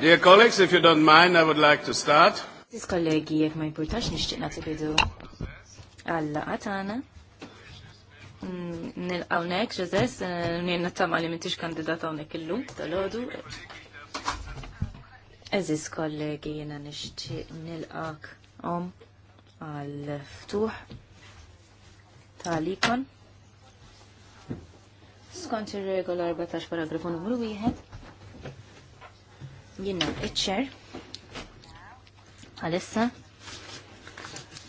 Dear colleagues, if you don't mind, I would like to start. Sis kollegi, jek ma importax nixtieq nagħti bidu għalla għatana. Mm, Nil-għawnek, ġezess, eh, njenna tama li mintix kandidata għonek il tal-ħodu. Eżis kollegi, jena nixtieq nil-għak om għal-ftuħ tal-ikon. Skont ir-regola 14 paragrafu numru 1 jina iċċer għalissa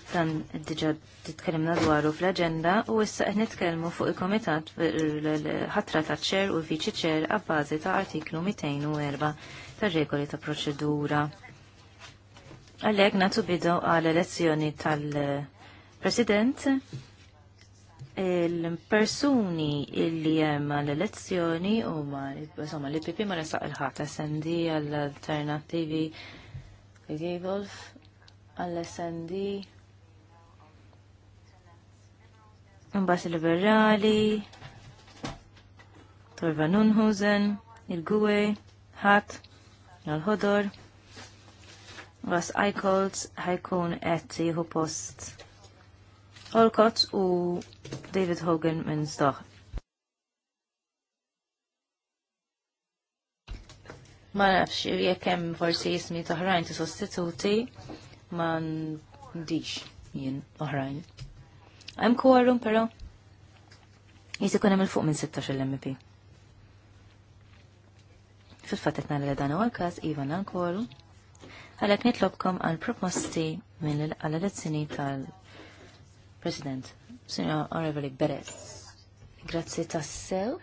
dan diġa titkellimna dwaru fl-agenda u issa qed nitkellmu fuq il-komitat ħatra ta' ċer u l-viċi ċer għabbażi ta' artiklu 204 ta' regoli ta' proċedura. Għalhekk nagħtu bidu għal elezzjoni tal-President il-persuni illi jemma l-elezzjoni u ma insomma l-IPP ma nisaq il-ħata SND għall-alternativi Golf għall-SND Imbas liberali Torva Nunhusen il-Gwe ħat għal-ħodor Ras Eichholz ħajkun għetti jieħu post Olkot u David Hogan minn Stoħ. Ma nafx, jekk hemm forsi jismi toħrajn ti sostituti, ma ndix jien oħrajn. Hemm kuwarum, però. Jisi kunem hemm il fuq minn 16 MP. Fil-fatt qed nagħmel dan huwa każ Ivan nan kworum. Għalhekk nitlobkom għal proposti minn għal elezzjoni tal-President Signor Onorevoli Beres, grazzi tassew.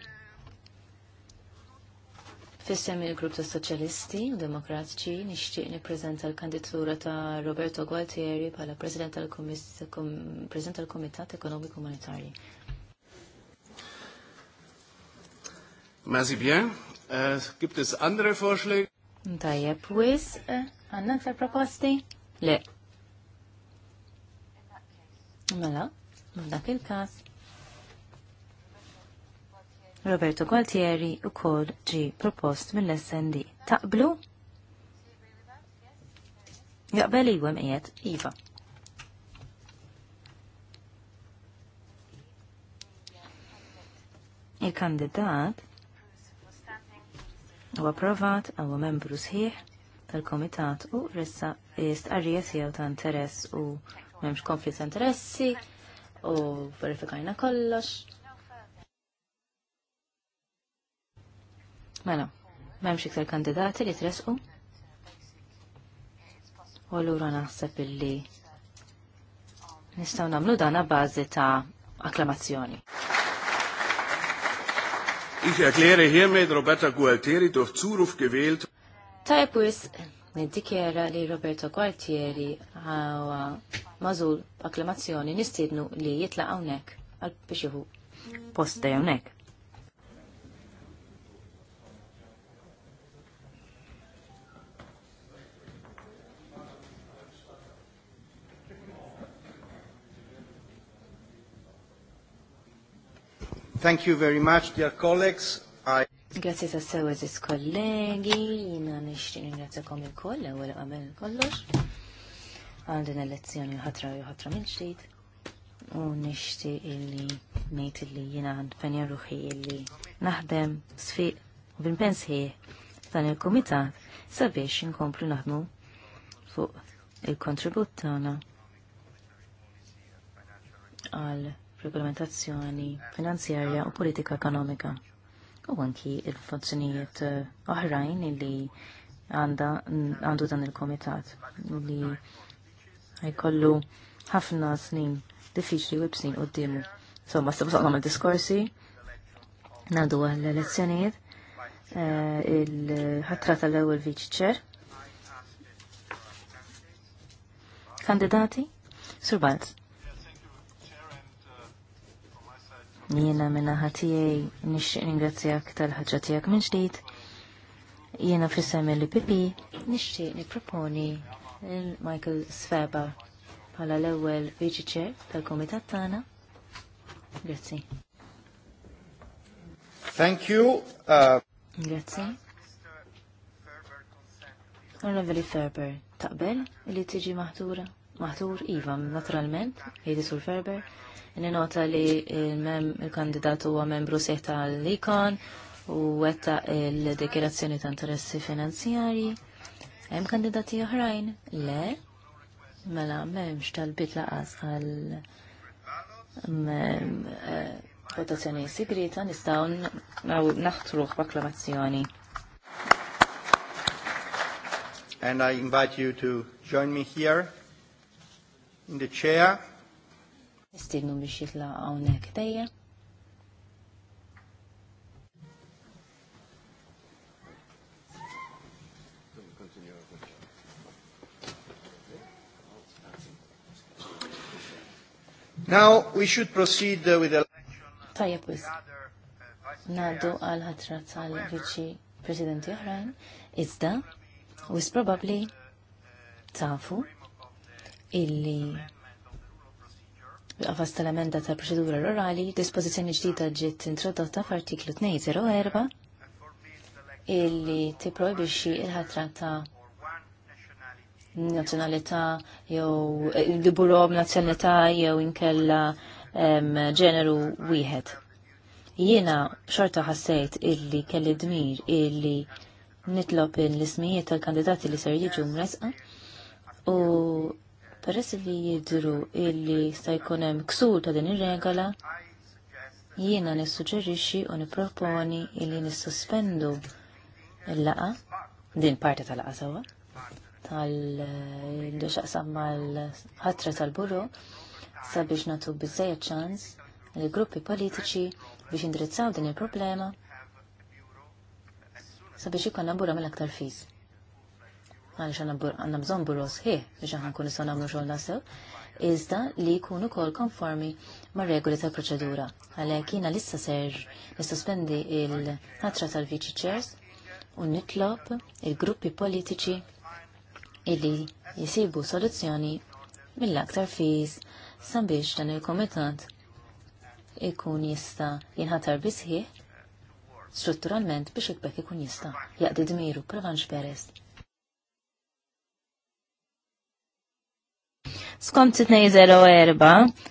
Fissem il-grupp ta' Soċjalisti u Demokratiċi nixtieq nippreżenta l-kandidatura ta' Roberto Gualtieri bħala President tal-Kumitat Ekonomiku Monetarji. Merci bien. Uh, gibt es andere Vorschläge? Tajjeb, wis, eh, għanna uh, proposti? Le. Mela dak il-każ Roberto Gualtieri u kol ġi propost mill-SND. Taqblu? Jaqbel iwa mqiet Iva. Il-kandidat u approvat għaw membru sħiħ tal-komitat u jist istqarrija tiegħu ta' interess u memx konflitt interessi u verifikajna kollox. Mela, memx iktar kandidati li tresqu. U l-ura naħseb illi nistaw namlu dana bazi ta' akklamazzjoni. Ich erkläre hiermit Roberta Gualtieri durch Zuruf gewählt. Tajpwis, Niddikjera li Roberto Quartieri għawa mażul akklamazzjoni nistidnu li jitla hawnhekk għal biex jieħu posta hawnhekk. Thank you very much, dear colleagues. I... Grazie ta' sew eżis kollegi, jina nixtieq kom il-koll ewwel qabel kollox. Għandin elezzjoni ħatra u ħatra minn ġdid. U nixtieq illi ngħid illi jiena npenja ruħi illi naħdem sfiq u bil-pensi dan il-kumitat sabiex inkomplu naħdmu fuq il-kontribut tagħna għal regolamentazzjoni finanzjarja u politika ekonomika u anki il-funzjonijiet eh, oħrajn li għandu dan il-komitat li jkollu ħafna snin diffiċli u b-snin u d-dimu. So, ma s-sabsa għamil diskorsi, nadu għal elezzjonijiet eh, il-ħatra tal-ewel viċċer. Kandidati? Sur Jiena minna ħatijaj nixtieq ningrazzjak tal-ħaġa tiegħek minn ġdijt. Jiena fissem li pipi nixtieq nipproponi il-Michael Sfeba bħala l-ewwel viċi tal-kumitat Tana. Grazzi. Thank you. Uh... Grazzi. Onorevoli Ferber, taqbel li tiġi maħtura? Maħtur Iva, naturalment, jidi sul Ferber. Ninota li il-kandidat huwa membru seħta l ikon u għetta il-dekirazzjoni ta' interessi finanzjari. Hemm kandidati oħrajn? Le, mela m'hemmx tal-bit laqas għal eh, votazzjoni segreta nistgħu naħtruh b'akklamazzjoni. And I invite you to join me here in the chair. Nistinnu biex jitla għawnek dejja. Now we should proceed uh, with the Tajja pwis. Naddu għal ħatra tal viċi presidenti oħrajn, iżda, wis Uh, tafu illi Għafas tal-emenda tal-proċedura l-orali, dispozizjoni ġdida ġiet introdotta f'artiklu 204 illi tipprojbixxi il-ħatra ta' nazzjonalità jew diburom eh, nazzjonalità jew inkella ġeneru wieħed. Jiena xorta ħassejt illi kelli dmir illi nitlob l-ismijiet tal-kandidati li ser jiġu mresqa u Peress li jidru illi sta jkun hemm ksur ta' din ir-regola, jiena nissuġġerixxi u nipproponi illi nissuspendu il-laqa din parti tal-laqa sawa, tal samma mal-ħatra tal-buru sabiex natu bizzejja ċans li gruppi politiċi biex indirizzaw din il-problema sabiex ikonna bura mill-aktar fiż għaliex għandna bżon buro hi, biex aħna nkunu nistgħu nagħmlu xogħolna sew, iżda li jkunu wkoll konformi mar-regoli tal-proċedura. Għalhekk jiena lissa ser nissospendi il-ħatra tal-Viċi Chairs u nitlob il-gruppi politiċi illi jisibu soluzzjoni mill-aktar fiż sabiex dan il-komitat ikun jista jinħatar bisħi strutturalment biex ikbek ikun jista jaqdi dmiru pravanx perest. Skont 204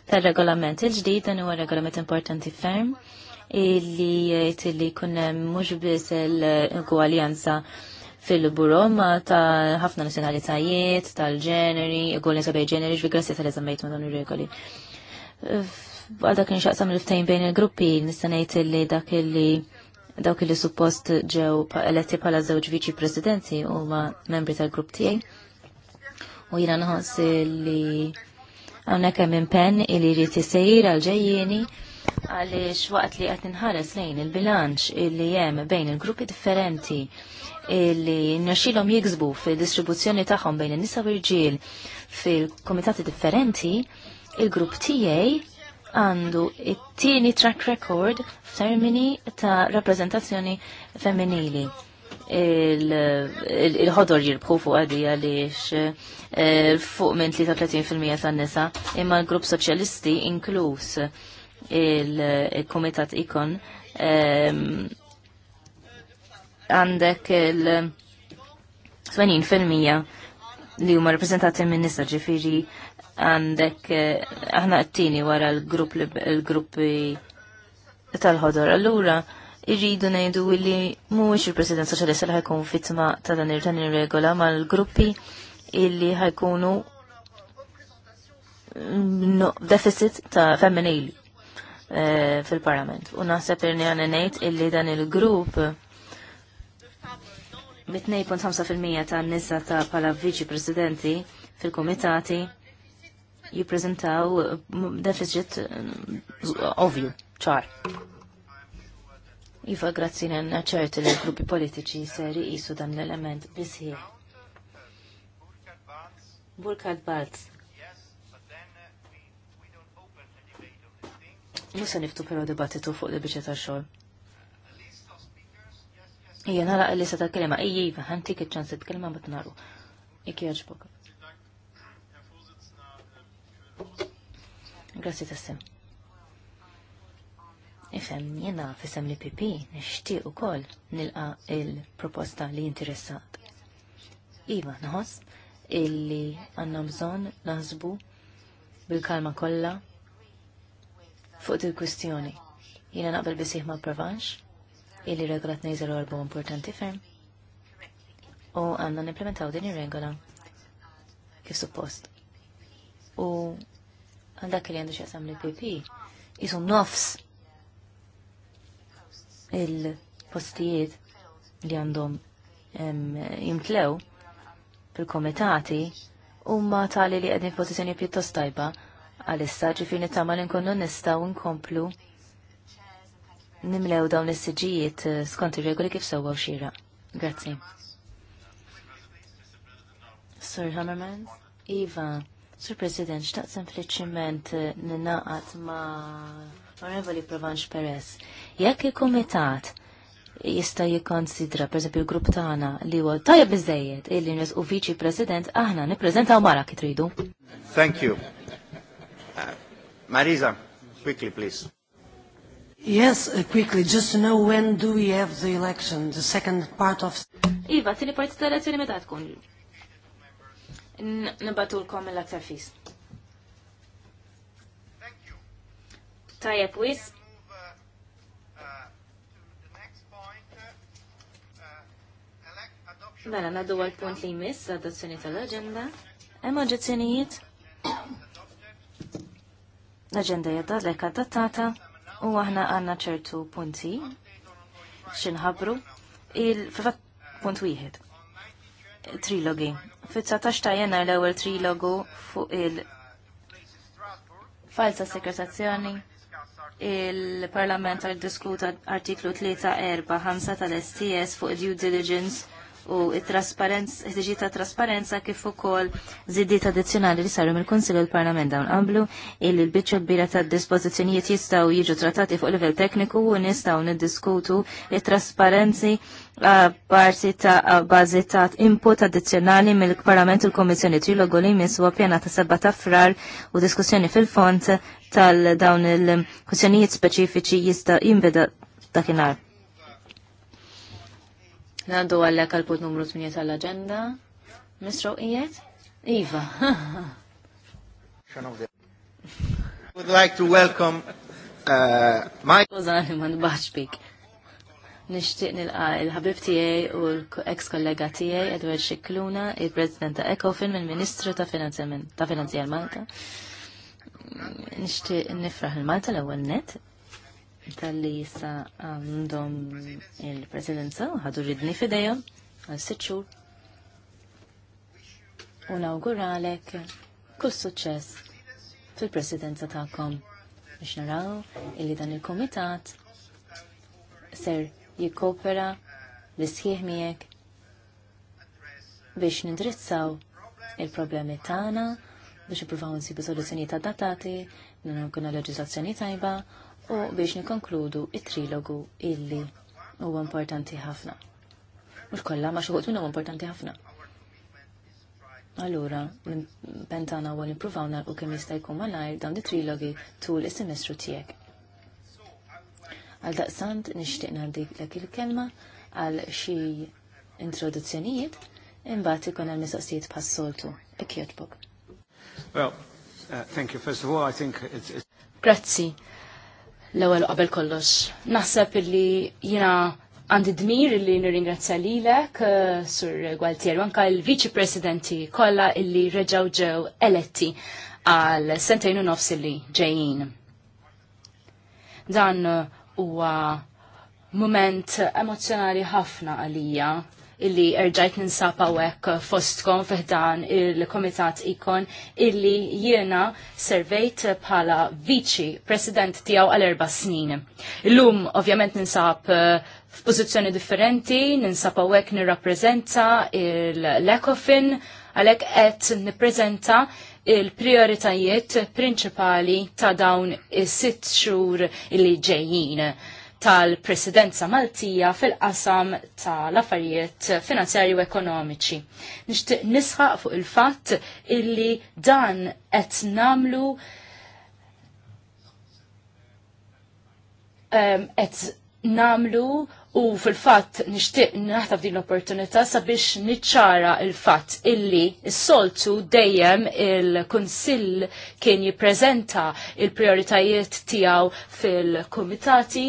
tal-regolament il-ġdid, dan huwa regolament importanti ferm, illi jgħid li kunem mhux biss l-gwaljanza fil-buro ma ta' ħafna nazzjonalitajiet, tal-ġeneri, gwaljanza bej ġeneri, ġvigrassi tal-eżammejt ma' dawn ir-regoli. Għadak nxaqsam l-ftejn bejn il-gruppi, nista' ngħid li dak li dawk li suppost ġew eletti bħala żewġ viċi presidenti huma membri tal-grupp tiegħi u jina nħoss li għawnek minn pen il jrid isejr għal ġejjini għalix waqt li għatin ħares lejn il-bilanċ li jem bejn il-gruppi differenti li nxilom jiksbu fil-distribuzzjoni tagħhom bejn il-nisa u il-ġil fil-komitati differenti, il-grupp tijaj għandu it-tieni track record f'termini ta' rappresentazzjoni femminili il-ħodor jirbħu fuq għadi għaliex eh, fuq minn 33% tan-nisa imma l-grupp soċjalisti inkluż il-Kumitat Ikon għandek il-80% li huma rappresentati minn nisa ġifiri għandek eh, aħna t-tini wara l-grupp tal-ħodor. Allura, irridu ngħidu li mhuwiex il-President Soċjalista li ħajkun fitma ta' dan ir-tan regola mal-gruppi illi ħajkunu mm, deficit ta' femminili eh, fil-parlament. U naħseb irni għana nejt illi dan il-grupp mit 2.5% ta' nisa ta' pala viċi presidenti fil-komitati jiprezentaw deficit mm, ovju, ċar. Iva, grazzi nenna ċerti li l-gruppi politiċi seri jisu dan l-element bisħieħ. Burkhard Balz. Musa niftu pero dibattitu fuq li biċa ta' xol. Ija nara li sa ta' kelima, ija jiva, ħantik iċċans kelima bat naru. Iki jaġbok. Grazie tassim. Ifem jena fissem li nishti u ukoll nilqa il-proposta li interessat. Iva, nħoss illi għanna bżon naħzbu bil-kalma kollha fuq il kwistjoni Jena naqbel bisih ma' provanx illi regola 204 importanti ferm u għanna n-implementaw din ir-regola kif suppost. U għandak li għandu xaqsam li pipi jisum nofs il-postijiet li għandhom jimtlew fil-komitati huma tali li qegħdin pozizjoni pjuttost tajba għal-issa ġifini tamal inkunu nistaw nkomplu nimlew dawn is-siġijiet eh, skont ir-regoli kif sewwa xira. Grazzi. Sir Hammerman, Iva, Sir President, xtaqsem fl-ċiment eh, ninaqat ma' Onorevoli Provanx Perez, jekk il-Komitat jista' jikkonsidra esempio, il grupp tagħna li huwa tajja biżejjed illi u viċi President aħna nippreżentaw mara kif tridu. Thank you. Uh, Marisa, quickly please. Yes, uh, quickly, just to know when do we have the election, the second part of... Iva, tini parti tal-elezzjoni meta tkun? Nibatulkom l-aktar fis. Tajjeb wis. Mela, naddu għal punt li jmiss, adozzjoni tal-agenda. Hemm oġġezzjonijiet? L-agenda jadda l-ek adattata u aħna għanna ċertu punti xinħabru il-fat punt wieħed. Trilogi. Fit-19 ta' jenar l-ewwel trilogu fuq il- Falsa sekretazzjoni il-Parlament għal diskuta artiklu 3-4-5 tal-STS fuq due diligence u it-trasparenza, ħtiġi ta' trasparenza kif ukoll żiddiet addizzjonali li saru mill-Kunsill u l-Parlament dawn qablu il l-biċċa kbira ta' dispożizzjonijiet jistgħu jiġu trattati fuq livell tekniku u nistgħu niddiskutu it-trasparenzi parti ta' bażi ta' input addizzjonali mill-Parlament u l-Kommissjoni trilogu li jmisswa pjana ta' seba ta' frar u diskussjoni fil-font tal-dawn il-kwistjonijiet speċifiċi jista' jinbeda dakinhar. Nandu għallek għal put numru 8 tal-agenda. Mistro ijet? Iva. would like to welcome uh, my... Użan li man baċbik. Nishtiq nilqa il-ħabib tijaj u l-ex kollega tijaj Edward Shikluna, il-president ta' Ekofin, mill-ministru ta' finanzjament ta' Malta. Nishtiq nifraħ il-Malta l-ewel net tal-li sa għandhom il-presidenza u ħadu ridni fidejhom għal sitt xhur. U nawguralek kull suċċess fil-presidenza ta'kom biex naraw illi dan il-komitat ser jikkopera l isħiħ miegħek biex nindrizzaw il-problemi tagħna biex ippruvaw nsibu soluzzjonijiet adattati, nkunu l leġiżlazzjoni tajba u biex nikonkludu it-trilogu illi huwa importanti ħafna. Mux kollha ma xoħut u importanti ħafna. Allura, pentana u nippruvaw u kemm jista' jkun malajr dawn it-trilogi tul is-semestru tiegħek. Għal daqsant nixtieq ngħaddik lek il-kelma għal xi introduzzjonijiet imbagħad ikun hemm mistoqsijiet pass soltu Well, uh, thank you. First of all, I think it's, it's... Grazzi l-ewwel qabel kollox. Naħseb illi jiena għandi dmir illi nirringrazzja lilek, eh, Sur Gualtier, anka l-Viċi Presidenti kollha illi reġgħu ġew eletti għal sentajnu nofs illi ġejjin. Dan huwa moment emozjonali ħafna għalija illi erġajt ninsab hawnhekk fostkom fiħdan il-Komitat Ikon illi jiena servejt bħala viċi president tiegħu għal erba' snin. Illum ovvjament ninsab eh, f'pożizzjoni differenti, ninsab għawek nirrappreżenta l-Ecofin għalhekk qed nippreżenta il-prioritajiet prinċipali ta' dawn is-sitt xhur li ġejjin tal-presidenza Maltija fil-qasam tal-affarijiet finanzjarju ekonomiċi. Nixtieq nisħaq fuq il-fatt illi dan qed namlu qed namlu u fil-fatt nixtieq naħtaf din l-opportunità sabiex niċċara il-fatt illi s-soltu dejjem il-Kunsill kien jippreżenta il-prioritajiet tiegħu fil-kumitati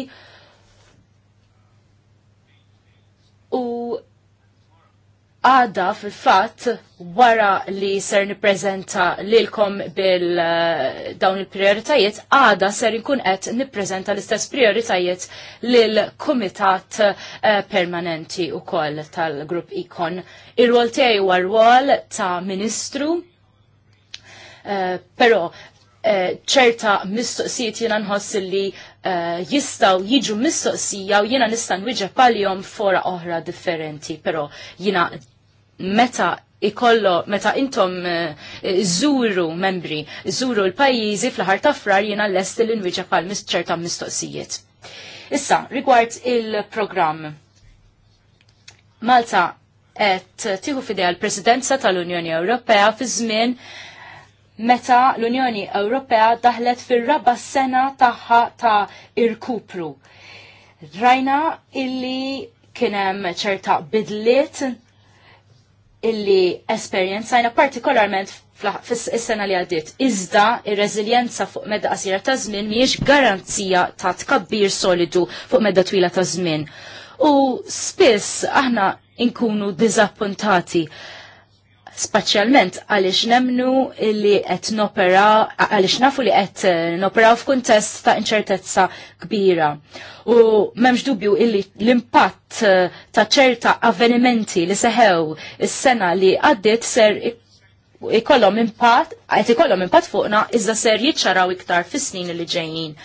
u għada fil-fat wara li ser niprezenta lilkom bil eh, dawn il-prioritajiet, għada ser nkun qed niprezenta l-istess prioritajiet lil komitat eh, permanenti u koll tal-grupp ikon. Ir-rol tiegħi huwa rwol ta' ministru, pero eh, però ċerta mistoqsijiet jiena nħoss li Eh, jistaw jiġu mistoqsija u jina nistan wieġa paljom fora oħra differenti, pero jina meta ikollo, meta intom eh, iżuru membri, iżuru l pajjiżi fl-ħar tafrar jina l-est l-inwieġa pal ċerta mistoqsijiet. Issa, rigward il-programm. Malta et tiħu fidea l-presidenza tal-Unjoni Ewropea fi żmien meta l-Unjoni Ewropea daħlet fir-raba sena tagħha ta' irkupru. Rajna illi kienem ċerta bidliet illi esperienzajna partikolarment fis-sena li għaddit. Iżda ir-reżiljenza fuq medda qasira ta' żmien mhijiex garanzija ta' tkabbir solidu fuq medda twila ta' żmien. U spiss aħna inkunu diżappuntati spaċjalment għaliex nemnu li qed nopera għaliex nafu li qed nopera f'kuntest ta' inċertezza kbira. U m'hemmx dubju illi l-impatt eh, ta' ċerta avvenimenti li seħew is-sena li għaddiet ser ikollhom impatt qed ikollhom impatt fuqna iżda ser jiċċaraw iktar fis-snin li ġejjin.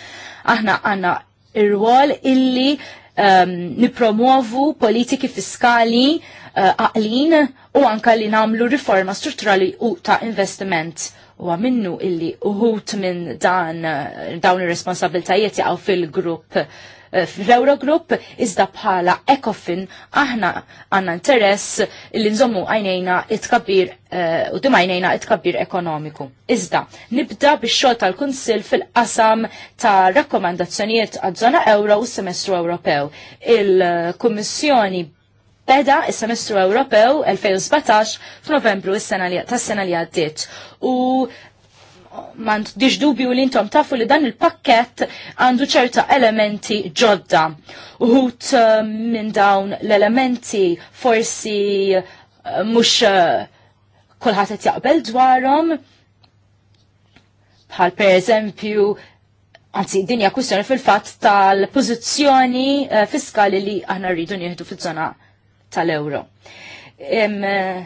Aħna għandna ir-rwol illi um, nipromuovu politiki fiskali għaqlin eh, u anka li namlu riforma strutturali u ta' investiment u għaminnu illi uħut minn dan eh, dawn ir-responsabiltajiet jaqgħu fil-grupp eh, fl eurogrupp iżda bħala ECOFIN aħna għanna interess li nżommu għajnejna it-kabir u uh, dimajnejna it-kabir ekonomiku. Iżda, nibda bix xogħol tal-Kunsil fil-qasam ta' rakkomandazzjonijiet għad-żona euro u s-semestru Ewropew. Il-Kummissjoni beda il semestru Ewropew 2017 f'Novembru tas-sena li għaddiet. U man diġ dubju li intom tafu li dan il-pakket għandu ċerta elementi ġodda. Uħut eh, minn dawn l-elementi forsi eh, mux eh, kolħat qed jaqbel dwarhom bħal per eżempju Għanzi, dinja kwistjoni fil-fatt tal-pozizjoni fiskali li aħna rridu nieħdu fil żona tal-euro. Hemm eh,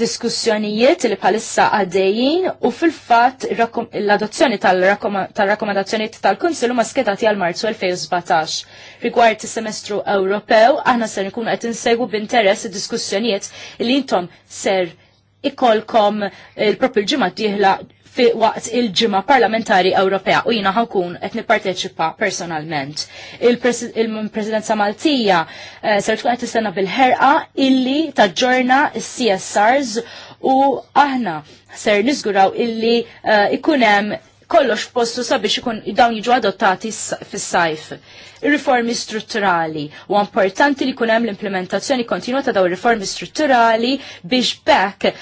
diskussjonijiet li bħalissa għaddejjin u fil-fatt l-adozzjoni tal-rakkomandazzjoni tal-Kunsilu ma skedati għal Marzu 2017. Rigward is-semestru Ewropew, aħna ser nkun qed insegwu b'interess id-diskussjonijiet li intom ser ikolkom il-propil ġimgħa dieħla fi waqt il-ġimma parlamentari Ewropea u jina ħakun qed nipparteċipa personalment. Il-Presidenza Maltija eh, ser tkun qed tistenna bil-ħerqa illi taġġorna s-CSRs u aħna ser nizguraw illi eh, ikun hemm kollox postu sabiex ikun dawn jiġu adottati fis-sajf. Riformi strutturali u importanti li kunem l-implementazzjoni kontinua ta' daw riformi strutturali biex bekk eh,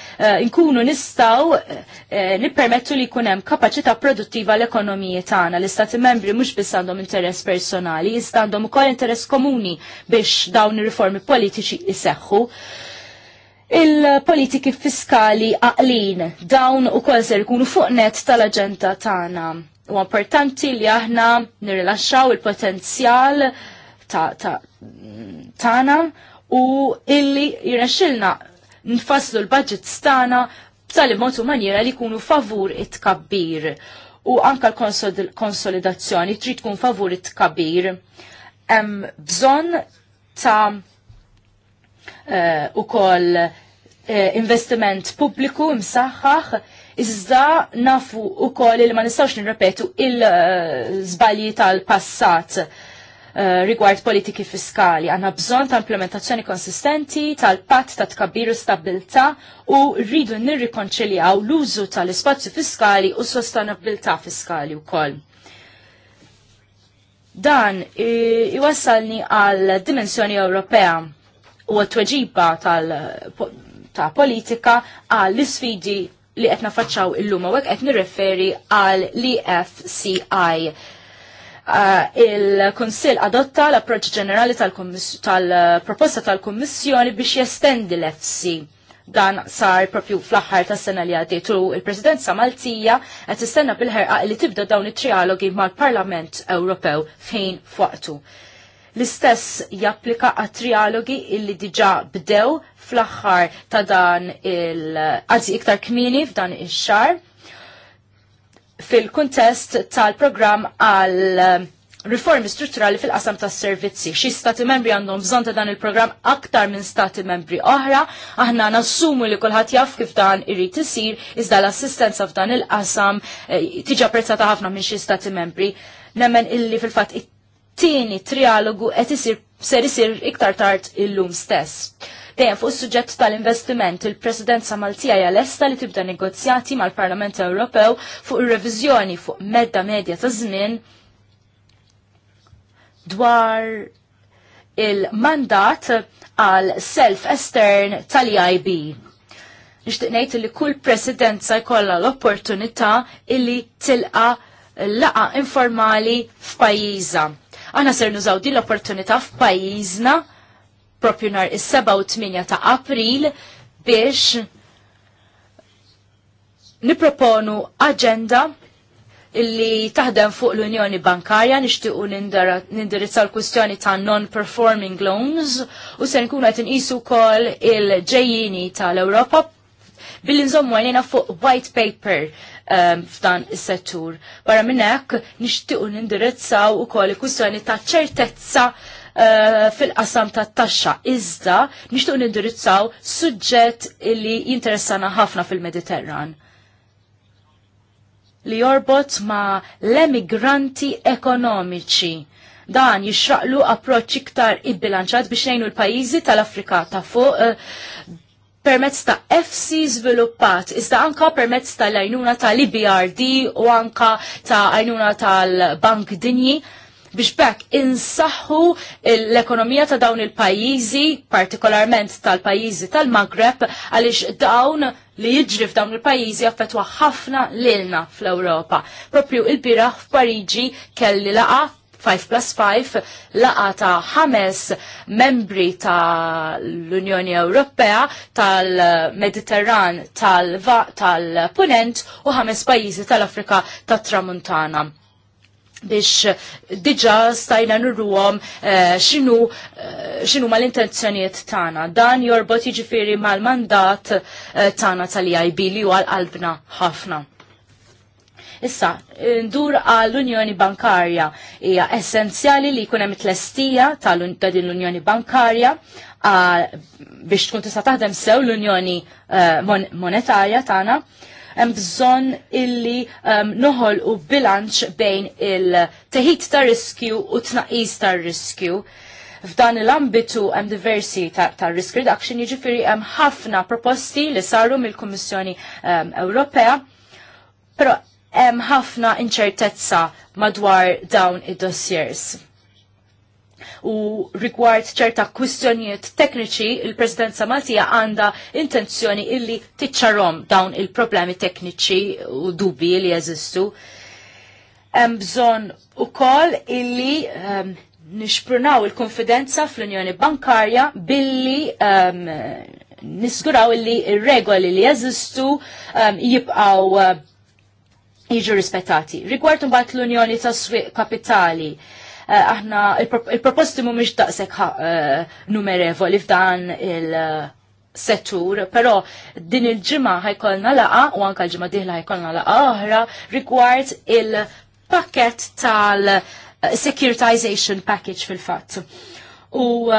nkunu nistaw nipermettu eh, nippermettu li kunem kapacità produttiva l-ekonomiji tagħna. L-istati membri mhux biss għandhom interess personali, jistandhom ukoll interess komuni biex dawn ir-riformi politiċi iseħħu il-politiki fiskali għaqlin. Dawn u kol ser fuq net tal-agenda tagħna. U importanti li aħna nirilaxxaw il-potenzjal tagħna u illi jirnaxilna nfasslu l-budget stana b'tali motu manjera li kunu favur it-kabbir u anka l-konsolidazzjoni trid tkun favur it-kabbir. Bżon ta' Eh, u koll eh, investiment pubbliku msaħħaħ iżda nafu u koll il ma nistawx nirrepetu il-zbalji tal-passat eh, rigward politiki fiskali. Għanna bżon ta' implementazzjoni konsistenti tal-pat ta' tkabbiru stabilta u rridu nirrikonċiljaw l-użu tal-ispazju fiskali u sostanabilta fiskali u koll. Dan iwassalni għal dimensjoni Ewropea u t-tweġiba ta' politika għal l-sfidi li qed nafaċċaw illum u qed nirreferi għal l-EFCI. Uh, il-Konsil adotta l-approċ ġenerali tal-proposta tal tal-Kommissjoni biex jestendi l-FC. E Dan sar propju fl-aħħar tas sena li għaddiet u il-Presidenza Maltija qed tistenna bil-ħerqa li tibda dawn it-trialogi mal-Parlament Ewropew fejn fuqtu. L-istess japplika għat trialogi illi diġa bdew fl-axħar ta' dan il- għazzi iktar kmini f'dan il-xar fil-kontest tal-program għal um, riformi strutturali fil-qasam tas servizzi Xi stati membri għandhom bżon ta' dan il-programm aktar minn stati membri oħra, aħna nassumu li kulħadd jaf kif dan irid isir iżda l-assistenza f'dan il-qasam eh, tiġi apprezzata ħafna minn xi stati membri. Nemmen illi fil-fatt tieni trialogu qed isir ser isir iktar tard illum stess. Dejjem fuq is-suġġett tal-investiment, il-Presidenza Maltija hija lesta li tibda negozjati mal-Parlament Ewropew fuq ir-reviżjoni fuq medda medja ta' żmien dwar il-mandat għal self estern tal-IB. Nixtieq ngħid li kull presidenza jkollha l-opportunità illi tilqa laqa informali f'pajjiża Għana ser nużaw din l-opportunità f'pajjiżna propju nar is-7 u 8 ta' April biex niproponu agenda illi taħdem fuq l-Unjoni Bankarja nixtiequ nindirizzaw l-kwistjoni ta' non-performing loans u se nkunu qed inqisu wkoll il-ġejjini tal-Ewropa billi nżommu għalina fuq white paper Um, f'dan is-settur. Barra minn hekk nixtiequ nindirizzaw ukoll kwistjoni ta' ċertezza uh, fil-qasam ta' taxxa iżda nixtiequ nindirizzaw suġġett li jinteressana ħafna fil-Mediterran li jorbot ma l-emigranti ekonomiċi. Dan jixraqlu approċċ iktar ibbilanċat biex nejnu l-pajjiżi tal-Afrika ta' fuq uh, permezz ta' FC sviluppat, iżda anka permezz tal-għajnuna tal-IBRD u anka ta' għajnuna tal-Bank Dinji biex bekk insaħħu l-ekonomija ta' dawn il-pajjiżi, partikolarment tal-pajjiżi tal-Magreb, għaliex dawn li jiġri f'dawn il-pajjiżi affettwa ħafna lilna fl-Ewropa. Propju il-biraħ f'Pariġi kelli laqa 5 plus 5 laqa ta' ħames membri ta' l-Unjoni Ewropea tal-Mediterran tal-Punent u ħames pajjiżi tal-Afrika tat Tramuntana biex diġa stajna nurruhom xinu eh, xinu eh, mal intenzjonijiet tagħna. Dan jorbot jiġifieri mal-mandat eh, tagħna tal-IB li huwa għal qalbna ħafna. Issa, ndur għall-Unjoni Bankarja hija essenzjali li jkun hemm tlestija ta' din l-Unjoni Bankarja biex tkun tista' taħdem sew l-Unjoni eh, Monetarja tagħna hemm bżonn illi ehm, noħolqu noħol u bilanċ bejn il-teħid ta' riskju u tnaqis ta' riskju. F'dan l-ambitu hemm diversi ta', risk reduction, jiġifieri hemm ħafna proposti li saru mill-Kummissjoni ehm, Ewropea, però hemm ħafna inċertezza madwar dawn id-dossiers. U rigward ċerta kwistjonijiet tekniċi, il-Presidenza Maltija għanda intenzjoni illi tiċċarom dawn il-problemi tekniċi u dubbi li jeżistu. Hemm bżonn ukoll illi um, nixprunaw il-konfidenza fl-Unjoni Bankarja billi um, nisguraw illi ir-regoli li jeżistu um, ehm, jibqaw uh, jiġu rispettati. Rigward mbagħad l-Unjoni tas-Swieq Kapitali, eh, aħna il-proposti mhumiex daqshekk eh, numerevoli f'dan il-settur, però din il-ġimgħa ħajkolna laqa u anke l-ġimgħa diħla ħajkolna laqa oħra rigward il-pakket tal-securitization package fil-fatt. U uh,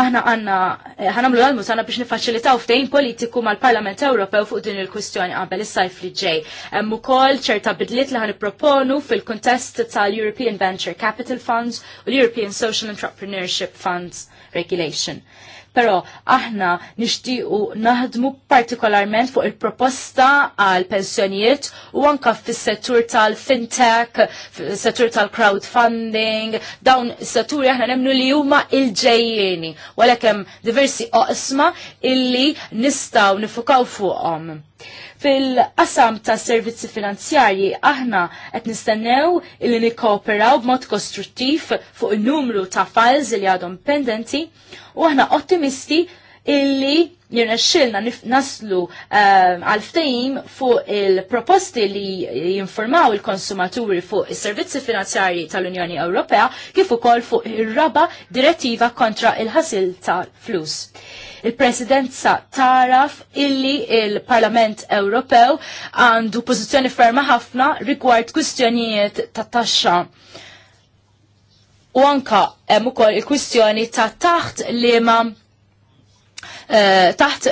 aħna għanna, eh, ħanamlu l għalmu sana biex nifaċilitaw ftejn politiku mal-Parlament Ewropew fuq din il-kwistjoni qabel is-sajf li ġej. Hemm ukoll ċerta bidliet li ħanipproponu fil-kuntest tal-European Venture Capital Funds u l-European Social Entrepreneurship Funds Regulation però aħna nixtiequ naħdmu partikolarment fuq il-proposta għal pensjonijiet u anka fis-settur tal-fintech, settur tal-crowdfunding, dawn is-setturi aħna nemnu li huma il ġejjeni walakem diversi oqsma illi nistgħu nifukaw fuqhom Fil-qasam ta' servizzi finanzjarji aħna qed nistennew illi nikkooperaw b'mod kostruttiv fuq in-numru ta' files li għadhom pendenti u aħna ottimisti illi jirnexxilna naslu eh, għal ftehim fuq il-proposti li jinformaw il-konsumaturi fuq is-servizzi finanzjarji tal-Unjoni Ewropea kif ukoll fuq ir-raba direttiva kontra il-ħasil tal-flus. Il-Presidenza taraf illi il-Parlament Ewropew għandu pożizzjoni ferma ħafna rigward kwistjonijiet ta' taxxa. U anka hemm ukoll il-kwistjoni ta' taħt li ma' eh, taħt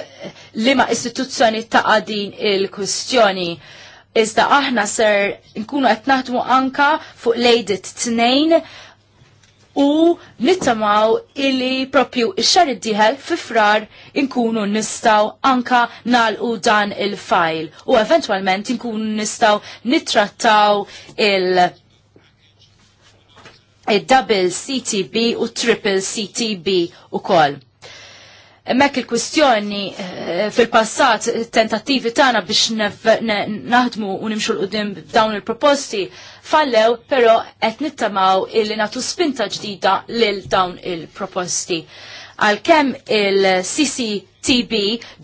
li ma' istituzzjoni ta' qadin il-kwistjoni. Iżda aħna ser nkunu qed naħdmu anka fuq lejdit tnejn u nittamaw illi propju ix-xar id-dieħel fi frar inkunu nistaw anka u dan il-fajl u eventualment inkunu nistaw nittrattaw il- il-double CTB u triple CTB u koll. Mek il-kwistjoni eh, fil-passat tentattivi tagħna biex naħdmu u nimxu l-qudiem dawn il-proposti fallew, però qed nittamaw li nagħtu spinta ġdida lil dawn il-proposti. il proposti Għalkemm il-CCTB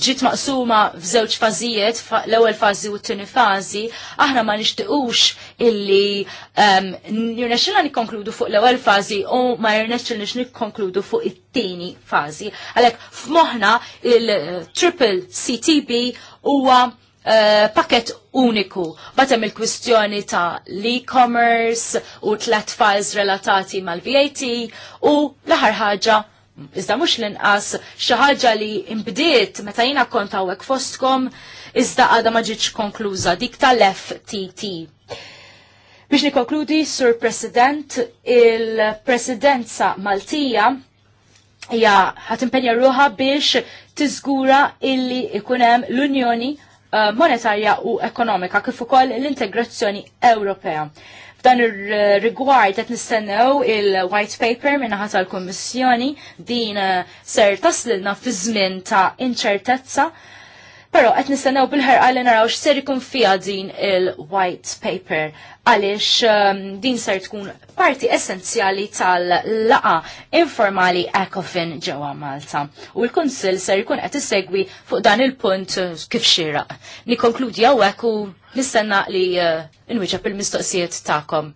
ġiet maqsuma f'żewġ fażijiet, l-ewwel fażi u t-tieni fażi, aħna ma nixtiequx illi um, nirnexxilha nikkonkludu fuq l-ewwel fażi u ma jirnexxilniex nikkonkludu fuq it-tieni fażi. Għalhekk f'moħħna il-triple CTB huwa Uh, paket uniku. Batem il-kwistjoni ta' l-e-commerce u tlet files relatati mal-VAT u l-ħar ħaġa Iżda mhux l-inqas xi ħaġa li imbdiet meta jiena kont hawnhekk fostkom iżda għadha ma ġietx konkluża dik tal-FTT. Biex nikonkludi, Sur President, il-Presidenza Maltija hija impenja ruħa biex tiżgura illi ikun hemm l-Unjoni eh, monetarja u ekonomika kif ukoll l-integrazzjoni Ewropea. F'dan ir-rigward eh, qed nistennew il-white paper minn ħadd tal-Kummissjoni din eh, ser taslilna fi żmien ta' inċertezza Pero qed nistennew bil-ħerqa naraw x'ser ikun fiha din il-white paper għaliex um, din ser tkun parti essenzjali tal-laqa informali ECOFIN ġewwa Malta. U l-Kunsill ser ikun qed isegwi fuq dan il-punt uh, kif xieraq. Nikkonkludi hawnhekk u nistenna li uh, inwiġeb il-mistoqsijiet tagħkom.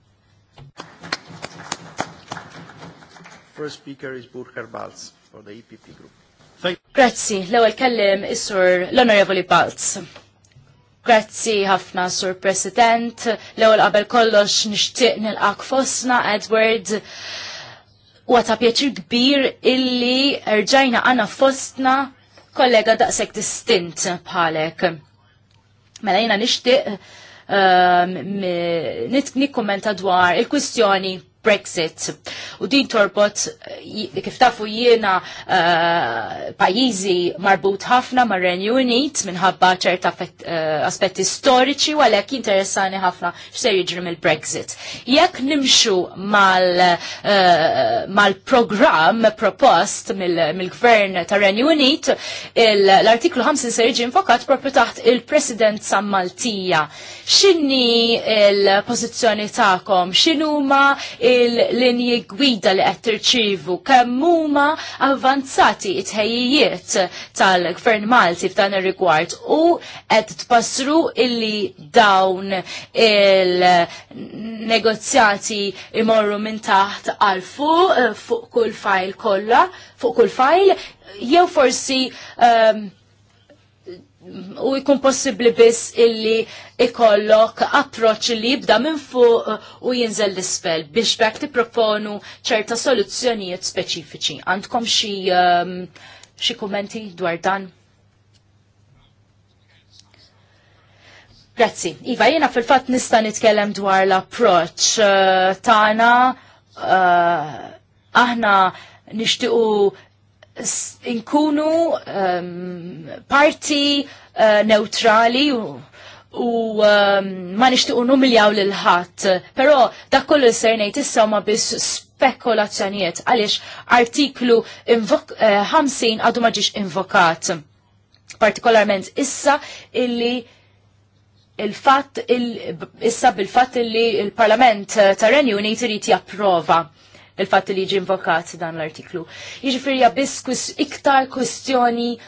First speaker is Burkhard Balz for the EPP group. Grazzi, l-ewel kellim is-sur l-Onorevoli Balz. Grazzi ħafna, Sur President. L-ewel qabel kollox nixtieq nilqak fosna, Edward. U għata pjaċir kbir illi rġajna għana fostna kollega daqshekk distint bħalek. Mela jina nixtieq um, nikkummenta dwar il-kwistjoni Brexit. U din torbot eh, kif tafu jiena uh, eh, pajizi marbut ħafna mar renju Unit minħabba ċerta uh, aspetti storiċi u għalhekk interessani ħafna x'ser jiġri mill-Brexit. Jekk nimxu mal-programm uh, mal propost mill-gvern mil tar renju Unit, l-artiklu 5 ser jiġi infokat propju taħt il-presidenza Maltija. X'inhi l-pożizzjoni tagħkom? X'inhuma il il-linji gwida li qed tirċivu kemm huma avvanzati it ħejjiet tal-Gvern Malti f'dan ir-rigward u qed tpassru illi dawn il-negozjati imorru minn taħt għal fuq eh, fuq kull fajl kollha, fuq kull fajl, jew forsi um, u jkun possibli biss illi ikollok approċ li jibda minn fuq uh, u jinżel l-isfel biex bekk tipproponu ċerta soluzzjonijiet speċifiċi. Għandkom xi um, xi kummenti dwar dan? Grazzi. Iva, jena fil-fat nista nitkellem dwar l-approċ uh, tana uh, aħna nishtiqu inkunu um, parti uh, neutrali u u um, ma nixtiqu numiljaw lil ħadd. Però dak kollu ser ngħid issa ma biss spekulazzjonijiet għaliex artiklu 50 eh, għadu ma invokat. Partikolarment issa illi il fat il issa bil-fatt illi il-Parlament tar-Renju Unit irid japprova il fat li jiġi invokat dan l-artiklu. Jiġifieri biss iktar kustjoni uh,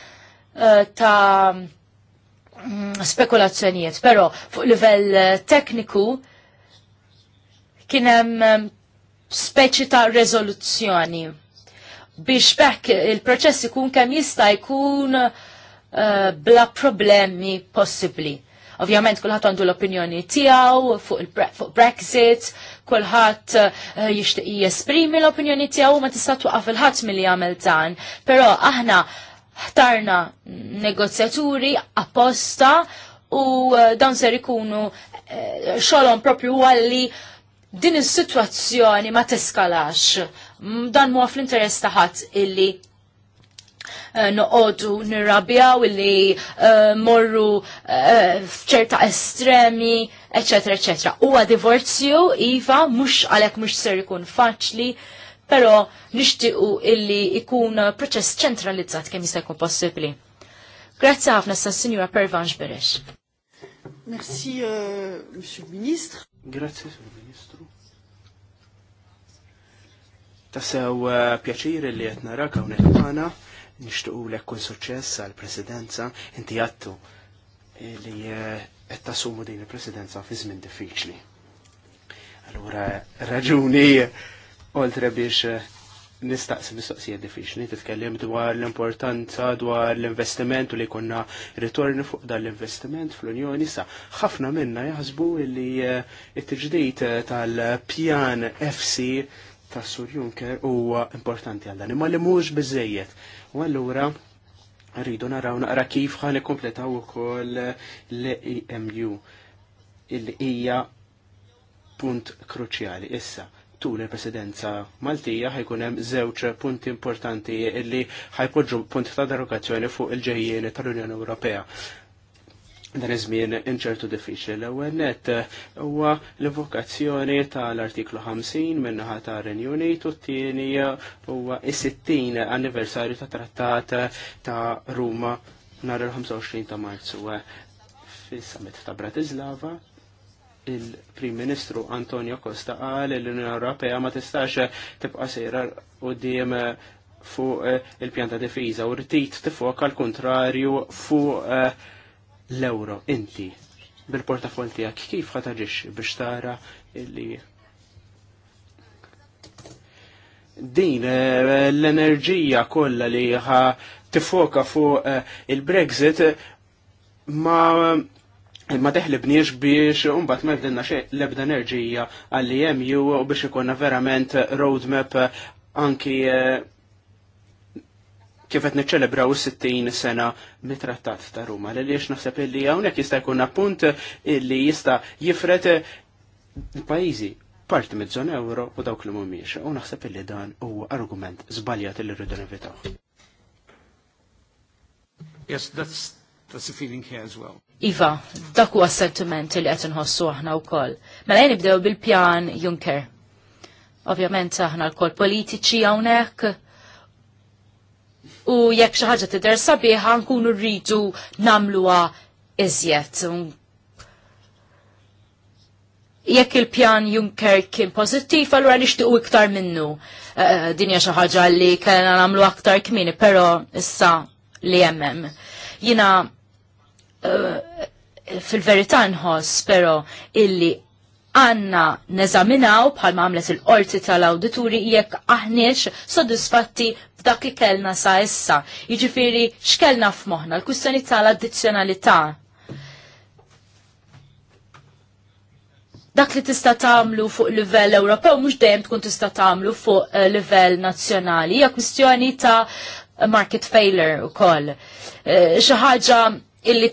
eh, ta' mm, spekulazzjonijiet, però fuq livell eh, tekniku kien hemm eh, speċi ta' rezoluzzjoni biex pek il-proċess ikun kemm jista' jkun uh, bla problemi possibbli. Ovvjament kulħadd għandu l-opinjoni tiegħu fuq, fuq Brexit, kulħadd eh, jishtiq jesprimi l-opinjoni tiegħu ma tista' tuqaf il-ħadd milli jagħmel dan. Però aħna ħtarna negozjaturi apposta u eh, dawn ser ikunu eh, xolom propju għalli din is-sitwazzjoni ma teskalax. Dan huwa fl-interess ta' ħadd illi noqodu nirrabjaw illi morru f'ċerta estremi eccetera, eccetera. Huwa divorzju, iva, mhux għalhekk mhux ser ikun faċli, però nixtiequ illi ikun proċess ċentralizzat kemm jista' jkun possibbli. Grazzi ħafna sa' Sinjura Pervanj Beresh. Merci, uh, Monsieur le Ministre. Grazie, Monsieur Ministru. Tassew uh, pjaċir li qed narak hawnhekk magħna, nixtiequ lek kull suċċess għall-Presidenza, inti għattu li qed tassumu din il-presidenza fi żmien diffiċli. Allura raġuni oltre biex eh, nistaqsi mistoqsija diffiċli, titkellem dwar l-importanza dwar l-investiment u li konna ritorni fuq dan l-investiment fl-Unjoni sa ħafna minna jaħsbu li eh, it-tġdid eh, tal-pjan FC tas Sur Juncker huwa importanti għal dan, imma li mhux biżejjed. U allura rridu naraw naqra kif ħa ikkompletaw ukoll l-EMU il hija punt kruċjali issa tul il-presidenza Maltija ħajkun hemm żewġ punti importanti illi ħajpoġġu punt ta' derogazzjoni fuq il-ġejjieni tal-Unjoni Ewropea dan iż-żmien inċertu diffiċli l-ewwel net eh, huwa l-evokazzjoni tal-artiklu 50 minnaħa ta' Renjunit u t-tieni eh, huwa is-60 anniversarju ta' trattat eh, ta' Ruma nhar il-25 ta' Marzu fis-summit ta' Bratislava il-Prim Ministru Antonio Costa qal li l-Unjoni Ewropea ma tistax tibqa' sejra qudiem fuq il pjanta difiża u rtit tifoka l-kontrarju fuq l-euro inti bil-portafol tijak kif ħataġiċ biex tara li din eh, l-enerġija kollha li ħa tifoka fuq eh, il-Brexit ma ma teħlibniex biex umbat ma bdilna l-ebda enerġija għalli jemju u biex ikonna verament roadmap eh, anki kif qed niċċelebraw is 60 sena mit-Trattat ta' Ruma. Għaliex naħseb illi hawnhekk jista' jkun appunt illi jista' jifret pajjiżi parti mid-żona euro u dawk li mhumiex. U naħseb illi dan huwa argument żbaljat illi rridu nevitaw. Yes, that's that's a feeling here as well. Iva, dak huwa sentiment li qed inħossu aħna wkoll. Mela jien nibdew bil-pjan Juncker. Ovvjament aħna l-kol politiċi hawnhekk u jekk xi ħaġa tidher sabiħa nkunu rridu nagħmluha iżjed. Jekk il-pjan Juncker kien pożittiv, allura nixtiequ iktar minnu. Eh, eh, dinja xi ħaġa li kellna nagħmlu aktar kmini, però issa li jemmem. Jina eh, fil-verità nħoss, però illi għanna neżaminaw bħalma għamlet il-qorti tal-awdituri jekk aħniex soddisfatti f'dak li kellna sa issa. Jiġifieri x'kellna f'moħħna l-kwistjoni tal-addizzjonalità. Dak li tista' tagħmlu fuq livell Ewropew mhux dejjem tkun tista' tagħmlu fuq eh, livell nazzjonali. Hija kwistjoni ta' market failure ukoll. Eh, xi ħaġa illi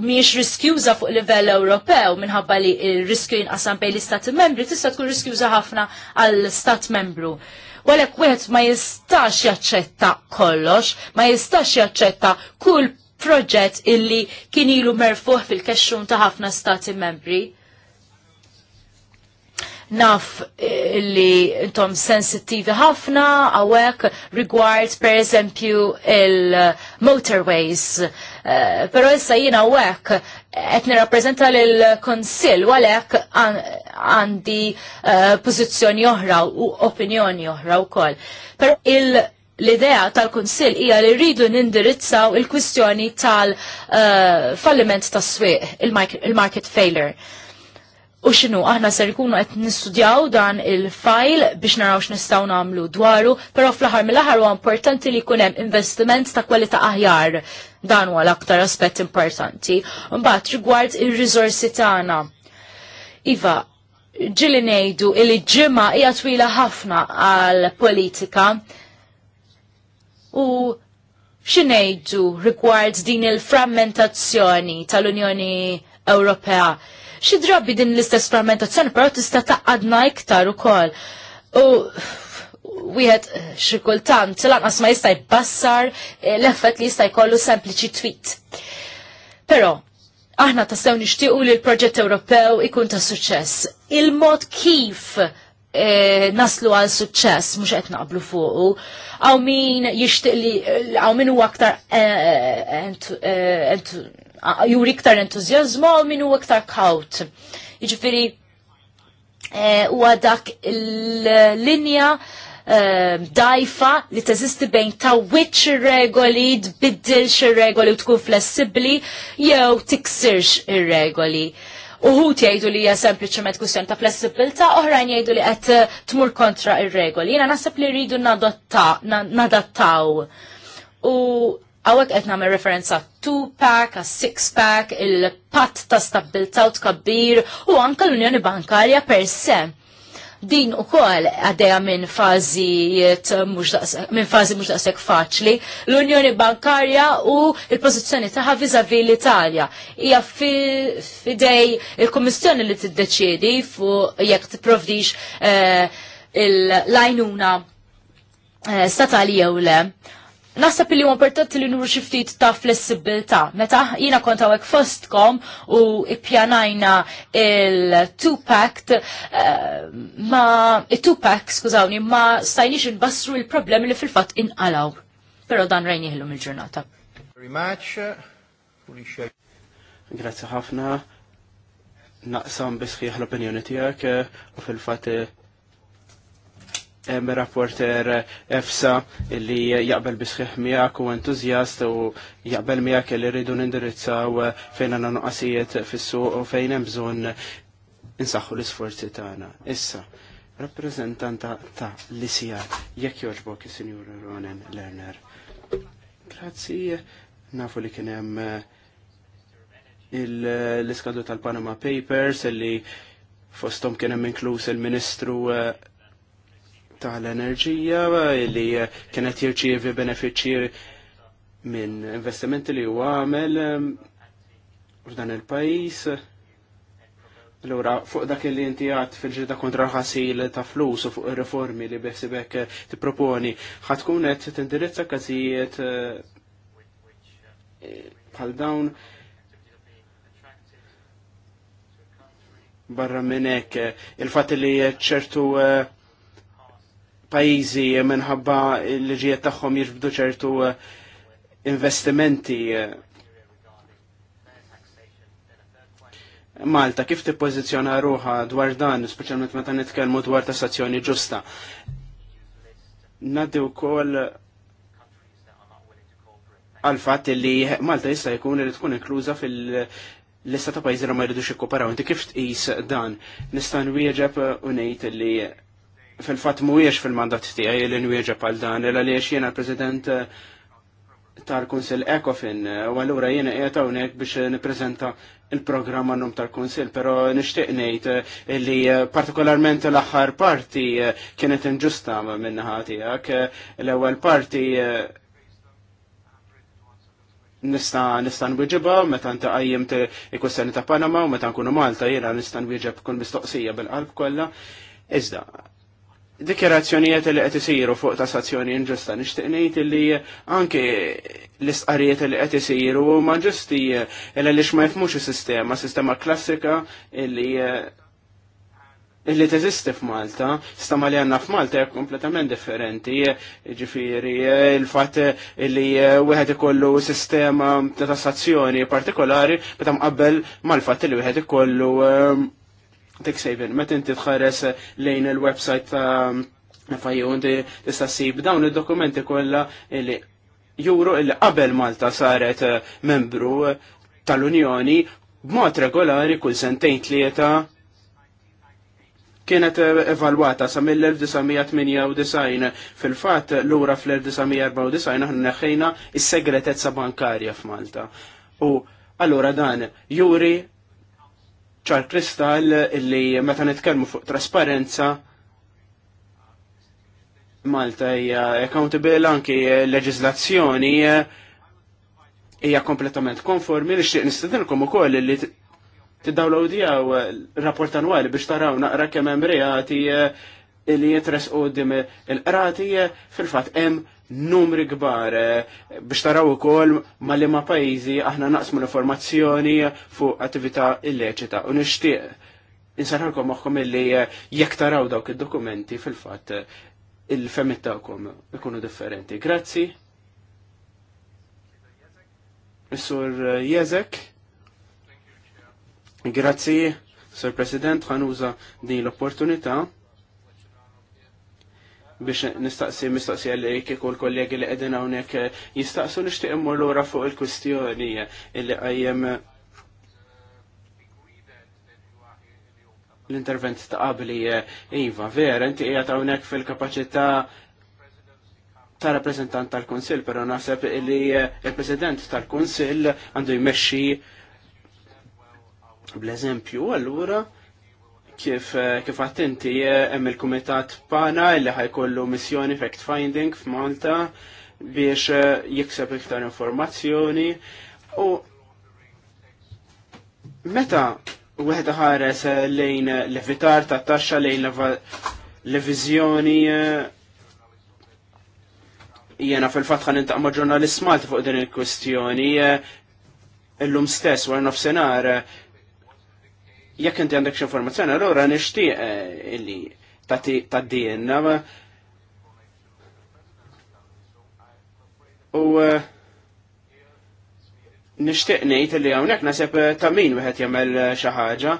miex riskjuża fuq livell Ewropew minħabba li riskju jinqasam bejn l-istati membri tista' tkun riskjuża ħafna għal stat membru. Walek wieħed ma jistax jaċċetta kollox, ma jistax jaċċetta kull proġett illi kien ilu merfuħ fil-kexxun ta' ħafna stati membri. Naf eh, illi intom sensittivi ħafna għawek rigward per eżempju il-motorways Eh, Pero issa jina u għek eh, qed nirrappreżenta lill konsil u għalhekk għandi eh, pożizzjoni oħra u opinjoni oħra wkoll. Però il l-idea tal-Kunsill hija li rridu nindirizzaw il-kwistjoni tal-falliment tas-swieq, il-market failure. U xinu, aħna ser ikunu qed nistudjaw dan il-fajl biex naraw x'nistgħu nagħmlu dwaru, però fl-aħħar mill-aħħar huwa importanti li jkun hemm investiment ta' kwalità aħjar Dan huwa l-aktar aspett importanti. Mbagħad rigward ir-riżorsi tagħna. Iva, ġili ngħidu li ġimgħa hija twila ħafna għal politika u ngħidu rigward din il-frammentazzjoni tal-Unjoni Ewropea. Xi drabi din l-istess frammentazzjoni però tista' taqqadna iktar ukoll. U wieħed eh, xi kultant lanqas ma jista' jbassar eh, l-effett li jista' jkollu sempliċi tweet. Però aħna tassew nixtiequ li l-proġett Ewropew ikun ta' suċċess. Il-mod kif E, naslu għal suċċess mhux qed naqblu fuqu, għaw min jixtieq li għaw min huwa aktar juri iktar entużjażmu għaw min huwa aktar kawt. Jiġifieri huwa dak il-linja Ehm, dajfa li teżisti bejn tawwit xi regoli, tbiddil xi regoli u tkun flessibbli jew tiksirx ir-regoli. Uħut jgħidu li hija sempliċement kwistjoni ta' flessibilta, oħrajn jgħidu li qed eh, tmur kontra ir-regoli. Jiena naħseb li rridu nadattaw. U għawek qed nagħmel referenza two-pack, a six-pack, il-patt ta' stabilta' u tkabbir u anke l-Unjoni Bankarja per se Din ukoll għaddejja minn fazi eh, minn fażi mhux daqsek faċli. L-Unjoni Bankarja u l-pożizzjoni tagħha vi l-Italja hija fidej il-Kummissjoni li tiddeċiedi fuq jekk tipprovdix eh, il-lajnuna eh, statali jew le. Nasab li importanti li nuru xiftit ta' flessibilta. Meta jina kont għawek fostkom u ippjanajna il-2-pact, eh, ma, il-2-pack, skużawni, ma stajniex nbassru il-problemi li fil-fat inqalaw. Pero dan rejni il-ġurnata. Grazie ħafna. Naqsam bisħiħ l-opinjoni tijak eh, u fil-fat eh, hemm rapporter EFSA li jaqbel bisħiħ miegħek u entużjast u jaqbel miegħek li rridu nindirizzaw fejn għandna nuqqasijiet fis-suq u fejn hemm bżonn insaħħu l-isforzi tagħna. Issa, rappreżentanta ta' l-ISIAR, jekk jogħġbok is-Sinjur Ronen Lerner. Grazzi, nafu li kien hemm eh, l-iskadu tal-Panama Papers li fostom kien hemm inkluż il-Ministru eh, tal-enerġija li kienet jirċievi benefiċċji minn investimenti li huwa għamel um, f'dan il-pajis. Allura, fuq dak li inti għad fil-ġida kontra ħasil ta' flus u fuq il-reformi li beħsibek t-proponi, kunet qed indirizza każijiet eh, bħal dawn barra minn hekk il fat li ċertu uh, pajizi minħabba l-ġiet tagħhom jirbdu ċertu eh, investimenti. Eh. Malta, kif tippożizzjona ruħa dwar dan, speċjalment meta nitkellmu dwar tassazzjoni ġusta? Nadi wkoll għal fatt li Malta jista' jkun li tkun inkluża fil-lista ta' pajjiżi li ma jridux ikkoperaw. Inti kif tqis dan? Nista' nwieġeb u ngħid li fil-fat mhuwiex fil-mandat tiegħi li nwieġeb għal dan il għaliex jiena President eh, tal kunsill Ecofin eh, u allura jiena qiegħed hawnhekk biex nippreżenta il-programm għannum tal kunsill però nixtieq ngħid eh, li partikolarment l-aħħar parti kienet inġusta minnaħa tiegħek. L-ewwel parti nista nista nwiġiba meta nta qajjim il ta' Panama u meta nkunu Malta jiena nista nwieġeb kun mistoqsija bil-qalb kollha. Iżda, dikjerazzjonijiet li qed isiru fuq tassazzjoni inġusta nixtieq ngħid li anke l-istqarijiet li qed isiru ma ġusti illa lix ma jifmux is-sistema, sistema klassika li illi teżisti f'Malta, sistema li għanna f'Malta hija kompletament differenti, ġifiri il-fatt li wieħed ikollu sistema ta' tassazzjoni partikolari meta mqabbel mal-fatt li wieħed ikollu Tek sejven, met inti tħares lejn il-website ta' fajju inti tista' sib dawn id-dokumenti kollha li juru illi qabel Malta saret eh, membru eh, tal-Unjoni b'mod regolari kull sentejn tlieta kienet eh, evalwata sa mill-1998 fil-fat l-ura fl-1994 aħna neħħejna is-segretezza bankarja f'Malta. U allura dan juri ċar kristall illi meta nitkellmu fuq trasparenza Malta hija accountable anki leġislazzjoni hija kompletament konformi xtieq nistidilkom ukoll li tiddawlowdjaw rapport annwali biex taraw naqra kemm hemm reati eh, li jitresqu dim il-qrati eh, fil-fatt hemm numri kbar eh, biex taraw ukoll ma li ma pajjiżi aħna naqsmu l-informazzjoni fuq attività illeċita u nixtieq insarħalkom magħhom illi eh, jekk taraw dawk id-dokumenti fil-fatt eh, il-femmit tagħkom ikunu differenti. Grazzi. sur Jezek. Grazzi, Sur President, ħanuża din l-opportunità biex nistaqsi mistaqsi li u l-kollegi li qegħdin hawnhekk eh, jistaqsu nixtieq immur lura fuq il-kwistjoni eh, illi qajjem eh, l-intervent ta' qabli Iva, vera, inti qiegħed hawnhekk fil-kapaċità ta' rappresentant tal-Kunsill, però naħseb li il-President tal-Kunsill għandu jmexxi bl-eżempju allura kif eh, kif attenti eh, hemm il-kumitat pana li ħajkollu missjoni fact finding f'Malta biex eh, jikseb iktar informazzjoni u meta wieħed ħares lejn l-evitar ta' taxxa lejn l-viżjoni jena fil fatt nintaq ma' ġurnalist Malti fuq din il-kwestjoni illum stess war nofsenar jekk inti għandek x'informazzjoni, allura nixtieq eh, illi tad-DNA U eh, nixtieq ngħid li hawnhekk naseb eh, ta' min wieħed jagħmel xi ħaġa.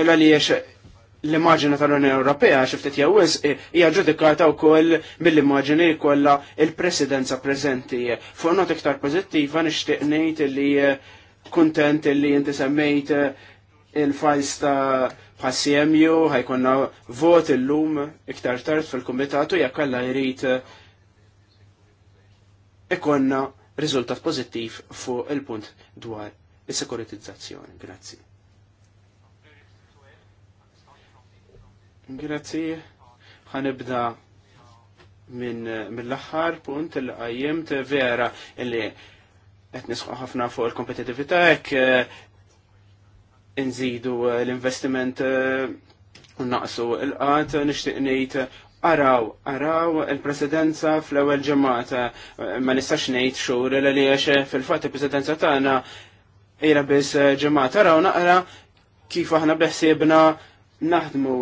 Illa li l-immaġina tal-Unjoni Ewropea xi ftit jawis hija ġudikata wkoll mill-immaġini kollha il-presidenza preżenti. Fuq not iktar pożittiva nixtieq ngħid li kuntent li inti semmejt il-fajs ta' ħassiemju ħajkonna vot il-lum iktar tard fil-komitatu jekk alla jrid eh, ikonna riżultat pozittiv fuq il-punt dwar is-sekuritizzazzjoni. Grazzi. Grazzi. Ħanibda minn mill-aħħar punt il qajjem vera illi qed nisħu ħafna fuq il-kompetitività hekk nżidu eh, l-investiment eh, u naqsu l qat eh, nixtieq ngħid Araw, araw il-presidenza fl-ewwel ġemata ma nistax ngħid xhur l għaliex fil-fatt il-presidenza tagħna ira biss ġemata araw naqra kif aħna beħsiebna naħdmu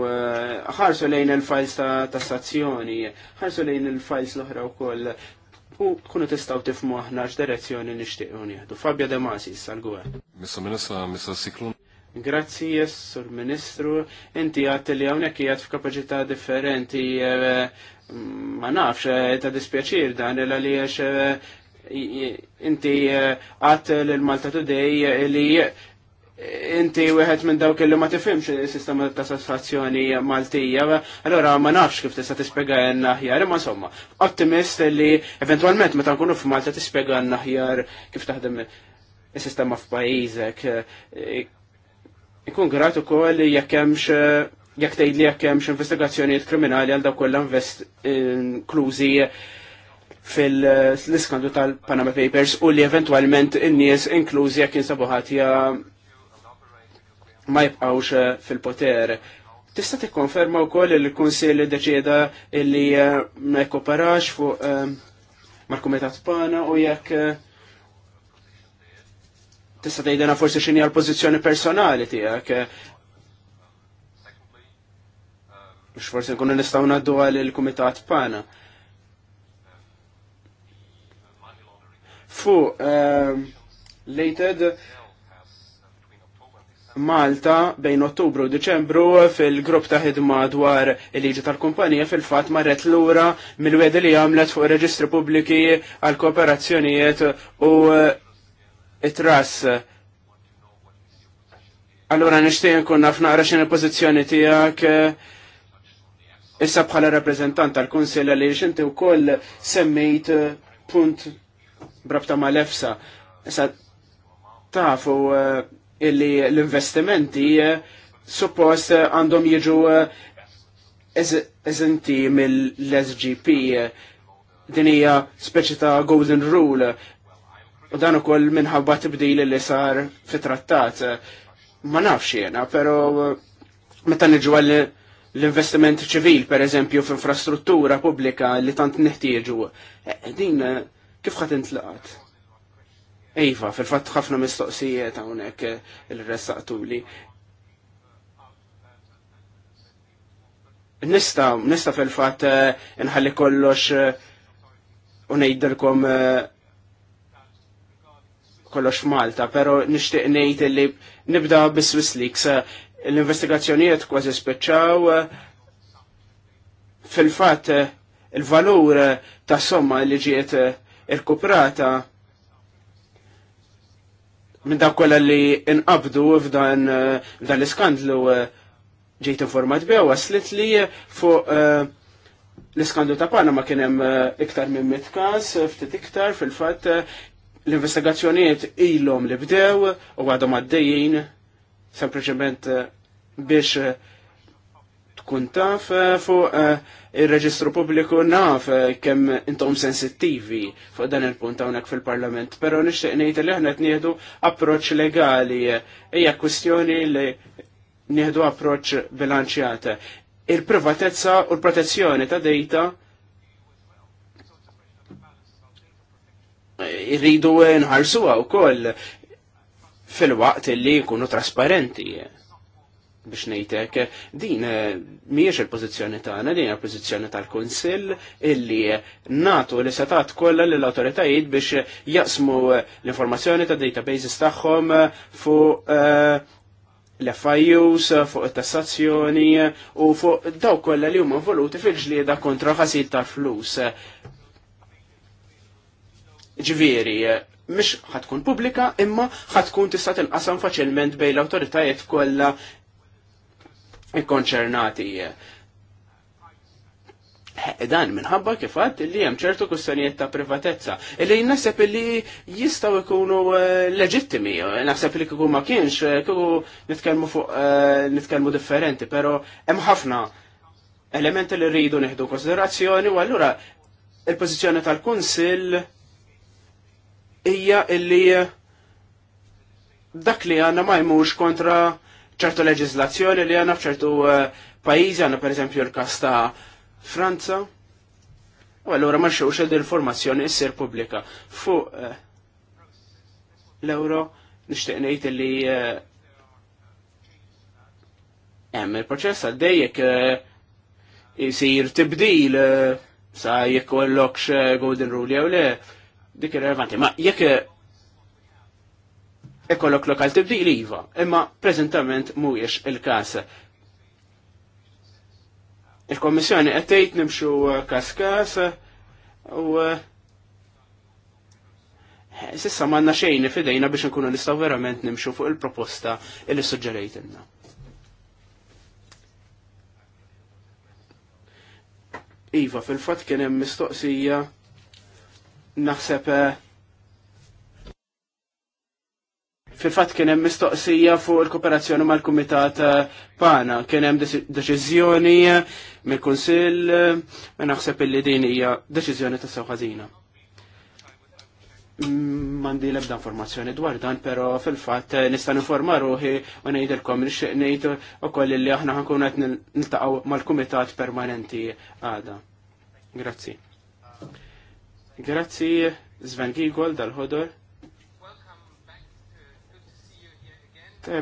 ħarsu lejn il-files ta' tassazzjoni, ħarsu lejn il-files l-oħra wkoll u tkunu tistaw tifmu aħna x'direzzjoni nixtiequ nieħdu. Fabja De Masi sal-gwer. Mr. Minister, Mr. Siklun. Grazzi, Sur Ministru. Inti għat li għawnek jgħat f'kapacità differenti eh, ma nafx eh, ta' dispjaċir dan il għaliex eh, inti għat l-Malta Today li inti wieħed minn dawk li ma tifhimx is-sistema ta' sassazzjoni Maltija, allora ma nafx kif tista' tispjega n-naħjar, imma insomma, ottimist li eventwalment meta nkunu f'Malta tispjega n aħjar kif taħdem is-sistema f'pajjiżek Ikun grat ukoll jekk hemmx eh, jekk tgħidli jekk hemmx investigazzjonijiet kriminali għal dawk kollha eh, inklużi fil-iskandlu tal-Panama Papers u li eventualment in-nies inklużi jekk jinsabu ħatja eh, ma jibqawx fil-poter. Tista' tikkonferma wkoll li l-Kunsill deċieda li ma jkoperax fuq mal-Kumitat Pana u jekk tista' tgħidilna forsi x'inhi l-pożizzjoni personali tiegħek. Mhux forsi nkunu nistgħu ngħaddu għal il-kumitat pana. Fu ehm, lejted Malta bejn Ottubru u Diċembru fil-grupp ta' ħidma dwar il-liġi tal-kumpanija fil-fat marret lura mill-wedi li għamlet fuq reġistri pubbliki għal kooperazzjonijiet u it-ras. Allora nishtiq nkun naf naqra x'in il-pożizzjoni tiegħek issa bħala rappreżentant tal-Kunsill li x'inti wkoll semmejt eh, punt brabta mal-EFSA. Issa tafu eh, illi l-investimenti eh, suppost għandhom jiġu eżenti mill-SGP din hija speċi ta' golden rule U dan ukoll minħabba tibdil li sar fi trattat Ma nafx jena, pero meta nġu għall l-investiment ċivil, per eżempju, f'infrastruttura pubblika li tant neħtieġu, eh, din kif ħat intlaqat? Ejfa, iva, fil-fatt ħafna mistoqsijiet hawnhekk eh, il-ressaqtuli. Nista, nista fil-fatt eh, nħalli kollox u ngħidilkom kollox Malta, pero nishtiq ngħid li nibda bis-Swiss Leaks. L-investigazzjonijiet kważi speċaw fil-fatt il-valur ta' somma li ġiet eh, irkuprata minn dak kollha li inqabdu f'dan eh, l-iskandlu eh, ġejt informat bew waslet li fuq l-iskandlu ta' Panama kien hemm iktar minn mit każ ftit iktar fil-fatt L-investigazzjoniet ilhom li bdew u għadhom għaddejjin sempliċement eh, biex eh, tkun taf eh, fuq il-reġistru pubbliku naf kemm intom sensittivi fuq dan il-punt hawnhekk fil-Parlament, però nixtieq ngħid li aħna qed nieħdu approċċ legali hija kwistjoni li nieħdu approċċ bilanċjata. Il-privatezza u l-protezzjoni ta' dejta irridu nħarsuha wkoll fil-waqt li jkunu trasparenti biex nejtek, din miex il-pozizjoni tagħna, din il-pozizjoni tal-Kunsill illi natu li setat kollha lill autoritajiet biex jaqsmu l-informazzjoni ta' databases tagħhom fuq eh, l-FIUs, fuq tassazzjoni u fuq daw kollha li huma voluti fil-ġlieda kontra ħasid tal-flus. Ġifieri, mhix ħatkun pubblika, imma ħatkun tista' tinqasam faċilment bejn l-awtoritajiet kollha konċernati. Dan minħabba kifat li hemm ċertu kustanijiet ta' privatezza. Illi naħseb li jistgħu jkunu eh, leġittimi, naħseb li kieku ma kienx, eh, kieku nitkellmu fuq eh, nitkellmu differenti, però hemm ħafna elementi li rridu neħdu konsiderazzjoni u allura il-pożizzjoni tal-Kunsill ija illi eh, dak li għanna ma jmux kontra ċertu leġizlazzjoni li għanna f'ċertu eh, pajizi għanna per esempio l-kasta Franza. U għallura ma xewx l-informazzjoni issir pubblika. Fuq eh, l-euro nishtiq ngħid li hemm il-proċess għaddejjek jisir tibdil sa jekk kollokx golden rule jew le dik irrelevanti. Ma jekk ikollok lokal tibdi iva, imma preżentament mhuwiex il-każ. Il-Kommissjoni qed tgħid nimxu każ każ u eh, sissa m'għandna xejn fidejna biex nkunu nistgħu verament nimxu fuq il-proposta li suġġerejtilna. Iva, fil-fat kien hemm mistoqsija naħseb eh, fil-fat kien hemm mistoqsija fuq il-kooperazzjoni mal-Kumitat Pana. Eh, kien hemm deċiżjoni eh, mill-Kunsill, naħseb illi din hija deċiżjoni ta' sew ħażina. Mandi mm, lebda ebda informazzjoni dwar dan, pero fil-fat nista' informa ruħi u ngħidilkom nixtieq ngħid ukoll li aħna ħankun qed niltaqgħu mal-Kumitat Permanenti għada. Grazzi. Grazzi Sven Gigol dal-ħodor.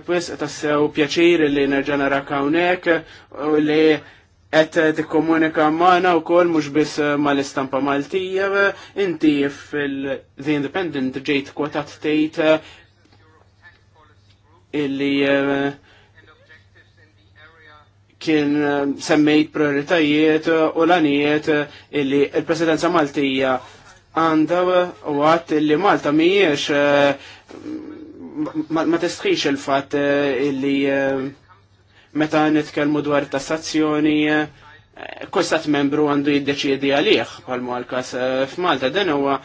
Pwis tassew pjaċir li nerġa' narak hawnhekk u li qed tikkomunika magħna wkoll mhux biss mal-istampa Maltija, inti fil-The Independent ġejt kwotat tgħid illi eh, kien eh, semmejt prioritajiet u l-anijiet illi il-presidenza Maltija għanda u għat li Malta miħiex eh, ma testħiċ il-fat eh, li eh, meta nitkelmu dwar tassazzjoni kostat membru għandu jiddeċiedi għalih palmu għal-kas f'Malta dan huwa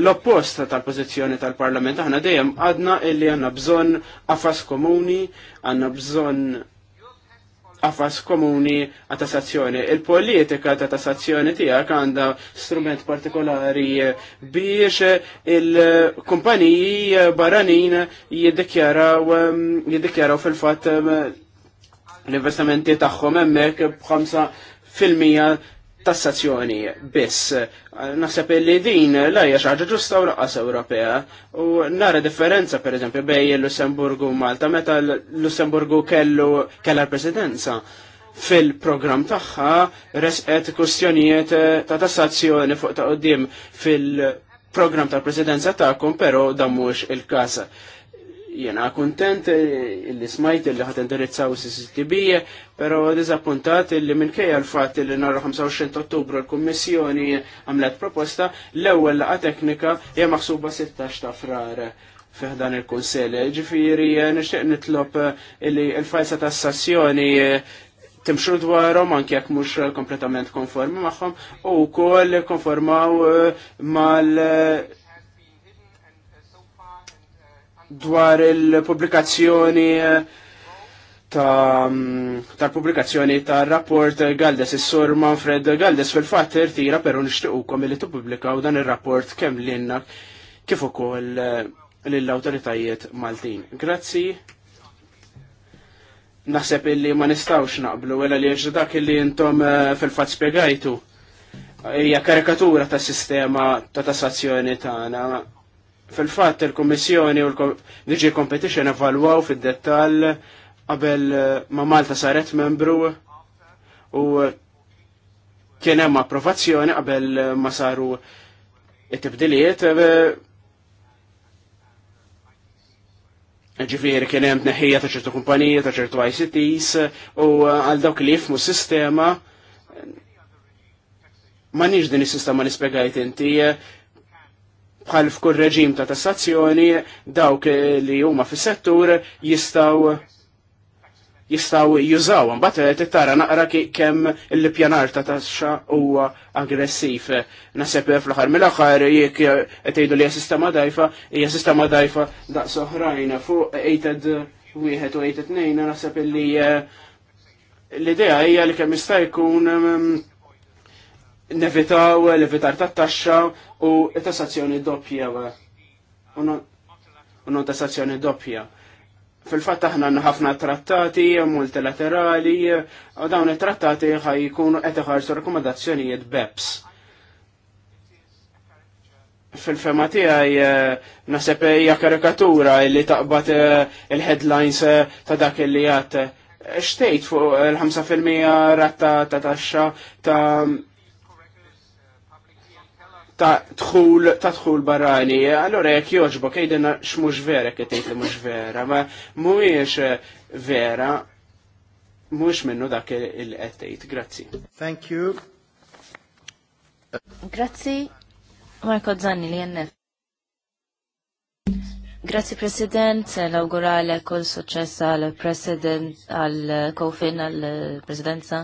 l-opposta tal-pozizjoni tal-parlament aħna dejjem għadna illi għanna bżon għafas komuni, għanna bżon qafas komuni għat tassazzjoni. Il-politika ta' tassazzjoni tiegħek għandha strument partikolari biex il-kumpaniji barranin jiddikjaraw jiddikjaraw fil-fatt l-investimenti tagħhom hemmhekk b'5 fil tassazzjoni biss. Naħseb li din lajja xaġa ġusta u raqqas Ewropea. U nara differenza per eżempju bej Lussemburgu u Malta meta l Lussemburgu kellu kellha presidenza fil-program tagħha resqet kustjonijiet ta' tassazzjoni fuq ta' qoddim fil-program ta' presidenza tagħkom, però dan mhux il-każ jena kontent eh, illi smajt illi ħat indirizzaw CCTB, pero dizappuntat illi minkejja l-fat illi narra 25 ottubru l-Kommissjoni għamlet proposta l-ewwel laqa teknika hija maħsuba 16 ta' frar fiħdan il-Kunsell. Ġifieri eh, nixtieq nitlob eh, illi l-falsa sassjoni timxu dwarhom anke jekk mhux kompletament konformi magħhom u wkoll konformaw mal dwar il-publikazzjoni eh, ta' mm, tal-publikazzjoni ta' rapport Galdes is-sur Manfred Galdes fil-fatt irtira però nixtiequkom li tippubblikaw dan ir-rapport kemm lilna kif ukoll eh, lill-awtoritajiet Maltin. Grazzi. Naħseb illi ma nistawx naqblu għela li dak illi intom eh, fil-fatt spiegajtu hija karikatura ta' sistema ta' tassazzjoni tagħna Fil-fatt il-Kommissjoni u l-DG Competition evalwaw fid-dettall qabel eh, ma Malta saret membru u eh, kien hemm approvazzjoni qabel eh, ma saru it-tibdiliet ġifiri kien hemm tneħħija ta' ċertu kumpanija, ta' ċertu ICTs u għal dawk li jifmu s-sistema ma nix din is-sistema nispjegajt inti bħal f'kull reġim ta' tassazzjoni dawk li huma fis-settur jistgħu jistaw jużaw, mbagħad qed tara naqra kemm il-pjanar ta' taxxa huwa aggressiv. Naħseb fl-aħħar mill-aħħar jekk qed tgħidu li hija sistema dajfa, hija sistema dajfa daqs oħrajn fuq ejted wieħed u ejted tnejn naħseb li eh, l-idea hija li kemm jista' jkun mm, nevitaw levitar ta' taxxa u tassazzjoni doppja u non tassazzjoni doppja. Fil-fatt aħna ħafna trattati multilaterali u dawn it-trattati ħaj jkunu qed iħarsu rakkomandazzjonijiet BEPS. Fil-fema tiegħi naħseb hija karikatura li taqbad eh, il-headlines eh, ta' dak li għat xtejt fuq il-5% ratta ta' taxxa ta' ta' tħul ta' tħul barani. Allora jekk joġbo, jgħidilna x'mux vera qed tgħid li mhux vera, ma mhuwiex vera mux minnu dak il-qed Grazzi. Thank you. Grazzi Marko Zanni li jennef. Grazzi President, l-augurale kol suċċess għal President, għal Kofin, għal Presidenza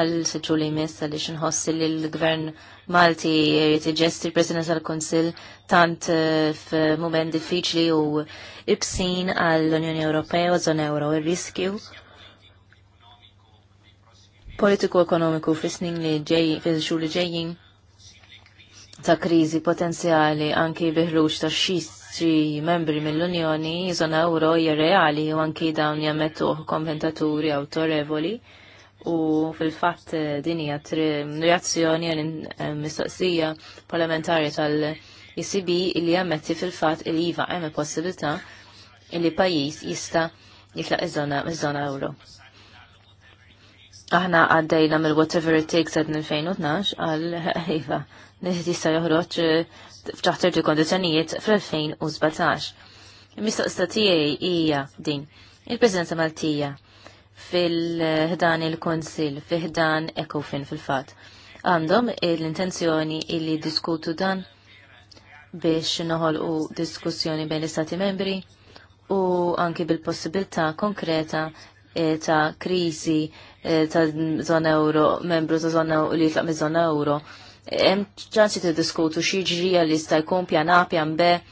għal seċu li jmiss għal nħossi li l-gvern Malti jirrit iġesti l-President tal-Konsil tant eh, f'mument diffiċli u ibsin għall-Unjoni Ewropea u zon euro il-riskju politiku ekonomiku fis-snin li ġej, fil-xhur li ġejjin ta' krizi potenzjali anki biħruċ ta' xistri membri mill-Unjoni, zona euro reali u anki dawn jammettuħ kompentaturi autorevoli u fil-fatt eh, dinija reazzjoni għal eh, mistoqsija parlamentari tal-ECB illi għammetti fil-fatt il-IVA għemme possibilità illi pajis jista jitlaq iż-żona euro. Aħna għaddejna mill whatever it takes għad 2012 għal IVA li jista joħroġ eh, f'taħt kondizjonijiet fl-2017. Il-mistoqsija tiegħi hija din. Il-Presidenza Maltija fil-ħdan il-Konsil, fil-ħdan Ekofin fil-fat. Għandhom l-intenzjoni illi diskutu dan biex noħol u diskussjoni bejn l istati membri u anki bil possibilta konkreta eh, ta' krizi eh, ta' zona euro, membru ta' zona li ta' minn zona euro. Hemm ċansi tiddiskutu xi ġrija li jista' jkun pjan A, pjan B, eh,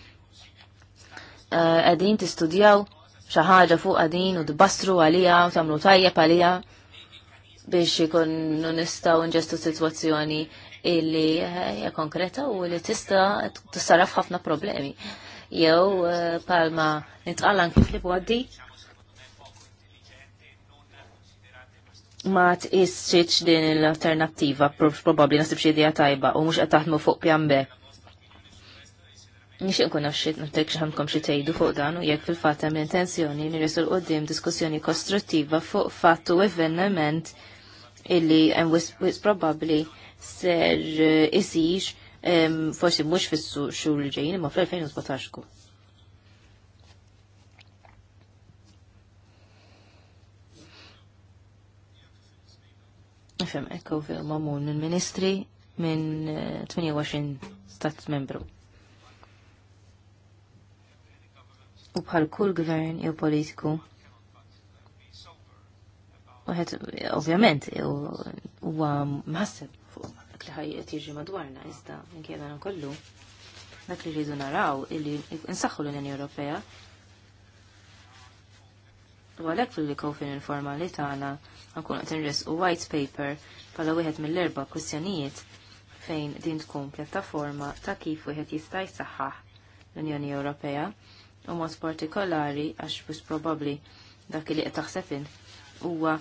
qegħdin tistudjaw xaħġa ħaġa fuq din u d-bastru għalija u tagħmlu tajjeb għalija biex ikun nistgħu nġestu sitwazzjoni illi eh, hija konkreta u li tista' tissaraf ħafna problemi. Jew eh, palma nitqallan kif li għaddi ma tqisx din l-alternattiva probabbli nasib xi idea tajba u mhux qed fuq pjan Nix nkun nafxit naftek xaħamkom xie tejdu fuq dan u jekk fil-fatta minn intenzjoni nirrisu l-qoddim diskussjoni kostruttiva fuq fattu evenement illi għem wis probabli ser eh, isix forsi mux fissu xur l-ġejn ma fl-2017 ku. Fem, ekku fil-mamun il-ministri minn 28 eh, stat membru. u bħal kull gvern jew politiku. Uħet, ovvjament, huwa mħasseb fuq dak li ħajjet jiġi madwarna, iżda minkejja dan kollu. Dak li rridu naraw illi insaħħu l-Unjoni Ewropea. U għalhekk fil-li kofin informali tagħna nkun qed u white paper bħala wieħed mill-erba' kwistjonijiet fejn din tkun pjattaforma ta' kif wieħed jista' jsaħħaħ l-Unjoni Ewropea u mod partikolari għax bus probabli dak li qed taħseb huwa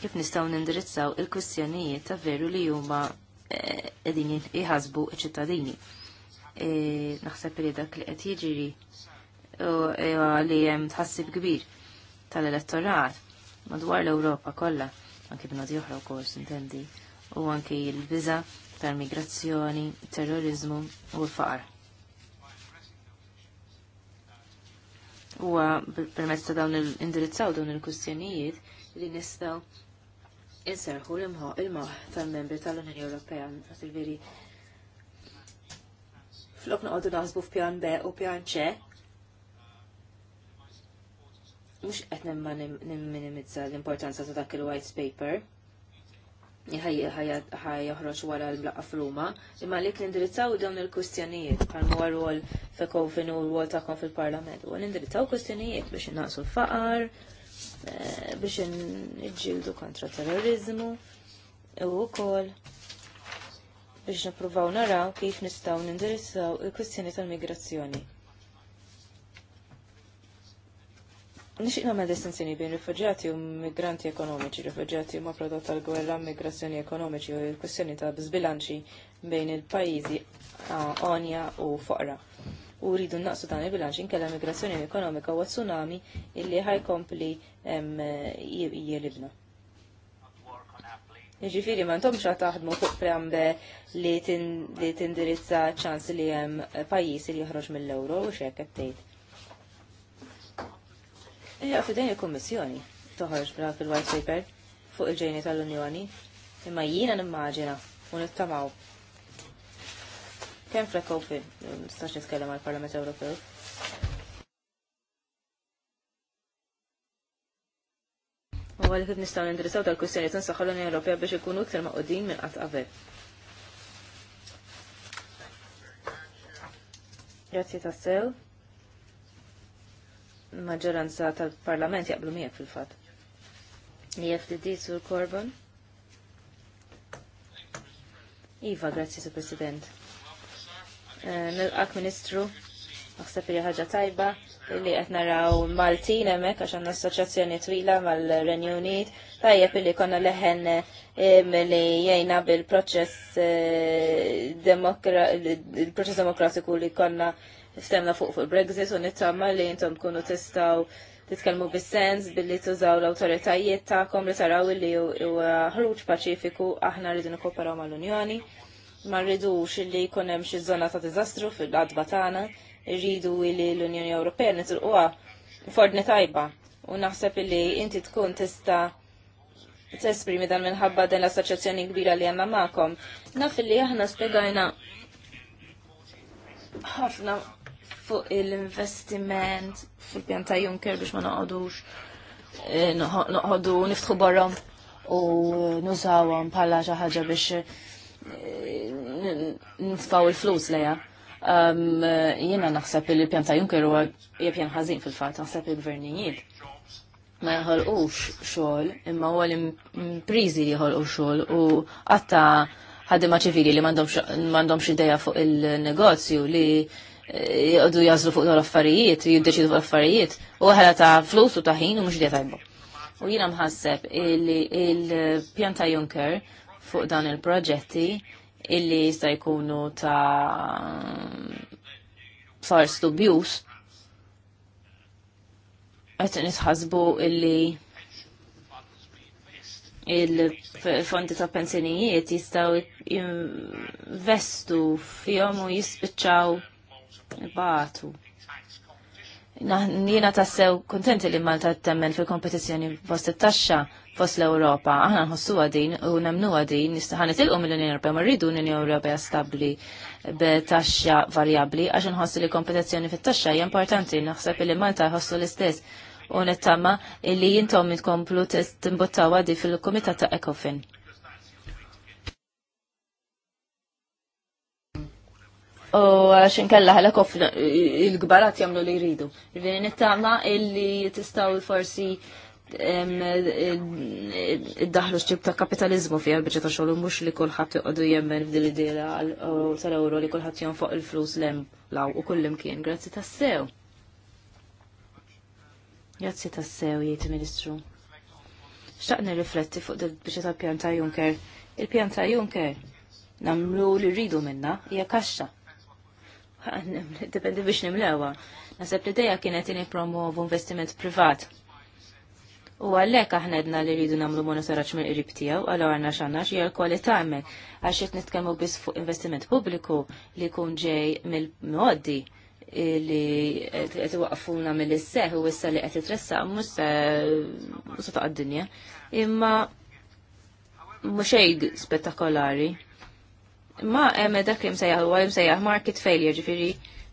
kif nistgħu nindirizzaw il-kwistjonijiet ta' veru li huma e, qegħdin jħasbu ċ-ċittadini. E, naħseb li dak li qed jiġri e, li hemm tħassib kbir tal-elettorat madwar l-Ewropa kollha, anki b'nadi oħra wkoll intendi, u anki l-biża tal-migrazzjoni, terrorizmu u l-faqar. huwa permezz ta' dawn indirizzaw dawn il-kustjonijiet li nistgħu inserħu il-moħ tal-membri tal-Unjoni Ewropea fil-veri. Flok noqogħdu naħsbu f'pjan B u pjan C. Mhux qed ma nimminimizza l-importanza ta' dak il-white paper joħroġ wara l-blaqqa f'luma, imma li nindirizzaw dawn il-kustjonijiet bħal mwar rol fekofin u l għol tagħkom fil-Parlament. U nindirizzaw kustjonijiet biex innaqsu l-faqar, eh, biex nġildu kontra terrorizmu u wkoll biex nippruvaw naraw kif nistgħu nindirizzaw il-kustjoni tal-migrazzjoni. Nixiq namel distinzjoni bejn rifugġati u migranti ekonomiċi. Rifugjati huma prodott tal-gwerra, migrazzjoni ekonomiċi u l-kwestjoni ta' bizbilanċi bejn il-pajjiżi onja u foqra. U rridu naqsu dan il-bilanċ inkella migrazzjoni ekonomika u tsunami illi ħajkompli jilibna. Ġifiri, ma ntomx għat taħdmu fuq preambe li tindirizza ċans li jem pajis li jħroġ mill-euro u xek għattejt. Ija, fidejn il-Kommissjoni toħarġ bla fil-White Paper fuq il-ġejni tal-Unjoni, imma jina n-immaġina, un nittamaw. Kem frekkow fi, mm, nistax nitkellem għal-Parlament Ewropew, U għalli kif nistaw nindirizzaw tal kussjoni t tinsaħħa l-Unjoni Ewropea biex ikunu iktar maqudin minn qatt qabel. Grazie tassew maġġoranza tal-parlament jaqblu miegħek fil-fatt. Li e FDD sur Corbon? Iva, grazzi su President. Eh, nilqak Ministru, naħseb li ħaġa tajba li qed naraw Maltin hemmhekk għax għandna assoċjazzjoni twila mal-Renju Unit. Tajjeb li konna leħen eh, li jgħina bil-proċess eh, il-proċess demokratiku li konna ftemna fuq fuq Brexit u nittama li jintom kunu tistaw titkellmu bis-sens billi tużaw l-awtoritajiet tagħkom li taraw li huwa ħruġ paċifiku aħna rridu nikkooperaw mal-Unjoni. Ma rridux li jkun hemm xi żona ta' diżastru fil-qadba tagħna, rridu li l-Unjoni Ewropea nitilquha fordni tajba u naħseb li inti tkun tista' tesprimi dan minħabba din l-assoċjazzjoni kbira li għanna magħkom. Naf li aħna spiegajna ħafna fuq l-investiment fil-pjan ta' Juncker biex ma noqodux eh, noqodu niftħu barrom u nużawhom bħala xi ħaġa biex eh, nitfaw il-flus leja. Um, eh, jiena naħseb il-pjanta pjan ta' Juncker huwa pjan ħażin fil-fatt naħseb il-gvernijiet ma jħolqux xogħol imma u għal imprizi li jħolqu xogħol u għatta ħaddiema ċivili li m'għandhomx ideja fuq il-negozju li jgħadu jazlu fuq l-affarijiet, jiddeċidu fuq l-affarijiet, u ħela ta' flus u ta' ħin u mux li tajbu. U jina mħasseb il-pjanta Juncker fuq dan il-proġetti illi jista' jkunu ta' fars dubjus qed nitħasbu illi il-fondi ta' pensjonijiet jistgħu jinvestu fihom u jispiċċaw batu. Jina tassew kontenti li Malta temmen fil-kompetizjoni fost it-taxxa fost l-Europa. Aħna nħossu għadin u nemnu għadin nistaħan il-qum l-Unjoni Ewropea, ma rridu l-Unjoni Ewropea stabli b'taxxa varjabli, għax nħossu li kompetizjoni fit-taxxa hija importanti, naħseb li Malta jħossu l-istess u nittama li jintom jitkomplu timbuttaw għadi fil-Komitat ta' Ecofin. U għaxin kella ħalek il-gbarat jamlu li jridu. Rvini nittamna illi tistaw forsi id-daħlu xċib ta' kapitalizmu fija biex ta' xogħol mhux li kulħadd iqogħdu jemmen f'din id-dira tal-ewro li kulħadd jom fuq il-flus lem law u kullim kien Grazzi sew Grazzi tas-sew, jgħid Ministru. Xtaqni nirrifletti fuq biex ta' pjan ta' Juncker. Il-pjan ta' Juncker namlu li rridu minna hija kaxxa Dependi biex nimlewa. Nasab li dejja kienet jini promovu investiment privat. U għallek aħna edna li rridu namlu saraċ mill qrib tiegħu, għallu għarna xanna xie l kwali hemmhekk għax qed nitkellmu biss fuq investiment pubbliku li jkun ġej mill-modi li qed iwaqfuna mill seħ u wissa li qed tressa mhux ta' taqgħad dinja. Imma muxejg xejn spettakolari. Ma hemm dak li msejjaħ huwa msejjaħ market failure ġifieri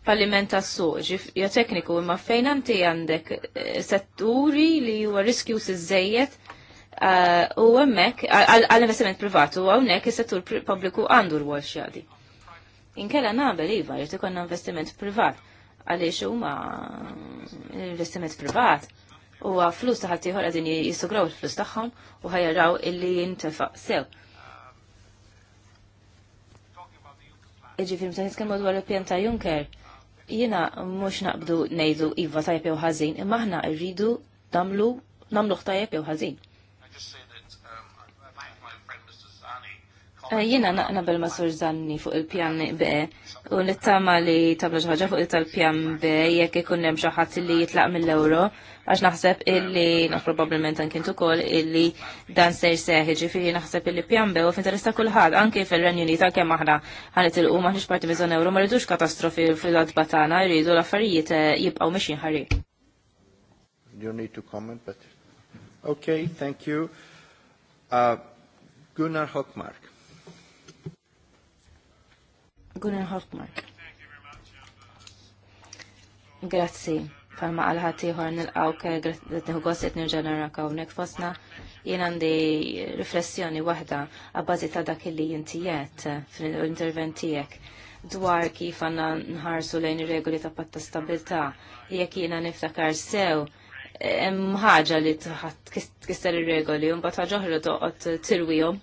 falliment tas-suq, ja tekniku imma fejn anti għandek eh, setturi li huwa riskju iżejjed eh, u hemmhekk għall-investiment privatu u hawnhekk is-settur pubbliku għandu r-għol x'jadi. Inkella nagħmel iva jrid ikollna investiment privat għaliex huma mm, investiment privat u flus taħat ieħor għadin jistugraw il-flus tagħhom u ħajaraw illi jintefaq sew. ġifir ta' nitkelmu dwar il-pjan ta' Juncker, jiena mhux naqbdu ngħidu iva tajpew jew ħażin, imma aħna rridu namlu, nagħmlu tajjeb ħażin. Eh, jina naqna bil-masur zanni fuq il-pjan B u nittama li tabla ħaġa fuq il-tal-pjan B jekk ikun hemm xi ħadd li jitlaq mill-euro għax naħseb illi naf probabbilment anke kintu ukoll illi dan se jseħħi ġifieri naħseb illi pjan be, u f'interess ta' kulħadd anke fir-Renju Unit anke il-u m'aħniex parti miżon euro ma rridux katastrofi fil għad tagħna jridu l-affarijiet eh, jibqgħu mexjin ħarri. You need to comment, but okay, thank you. Uh, Gunnar Hockmark. Gunnar Hofmark. Grazzi. Palma għal-ħatiħor nil-għaw kħedniħu għosit nirġan għarraka unek fosna. Jien għandi riflessjoni wahda għabbażi ta' dak li jintijiet fil-interventijek dwar kif għanna nħarsu lejn regoli ta' patta stabilta. Jek jiena niftakar sew ħaġa li tħat kisser ir-regoli un bat ħaġa toqot toqgħod tirwihom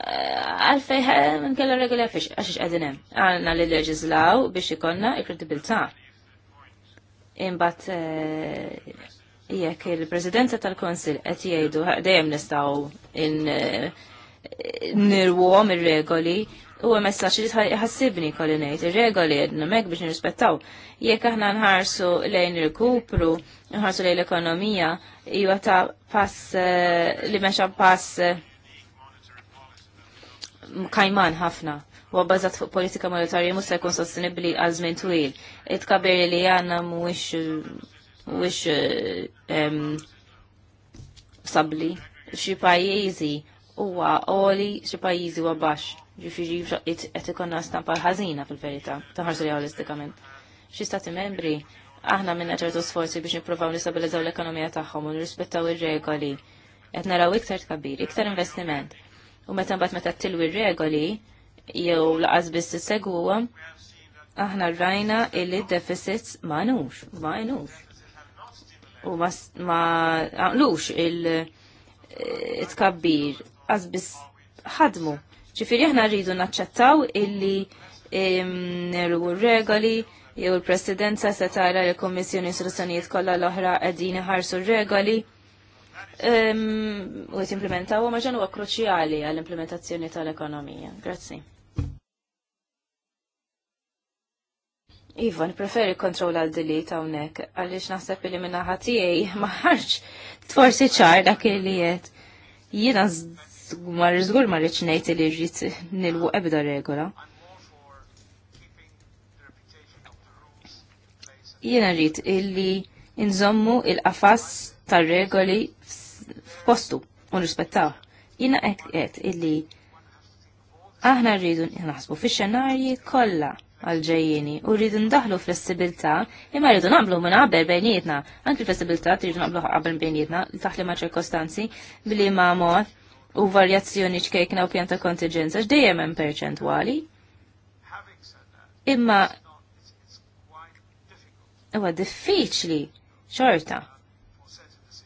għalfej minn kella regola fiex, għax għadinem, għanna li leġizlaw biex ikonna il-kredibilta. Imbat eh, jekk il-presidenza tal-konsil qed jgħidu dejjem nistgħu eh, nirwom ir-regoli u messaġġ li jħassibni kolinejt, ngħid ir-regoli għedna mek biex nirrispettaw. Jekk aħna nħarsu lejn il-kupru, nħarsu lejn l-ekonomija, jgħata ta' pass eh, li meċa pass kajman ħafna u għabbażat fuq politika monetarja se jkun sostenibli għal żmien twil. Itkabir li għanna mhuwiex mhuwiex sabli xi pajjiżi huwa għoli xi pajjiżi huwa baxx. Ġifieri qed ikonna stampa ħażina fil-verità, taħarsu li realistikament. Xi stati membri aħna minna ċertu sforzi biex nippruvaw nistabilizzaw l-ekonomija tagħhom u nirrispettaw ir-regoli. Qed naraw iktar tkabbir, iktar investiment u meta mbagħad meta tilwi regoli jew laqas biss segwuhom aħna rajna illi deficits ma'nux, ma'nux. U ma għamlux il-tkabbir, eh, għazbis ħadmu. Ġifiri aħna rridu naċċettaw illi nerru regoli, jew il-presidenza se tara l-Kommissjoni Istruzzjonijiet kollha l-oħra qegħdin iħarsu regoli. regoli Ehm, u jtimplementaw u maġan huwa kruċjali għall-implementazzjoni tal-ekonomija. Grazzi. Ivan, preferi kontrol għal delete hawnhekk għaliex naħseb li minna ħatijaj ma t-forsi ċar dak li jiet. Jiena zgur żgur ma rridx ngħid li rrid nilwu ebda regola. Jiena rrid illi nżommu il-qafas tar-regoli f'postu u nrispettaw. Jina qed illi aħna rridu naħsbu fix-xenarji kollha għal-ġejjini u rridu ndaħlu flessibilta imma rridu naqblu minn qabel bejnietna. Anki flessibilità rridu naqblu qabel bejnietna li taħli ma' ċirkostanzi billi ma' mod u varjazzjoni ċkejkna u pjanta kontingenza ġdejjem hemm perċentwali. Imma huwa diffiċli xorta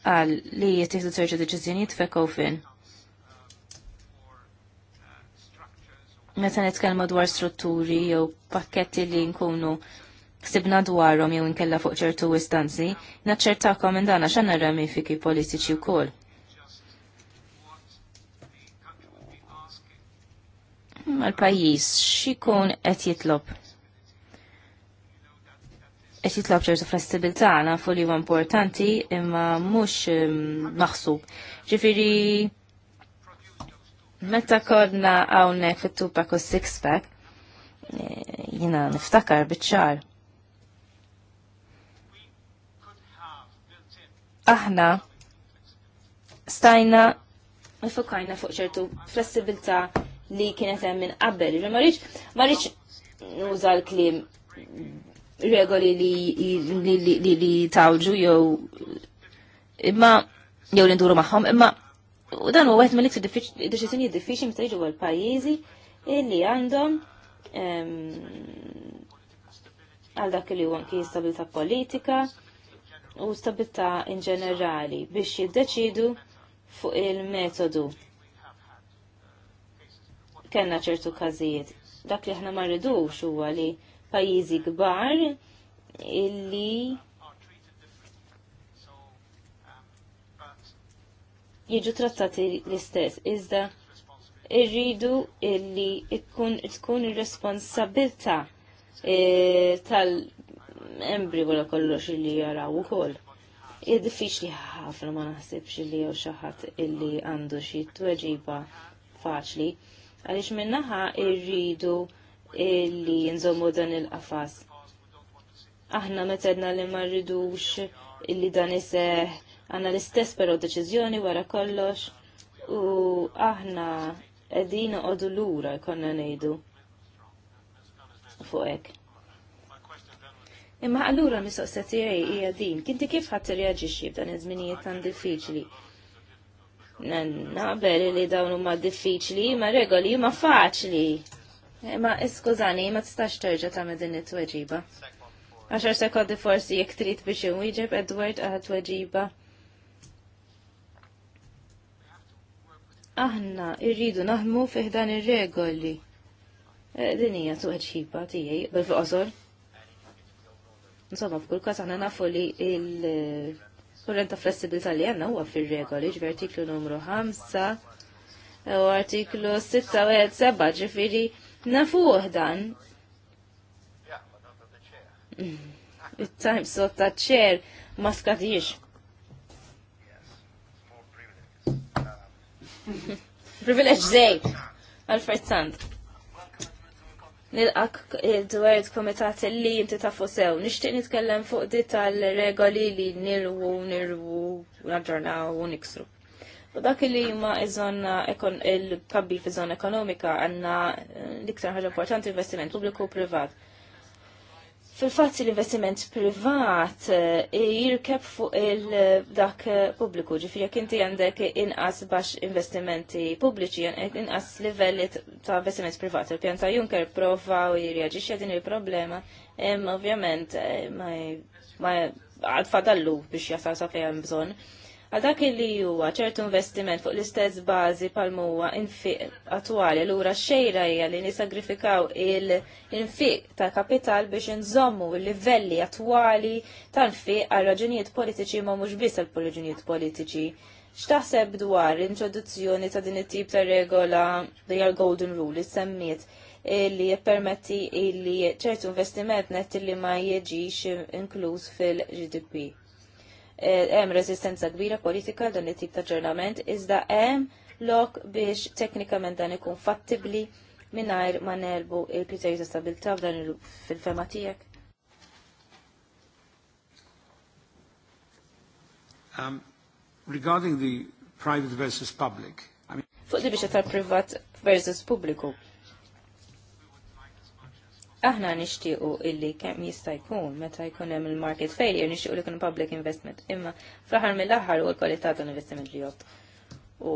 għal li jittieħdu ċerċu deċiżjonijiet fin. Meta nitkellmu dwar strutturi jew pakketti li nkunu ksibna dwarhom jew inkella fuq ċertu istanzi, naċċertakom minn dan għax ramifiki politiċi wkoll. mal pajis x'ikun qed jitlob qed jitlob ċertu flessibilità nafu li huwa importanti imma mhux ehm, maħsub. Ġifiri, meta kodna hawnhekk fit-tupak u six-pack eh, jiena niftakar biċ-ċar. Aħna stajna nifukajna fuq ċertu flessibilità li kienet hemm minn qabel. Ma rridx nuża l-kliem regoli li li tawġu jew imma jew li nduru magħhom imma u dan huwa wieħed mill-iktar deċiżjonijiet diffiċli meta jiġu għal pajjiżi illi għandhom għal dak li huwa anki stabilità politika u stabilità in ġenerali biex jiddeċidu fuq il-metodu. Kenna ċertu każijiet. Dak li aħna ma rridux huwa li pajjiżi kbar illi jiġu trattati l-istess. Iżda irridu illi tkun ir-responsabilta eh, tal-embri wara kollox illi jaraw ukoll. Id-diffiċli ħafna ma naħsibx illi jew xi ħadd illi għandu xi tweġiba faċli għaliex minnaħa irridu li nżommu dan il-qafas. Aħna metedna li ma rridux illi dan iseħ għanna l-istess però deċiżjoni wara kollox u aħna qegħdin noqogħdu lura konna ngħidu fuq Imma Imma allura mistoqsija tiegħi hija din, kinti kif ħadd tirreaġixxi f'dan iż-żminijiet tan diffiċli? Naqbel li dawn huma diffiċli, ma regoli huma faċli. Ma iskużani, ma tistax terġa ta' din it-tweġiba. Għaxar sekondi forsi jek trid biex jwieġeb Edward għad tweġiba. Aħna irridu naħdmu fiħdan ir-regoli. Eh, din hija tweġiba tiegħi bil-qosor. Insomma, f'kull każ aħna nafu li il-kurrent ta' flessibilità li għandna huwa fir-regoli, ġvertiklu numru 5 u artiklu 6 ġifiri Nafuh dan. Il-time mm. sot ta' ċer ma skadix. Privileġ um, zejt, għal nil Nilqak il-dwajt komitat li jinti ta' fosew, Nishtiq nitkellem fuq di tal-regoli li nirwu, nirwu, naġġornaw u niksru. U dak li ma iżonna il-kabbi fi zona ekonomika għanna eh, l-iktar importanti investiment pubbliku u privat. Fil-fatt l-investiment privat eh, jirkeb fuq il-dak eh, pubbliku, ġifiri jek inti għandek inqas bax investimenti pubbliċi, inqas livelli ta' investiment privat. il pjanta Juncker prova u jirreagġiċi din il-problema, ovvjament ma' għad fadallu biex jasal sa' fejem bżon. bżonn Għal dak li huwa ċertu investiment fuq l-istess bażi pal huwa infiq attwali lura xejra hija li nisagrifikaw il-infiq ta' kapital biex nżommu l-livelli attwali tal-infiq għal raġunijiet politiċi ma mhux biss għal raġunijiet politiċi. X'taħseb dwar l-introduzzjoni ta' din it-tip ta' regola li għal Golden Rule li semmiet li jippermetti li ċertu investiment netti li ma jieġix inkluż fil-GDP? Eh, hemm reżistenza kbira politika dan it-tip ta' ġurnament iżda hemm lok biex teknikament dan ikun fattibli mingħajr ma nerbu il-kriterju ta' stabilità f'dan fil-fema tiegħek. Um, regarding the private versus public, I mean... Fuq li biex privat versus publiku. Aħna nixtiequ illi kemm jista' jkun meta jkun hemm il-market failure nixtiequ li jkun public investment, imma fl-aħħar mill-aħħar u l-kwalità tal-investiment li jgħod. U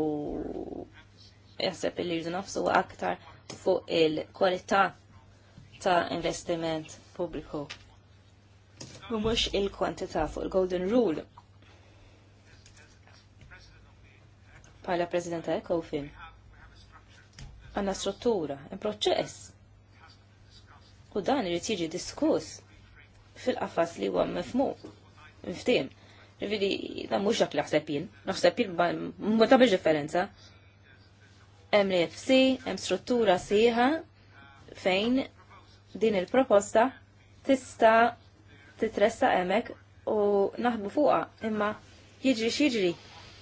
jaħseb illi jridu nofsu aktar fuq il-kwalità ta' investiment pubbliku. U mhux il-kwantità fuq il-golden rule Pala President Ecofin. Għanna struttura, proċess u dan irid jiġi diskuss fil-qafas li huwa mifmu, miftim. Ġifieri dan mhux dak li naħseb jien, naħseb jien ma tagħmilx differenza. Hemm li FC, hemm struttura sieħa fejn din il-proposta tista' titressa hemmhekk u naħbu fuqha imma jiġri x'jiġri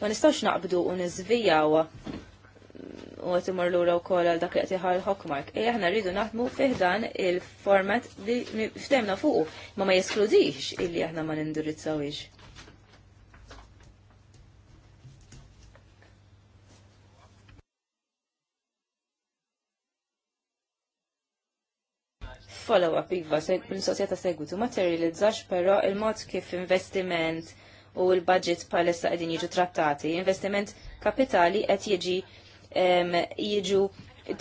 ma nistgħux naqbdu u niżvijaw u għet imur l-ura u kol għal dak li l Hockmark. E aħna rridu naħdmu fiħdan il-format li ftemna fuqu, ma ma jeskludix illi aħna ma nindirizzawix. Follow-up iva, il-sosjeta segwitu materializzax però il-mod kif investiment u l-budget pal-essa qegħdin jiġu trattati, investiment kapitali qed jiġi jiġu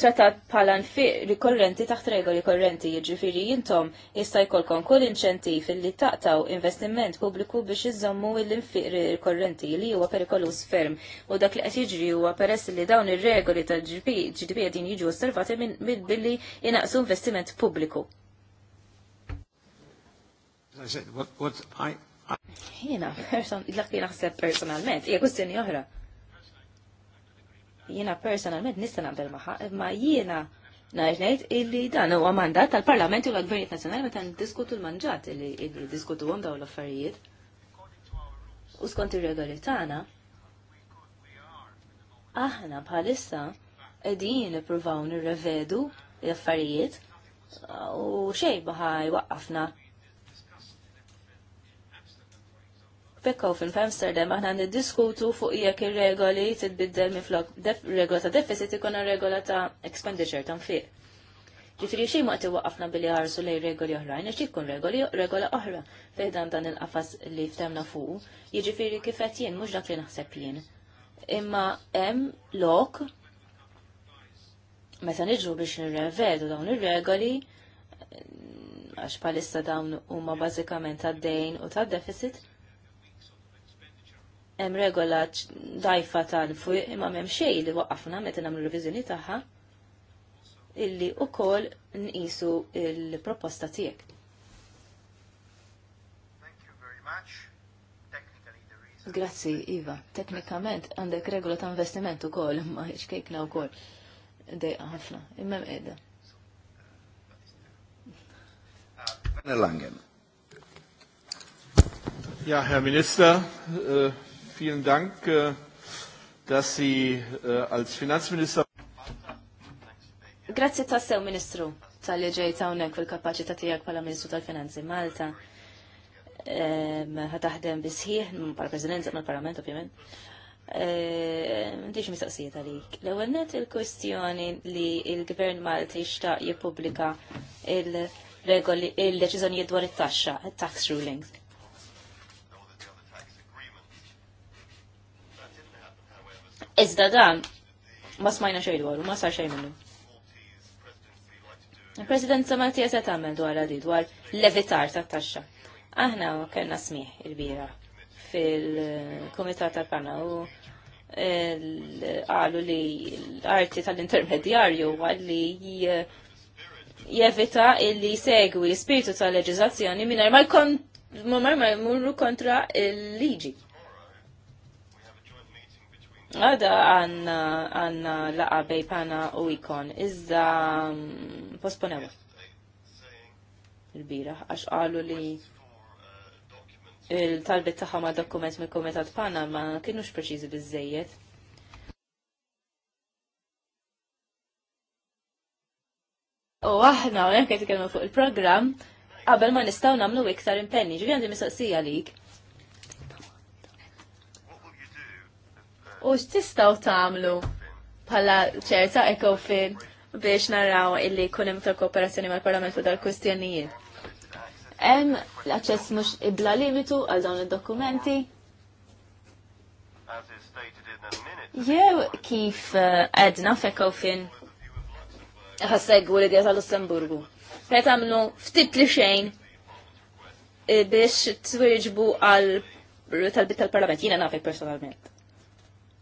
trattat bħala nfiq rikorrenti taħt regoli korrenti jiġifieri jintom jista' jkollkom kull inċentiv li taqtaw investiment pubbliku biex iżommu l-infiq rikorrenti li huwa perikolus ferm u dak li qed jiġri huwa peress li dawn ir-regoli ta' gdp qegħdin jiġu osservati minn billi jinaqsu investiment pubbliku. Jiena, person, l-akki naħseb personalment, hija kwistjoni oħra Jiena personalment nista' naqbel magħha, imma jiena ngħid illi dan huwa mandat tal-Parlament u l-Gvernijiet Nazzjonali meta ndiskutu l-manġat illi diskutuhom dawn l-affarijiet. U skont ir-regoli tagħna, aħna bħalissa qegħdin nippruvaw nirrevedu l-affarijiet u xejn baħaj waqqafna f'Eckhofen f'Amsterdam aħna niddiskutu fuq jekk ir-regoli titbiddel minflok regola ta' deficit ikun regola ta' expenditure ta' nfiq. Ġifiri xej ma waqafna billi ħarsu lej regoli oħrajn, għax ikun regoli regola oħra fejdan dan il-qafas li ftemna fuq, jiġifieri kif qed jien mhux dak li naħseb jien. Imma hemm lok meta niġru biex nirrevedu dawn ir-regoli għax palissa dawn huma bażikament tad-dejn u tad-deficit, hemm regola dajfa tan fuq imma m'hemm xejn li waqafna meta nagħmlu reviżjoni tagħha illi wkoll nqisu l proposta tiegħek. Grazzi, Iva. Teknikament għandek regola ta' investiment ukoll, ma xkejkna wkoll. Dejqa ħafna, imma qiegħda. Ja, Herr Minister, uh vielen Dank, äh, dass Sie äh, als Finanzminister. Grazie tassew, Ministru, tal-li ġej tawnek fil-kapacita tijak pala Ministru tal-Finanzi Malta. Għataħdem ehm, bisħiħ, pal-Presidenza, mal-Parlament, ovvijament. Mdix ehm, mistaqsija talik. L-ewel il-kwestjoni li il-Gvern Malta jishtaq jipublika il-regoli, il-deċizjoni dwar it-taxxa, il-tax rulings Iżda dan ma smajna xejn dwaru, ma sar xejn minnu. Il-President Samaltija se tagħmel dwar għadi dwar levitar tat-taxxa. Aħna kellna smih il-bira fil-Kumitat tal-Pana u qalu li l-arti tal-intermedjarju għalli jevita illi segwi spiritu tal-leġizazzjoni minn ma jkun kontra il-liġi. Għada għanna laqa bej pana u ikon, iżda mm, posponewa. Il-bira, għax għalu li il-talbet taħħa ma dokument me komitat pana ma kienux preċizi bizzejiet. U aħna, għu għet fuq il-program, qabel ma nistaw namlu iktar impenni, ġivjandi mistoqsija li u x'tistgħu tagħmlu bħala ċerta ekofin biex naraw illi kunem ta' kooperazzjoni mal-Parlament fuq dal-kwistjonijiet. Hemm l-aċċess mhux ibla limitu għal dawn id-dokumenti. Jew kif eh, għedna fekofin ħassegwu l-idea tal-Lussemburgu. Fet għamlu ftit li xejn eh, biex twirġbu għal tal-bit tal-parlament. Jina nafek personalment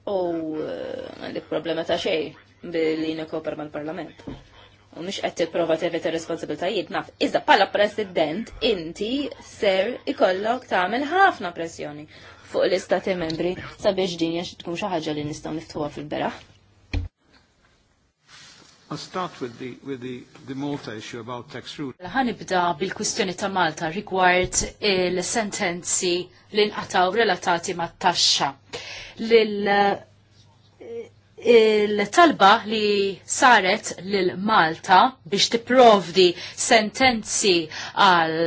u eh, għandek problema ta' xej billi nikopra mal-parlament. U mux qed tipprova tevita responsabiltajiet naf. Iżda pala president inti ser ikollok tagħmel ħafna pressjoni fuq l-istati membri sabiex din xitkun tkun xi ħaġa li nistgħu niftuħa fil-beraħ. I'll start with the, with the, the Malta issue about tax mela, Ħanibda bil-kwistjoni ta' Malta rigward il-sentenzi li nqataw relatati ma' taxxa. Il-talba li saret l Malta biex tipprovdi sentenzi għal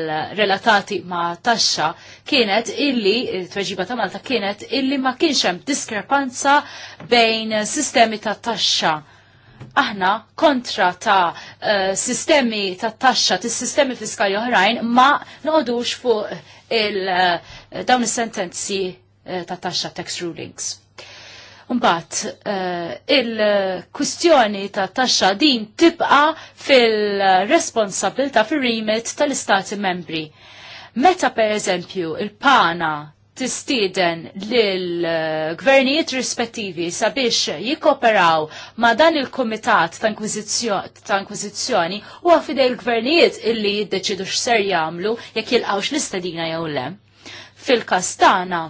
relatati ma' taxxa kienet illi, tweġiba ta' Malta kienet illi ma' kienx hemm diskrepanza bejn sistemi ta' taxxa aħna kontra ta' uh, sistemi ta' taxxa, ta' sistemi fiskali oħrajn, ma noqogħdux fuq il, uh, dawn is-sentenzi uh, ta' taxxa tax rulings. Mbagħad uh, il-kwistjoni ta' taxxa din tibqa' fil-responsabilità fir-remit tal-istati membri. Meta per eżempju il-pana tistieden lill-gvernijiet eh, rispettivi sabiex jikoperaw ma dan il-Komitat ta' inkwizizjoni u għafide il-gvernijiet illi jiddeċidu x'ser jagħmlu jekk jilqawx l istadina jew le. Fil-kastana,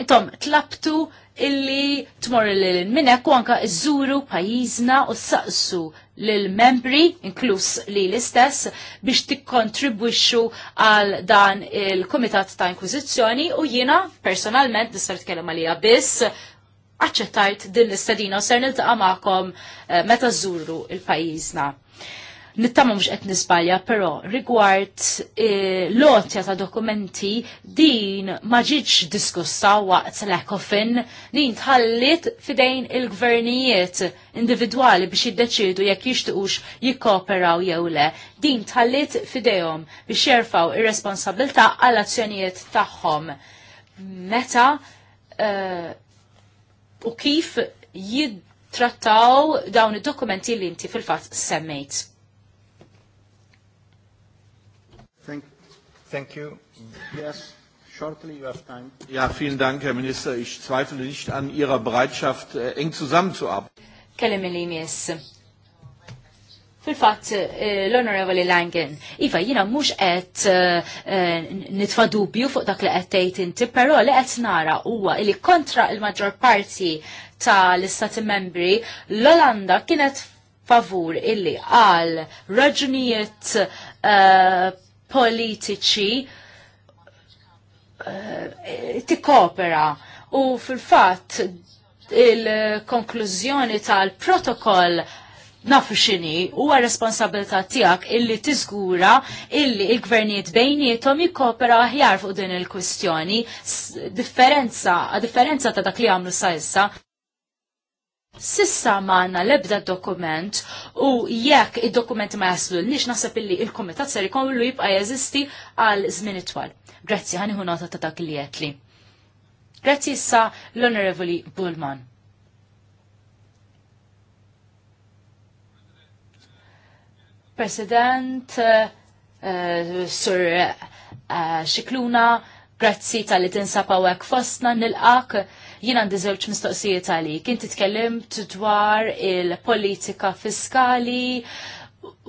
intom tlabtu illi tmorru lil minnek u anka iżuru pajjiżna u saqsu l-membri, inkluż li l-istess, biex tikkontribwixxu għal dan il-Kumitat ta' Inkwizizzjoni u jiena personalment nistar tkellem għalija biss aċċettajt din l-istadina u ser niltaqa' magħkom eh, meta żuru il-pajjiżna nittama mux qed nisbalja, però rigward e, lotja ta' dokumenti din ma diskussa waqt l-ekofin din tħallit fidejn il-gvernijiet individwali biex jiddeċidu jekk jixtiqux jikkooperaw jew le. Din tħallit fidejhom biex jerfaw ir-responsabilta għall azzjonijiet tagħhom. Meta uh, u kif jid trattaw dawn id-dokumenti li inti fil-fat semmejt. Thank you. Yes. Shortly, you have time. Ja, vielen Dank, Herr Minister. Ich zweifle nicht an Ihrer Bereitschaft, äh, eng zusammenzuarbeiten. Kellem il Fil-fat, äh, l-Honorable Langen, Iva, jina mux għet äh, nitfa dubju fuq dak li għettejt inti, pero li għet nara huwa li kontra il-maġġor parti ta' l istati membri, l-Olanda kienet favur illi għal raġunijiet politiċi uh, tikkopera u fil-fatt il-konklużjoni tal-protokoll nafu xini huwa responsabilità tiegħek illi tiżgura illi il-gvernijiet bejnietom jikopera aħjar fuq din il-kwistjoni differenza a differenza ta' dak li għamlu sa issa Sissa maħna lebda dokument u jekk id-dokumenti ma jaslu nix nasab illi il-komitat ser lu jibqa jeżisti għal żmien itwal. Grazzi għani hu nota ta' dak li jetli. Grazzi issa l-Onorevoli Bullman. President, uh, Sur uh, Xikluna, grazzi tal-li tinsa pawek fostna nil-għak Jien għandi żewġ mistoqsijiet għali. Kinti tkellim dwar il-politika fiskali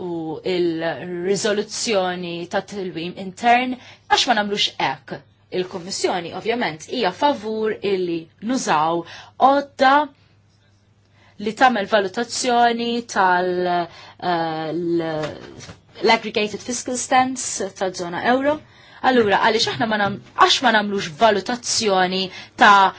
u il-riżoluzzjoni ta' tilwim intern għax ma nagħmlux hekk. Il-Kummissjoni ovvjament hija favur illi nużaw għodda li tamel valutazzjoni tal eh, l aggregated fiscal stance ta' zona euro. Allura, għalix aħna għax ma namlux valutazzjoni ta'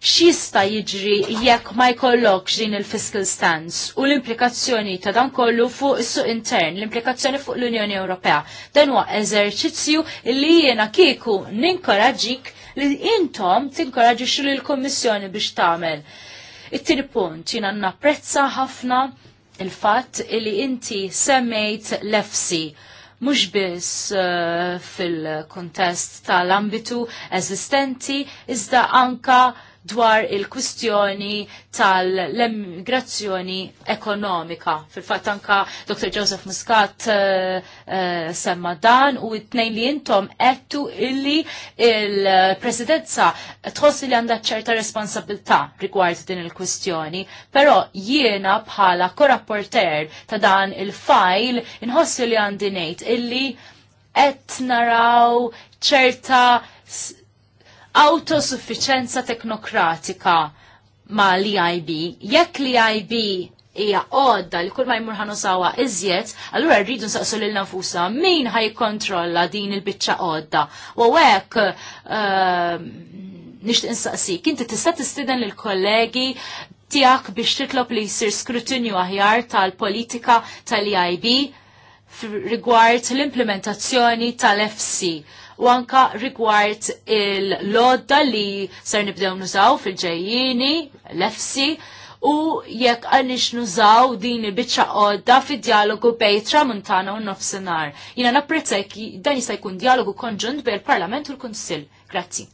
x'jista' jiġri jekk ma jkollokx din il-fiscal stance u l-implikazzjoni ta' dan kollu fuq is-suq intern, l-implikazzjoni fuq l-Unjoni Ewropea. Dan huwa eżerċizzju li jiena kieku ninkoraġik li intom tinkoraġixxu lill-Kummissjoni biex tagħmel. It-tieni punt jiena napprezza ħafna il-fatt li inti semmejt l-efsi mux biss uh, fil-kontest tal-ambitu eżistenti, iżda anka dwar il-kwistjoni tal-immigrazzjoni ekonomika. Fil-fatt anka Dr. Joseph Muscat uh, uh, semma dan u it-tnejn li intom għettu illi il-presidenza tħossi li għandha ċerta responsabilta rigward din il-kwistjoni, però jiena bħala korrapporter ta' dan il-fajl inħossi li għandi ngħid illi qed naraw ċerta autosuffiċenza teknokratika ma li ib Jekk l-IB hija għodda li kull ma jmur ħanu sawa iżjed, allura rridu nsaqsu lil nafusa min ħaj kontrolla din il-biċċa għodda. U hekk uh, ehm, nixtieq insaqsik, inti tista' tistiden lil kollegi tiegħek biex titlob li jsir skrutinju aħjar tal-politika tal-IB rigward l-implementazzjoni tal-FC u anka rigward il-lodda li ser nibdew nużaw fil-ġejjini, l-efsi, u jekk għanix nużaw din il-bicċa għodda fil dialogu bej tramuntana u nofsenar. Jina napprezzek dan jista' jkun dialogu konġunt bej il-Parlament u l-Konsil. Grazzi.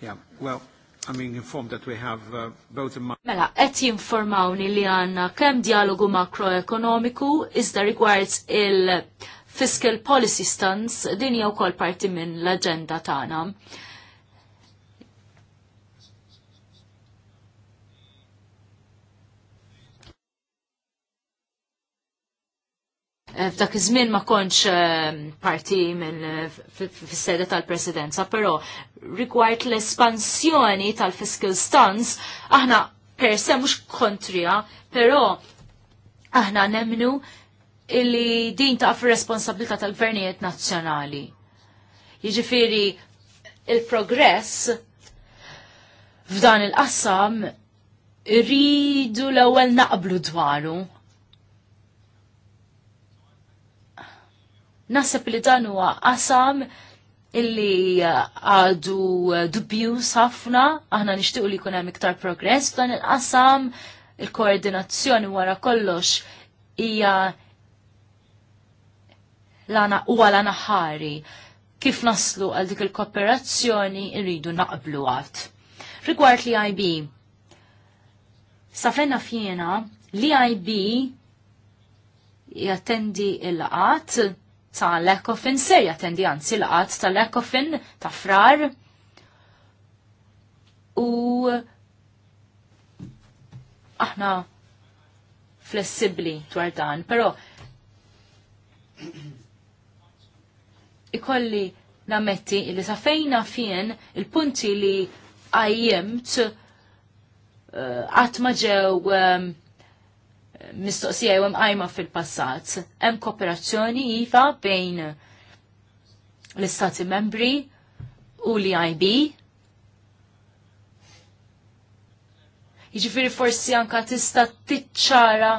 Yeah, uh, Mela, qed jinformawni li għandna kemm dialogu makroekonomiku iżda rigward il- fiscal policy stance din hija wkoll parti minn l agenda tagħna. Eh, f'dak iż-żmien ma kontx eh, parti minn fis-sede tal-presidenza, però rigward l-espansjoni tal-fiscal stance aħna per se mhux kontrija, però aħna nemnu illi din ta' responsabilità tal-gvernijiet nazzjonali. Jiġifieri il-progress f'dan il-qassam irridu l-ewwel naqblu dwaru Nasab li dan huwa qasam illi uh, għadu uh, dubjus ħafna, aħna nixtiequ li jkun hemm iktar progress f'dan il-qasam, il-koordinazzjoni wara kollox hija lana huwa lana ħari kif naslu għal dik il-kooperazzjoni irridu naqblu għat. Rigward li IB, safenna fjena li IB jattendi il-qat tal-Ekofin ser jattendi anzi laqat tal-Ekofin ta' frar u aħna flessibli dwar dan, pero ikolli nametti li sa fejna fien il-punti li għajjemt eh, għatma uh, ġew eh, mistoqsija jew imqajma fil-passat. Hemm kooperazzjoni iva bejn l-Istati membri u l-IB. Jiġifieri forsi anka tista' tiċċara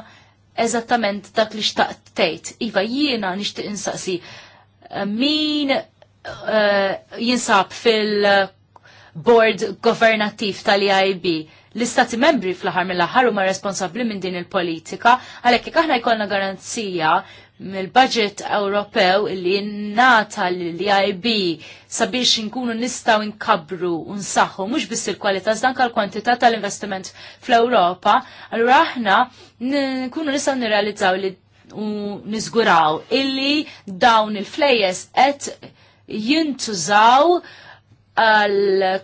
eżattament dak li xtaqt tgħid. Iva jiena nixtieq insaqsi eh, min uh, jinsab fil- board governattiv tal-IB l-istati membri fl-ħar mill-ħar huma responsabbli minn din il-politika, għalhekk jek aħna jkollna garanzija mill-budget Ewropew li nata l-IB sabiex nkunu nistaw nkabru unsaħħu mhux biss il-kwalità dan kal kwantità tal-investiment fl-Ewropa, allura aħna nkunu nistgħu nirrealizzaw li u niżguraw illi dawn il-flejes qed jintużaw għal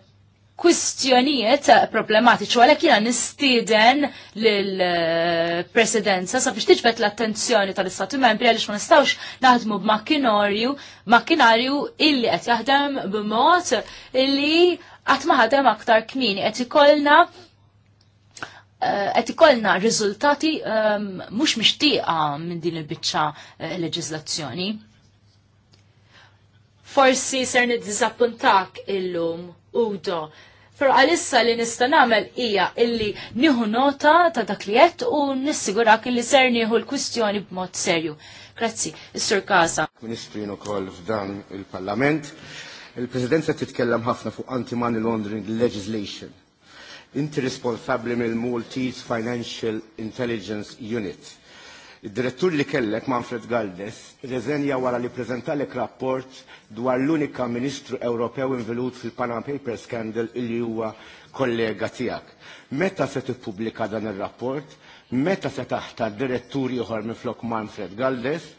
kwistjonijiet problematiċi għalhekk jiena nistiden lill-presidenza sabiex tiġbed l-attenzjoni tal-Istati Membri għaliex ma nistgħux naħdmu b'makkinarju makkinarju illi qed jaħdem b'mod illi qatt ma ħadem aktar kmini qed ikollna eh, qed ikollna riżultati ehm, mhux mixtieqa minn din il-biċċa eh, leġiżlazzjoni. Forsi ser niddiżappuntak illum Udo. Pero għalissa li nista namel ija illi niħu nota ta' dak li jett u nissigurak illi ser niħu l-kwistjoni b'mod serju. Grazzi, is Kaza. Ministri Ministrin koll f'dan il-Parlament, il-Presidenza titkellem ħafna fuq anti-money laundering legislation. Inti responsabbli mill-Maltese Financial Intelligence Unit Id-direttur li kellek Manfred Galdes reżenja wara li prezentalek rapport dwar l-unika Ministru Ewropew involut fil-Panama Paper Scandal illi huwa kollega tiegħek. Meta se tippubblika dan ir-rapport? Meta se taħta diretturi oħor minn Manfred Galdes?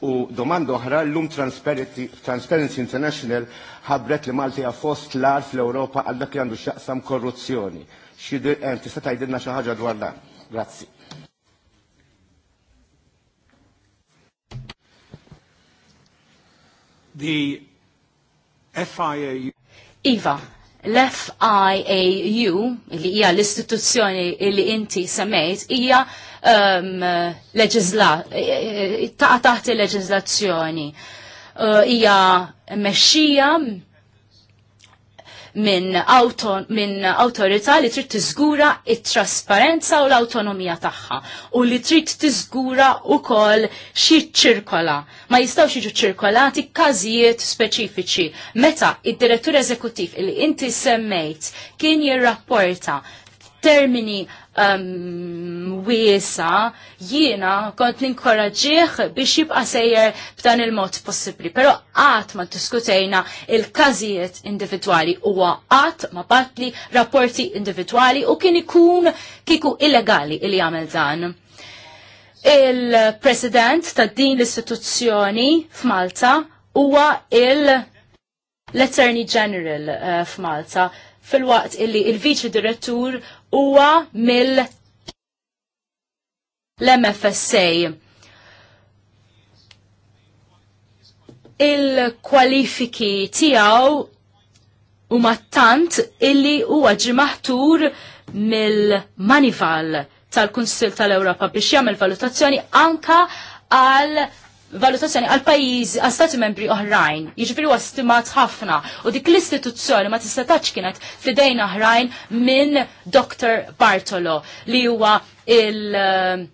U domanda oħra, l-lum Transparency International ħabret li Malti fost l-ar fl-Europa għal dak li għandu xaqsam korruzzjoni. Xidir, eh, tista' tgħidilna xi dwar dan. Grazzi. The FIAU. Iva, l-FIAU, li hija l-istituzzjoni li inti semmejt, hija um, leġizla, eh, eh, taqa taħt il-leġizlazzjoni. Uh, hija uh, mexxija minn min autorità li trid tiżgura it-trasparenza u l-autonomija tagħha u li trid tiżgura wkoll xi ċirkola. Ma jistgħux jiġu ċirkolati każijiet speċifiċi meta id-direttur eżekuttiv li inti semmejt kien jirrapporta termini um, wiesa jiena kont ninkoraġġih biex jibqa' sejjer b'dan il-mod possibbli. Però qatt ma diskutejna il-każijiet individwali huwa qatt ma batli rapporti individwali u kien ikun kieku illegali li jagħmel dan. Il-president ta' din l-istituzzjoni f'Malta huwa il- attorney General uh, f'Malta fil-waqt illi il-viċi direttur huwa mill l-MFSA. Il-kwalifiki tijaw u tant illi huwa ġimaħtur mill-manival tal-Kunsil tal-Europa biex jagħmel valutazzjoni anka għal valutazzjoni għal pajjiżi għal stati membri oħrajn. Jiġifieri huwa stimat ħafna u dik l-istituzzjoni ma tistatax kienet fidejn oħrajn minn Dr. Bartolo li huwa il-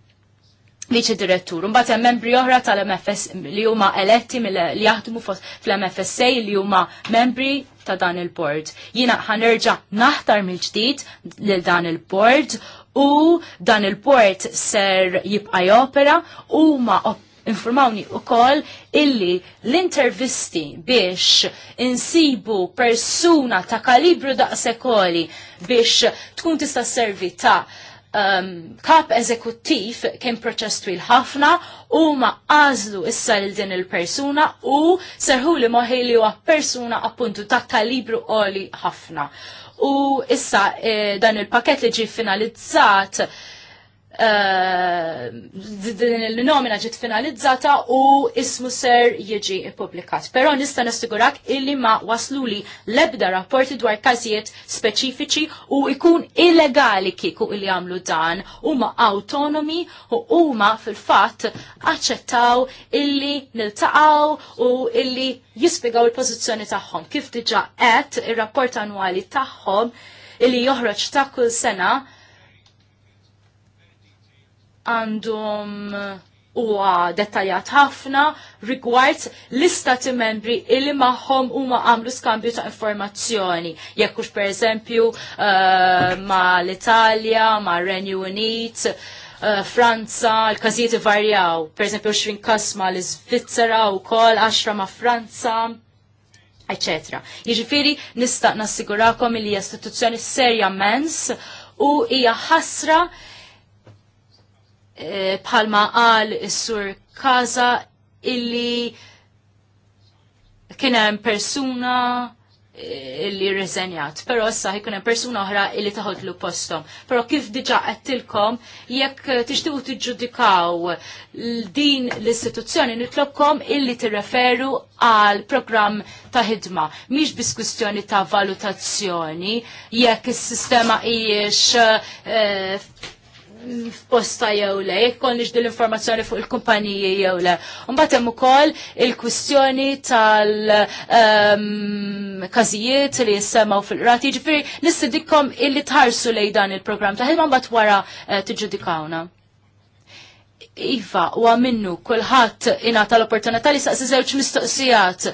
viċi eh, direttur. Mbagħad hemm membri oħra tal-MFS li huma eletti li jaħdmu fl-MFSA li huma membri ta' dan il-board. Jiena ħanerġa' naħtar mill-ġdid lil dan il-board u dan il port ser jibqa' jopera huma informawni u koll illi l-intervisti biex insibu persuna ta' kalibru da' sekoli biex tkun tista' servi ta' um, kap eżekuttiv kien proċess twil ħafna u ma għazlu issa l din il-persuna u serħu li moħi li persuna appuntu ta' kalibru oli ħafna. U issa eh, dan il-paket li ġi finalizzat Eh, l il-nomina ġiet finalizzata u ismu ser jiġi publikat. Però nista' nistigurak illi ma wasluli lebda rapporti dwar każijiet speċifiċi u ikun illegali kieku illi jagħmlu dan huma autonomi u huma fil-fatt aċċettaw illi niltaqgħu u illi jispjegaw il-pożizzjoni tagħhom. Kif diġà qed ir-rapport annwali tagħhom illi joħroġ ta' kull sena għandhom uh, huwa dettajat ħafna rigward l-istati membri illi maħħom huma għamlu skambju ta' informazzjoni. Jekk hux pereżempju uh, ma' l-Italja, ma' Renju Unit, uh, Franza, l-każijiet varjaw. Pereżempju eżempju xrin kasma l-Iżvizzera wkoll għaxra ma' Franza eccetera. Jiġifieri nista' nassigurakom li istituzzjoni serja mens u hija ħasra Eh, bħalma qal is-sur Kaza illi kien hemm persuna eh, illi rriżenjat, però issa jikunem hemm persuna oħra illi taħodlu postom. Però kif diġà għattilkom, jekk eh, tixtiequ tiġġudikaw din l-istituzzjoni nitlokkom illi t-referu għal programm ta' ħidma. Mhix biss kwistjoni ta' valutazzjoni jekk is-sistema hijiex f'posta jew le, jekk konniex din l-informazzjoni fuq il-kumpaniji jew le. Mbagħad hemm ukoll il-kwistjoni tal-każijiet ehm, li jissemaw fil rati ġifieri nistidikkom illi tħarsu lejn il-programm ta' ħilma wara wara eh, tiġġudikawna. Iva, u għaminnu, kullħat ina tal-opportunità li saqsi zewċ mistoqsijat,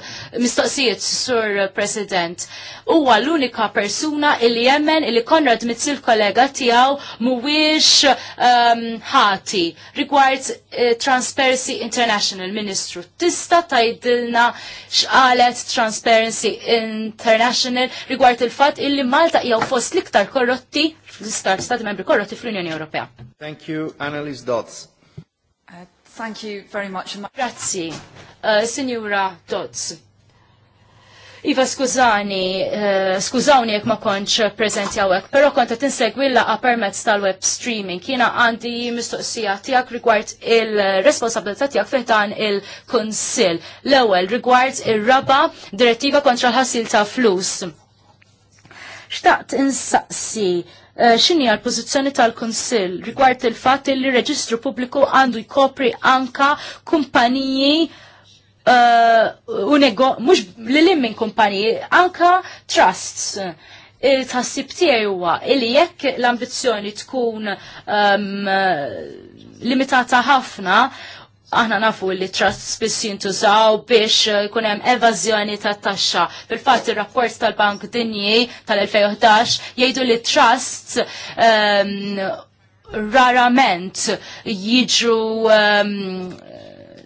mistoqsijiet, sur President. Huwa l-unika persuna illi jemmen illi Konrad Mitzil kollega tijaw muwix ehm, ħati rigward uh, Transparency International Ministru. Tista tajdilna xqalet Transparency International rigward il-fat illi Malta jaw fost liktar korrotti l istar stati membri korrotti fl-Unjoni Ewropea. Thank you, Annalise Dodds. Thank you very much. Grazzi, uh, Signora Dodds. Iva skużani, uh, skużawni jek ma konċ prezenti għawek, pero konta tinsegwi laqa permezz tal-web streaming. Kina għandi mistoqsija tijak rigward il-responsabilità tijak fetan il-konsil. L-ewel, rigward il-raba direttiva kontra l-ħasil ta' flus. Xtaqt insaqsi Eh, xini għal pozizjoni tal-Konsil rigward il-fat li reġistru pubbliku għandu jkopri anka kumpaniji eh, u nego, mux li minn kumpaniji, anka trusts. Il-tħassib tiegħi huwa li jekk l-ambizzjoni tkun ehm, limitata ħafna, aħna nafu li trust spiss jintużaw biex uh, kunem evażjoni ta' taxxa. Fil-fatt ir-rapport tal-Bank Dinji tal-2011 jgħidu li trust um, rarament jiġu um,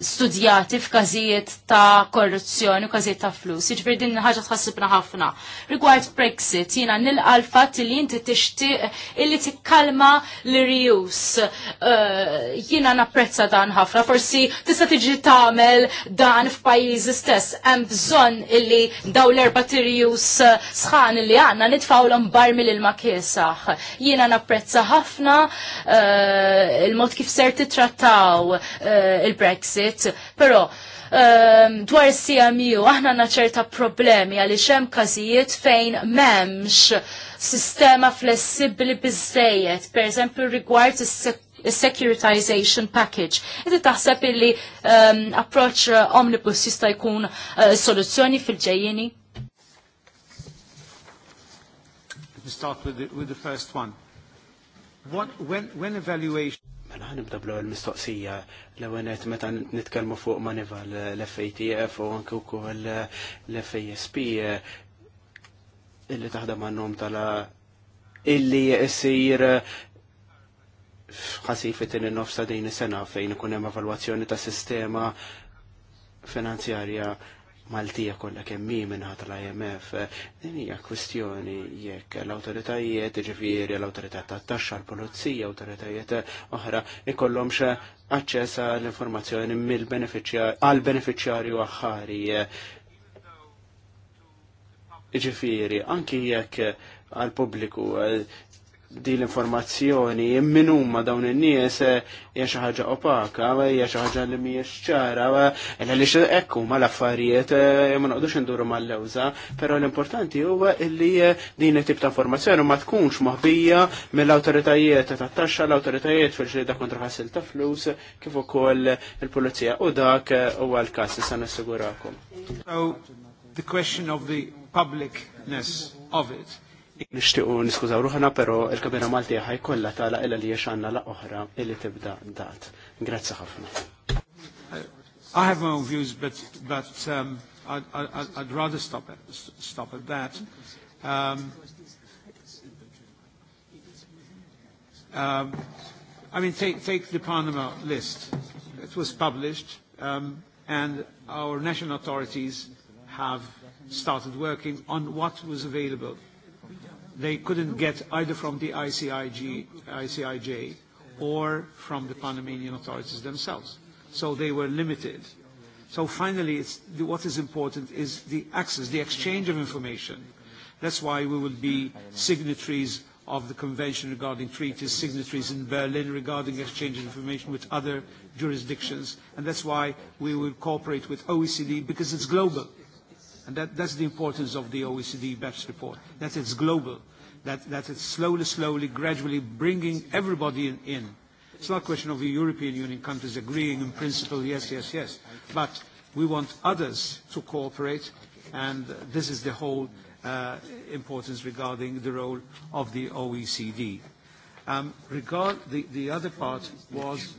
studjati f'każijiet ta' korruzzjoni u każijiet ta' flus. Jiġifieri din ħaġa tħassibna ħafna. Rigward Brexit, jiena nilqa l-fatt li inti tixtieq illi tikkalma l-reuse. Eh, jiena napprezza dan ħafna, forsi tista' tiġi tagħmel dan f'pajjiżi stess. Hemm bżonn illi daw l-erba' tirjus sħan illi għandna nitfawlhom barmi lil ma kiesaħ. Jiena napprezza ħafna eh, il-mod kif ser titrattaw eh, il-Brexit ġiet, però um, dwar CMU aħna naċerta problemi għaliex hemm każijiet fejn m'hemmx sistema flessibbli biżejjed, pereżempju rigward securitization package. Inti taħseb illi um, ehm, approach eh, uh, omnibus jista' jkun uh, soluzzjoni fil-ġejjini? start with the, with the first one. What, when, when evaluation Mela nibda bl-ewwel mistoqsija l-ewwel meta nitkellmu fuq maniva l-FATF u anke wkoll l-FASP illi taħdem għannum tala tal illi jessir ħasifet in nofsa din is-sena fejn ikun hemm evalwazzjoni ta' sistema finanzjarja Maltija kollha kemm hi minħat l-IMF din hija kwistjoni jekk l-awtoritajiet, ġifieri l-awtorità ta' taxxa l-pulizija, autoritajiet oħra ikollhomx aċċess għall-informazzjoni għall-benefiċjarju aħħari. Ġifieri, anki jekk għall-pubbliku di l-informazzjoni min huma dawn in-nies eh, hija xi ħaġa opaka, eh, hija xi ħaġa li mhijiex ċara, eh, illa li hekk huma l-affarijiet ma noqdux induru mal-lewża, però l-importanti huwa li din it-tip ta' informazzjoni ma tkunx maħbija mill-awtoritajiet ta' taxxa l-awtoritajiet fil-ġlieda kontra ħassil ta' flus kif ukoll il-pulizija u dak huwa l-każ se nissigurakom. So the question of the publicness of it Nishtiqu niskużaw ruħna, pero il-kabina Malti kolla tala illa li jiexanna la oħra illi tibda dat. Grazie ħafna. I have my own views, but, but um, I'd, I'd, I'd rather stop at, stop at that. Um, um, I mean, take, take the Panama list. It was published, um, and our national authorities have started working on what was available they couldn't get either from the ICIG, ICIJ or from the Panamanian authorities themselves. So they were limited. So finally, it's, the, what is important is the access, the exchange of information. That's why we will be signatories of the Convention regarding treaties, signatories in Berlin regarding exchange of information with other jurisdictions. And that's why we will cooperate with OECD because it's global. And that, that's the importance of the OECD BEPS report, that it's global that, that it's slowly, slowly, gradually bringing everybody in. in. It's not a question of the European Union countries agreeing in principle, yes, yes, yes, but we want others to cooperate, and this is the whole uh, importance regarding the role of the OECD. Um, regard the, the other part was...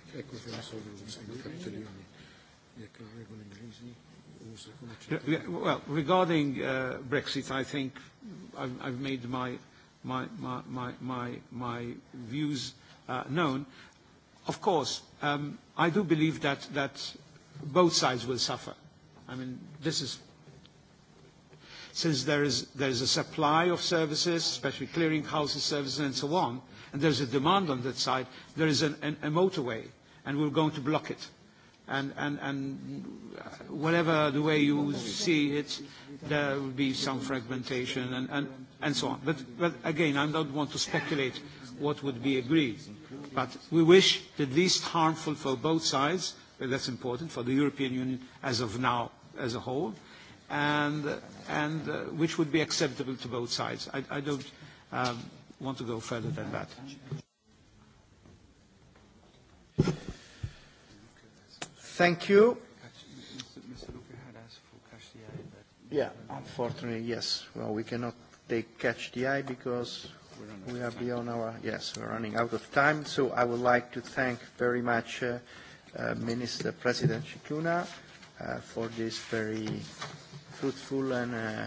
Well, regarding uh, Brexit, I think I've, I've made my my, my, my, my, my views uh, known. Of course, um, I do believe that, that both sides will suffer. I mean, this is since there is, there is a supply of services, especially clearing houses, services, and so on, and there's a demand on that side, there is an, an, a motorway, and we're going to block it. And, and, and whatever the way you see it, there will be some fragmentation, and, and and so on. But, but again, I don't want to speculate what would be agreed. But we wish the least harmful for both sides, but that's important for the European Union as of now as a whole, and, and uh, which would be acceptable to both sides. I, I don't um, want to go further than that. Thank you. Yeah, unfortunately, yes. Well, we cannot they catch the eye because we are beyond our, yes, we're running out of time. So I would like to thank very much uh, uh, Minister President Shikuna uh, for this very fruitful and uh,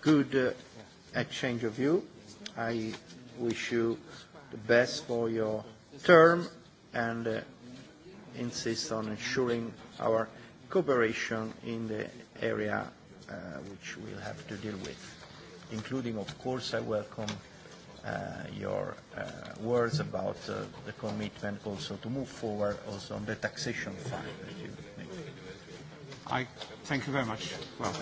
good uh, exchange of view. I wish you the best for your term and uh, insist on ensuring our cooperation in the area uh, which we'll have to deal with including, of course, I welcome uh, your uh, words about uh, the commitment also to move forward also on the taxation fund that you make. I thank you very much. Well.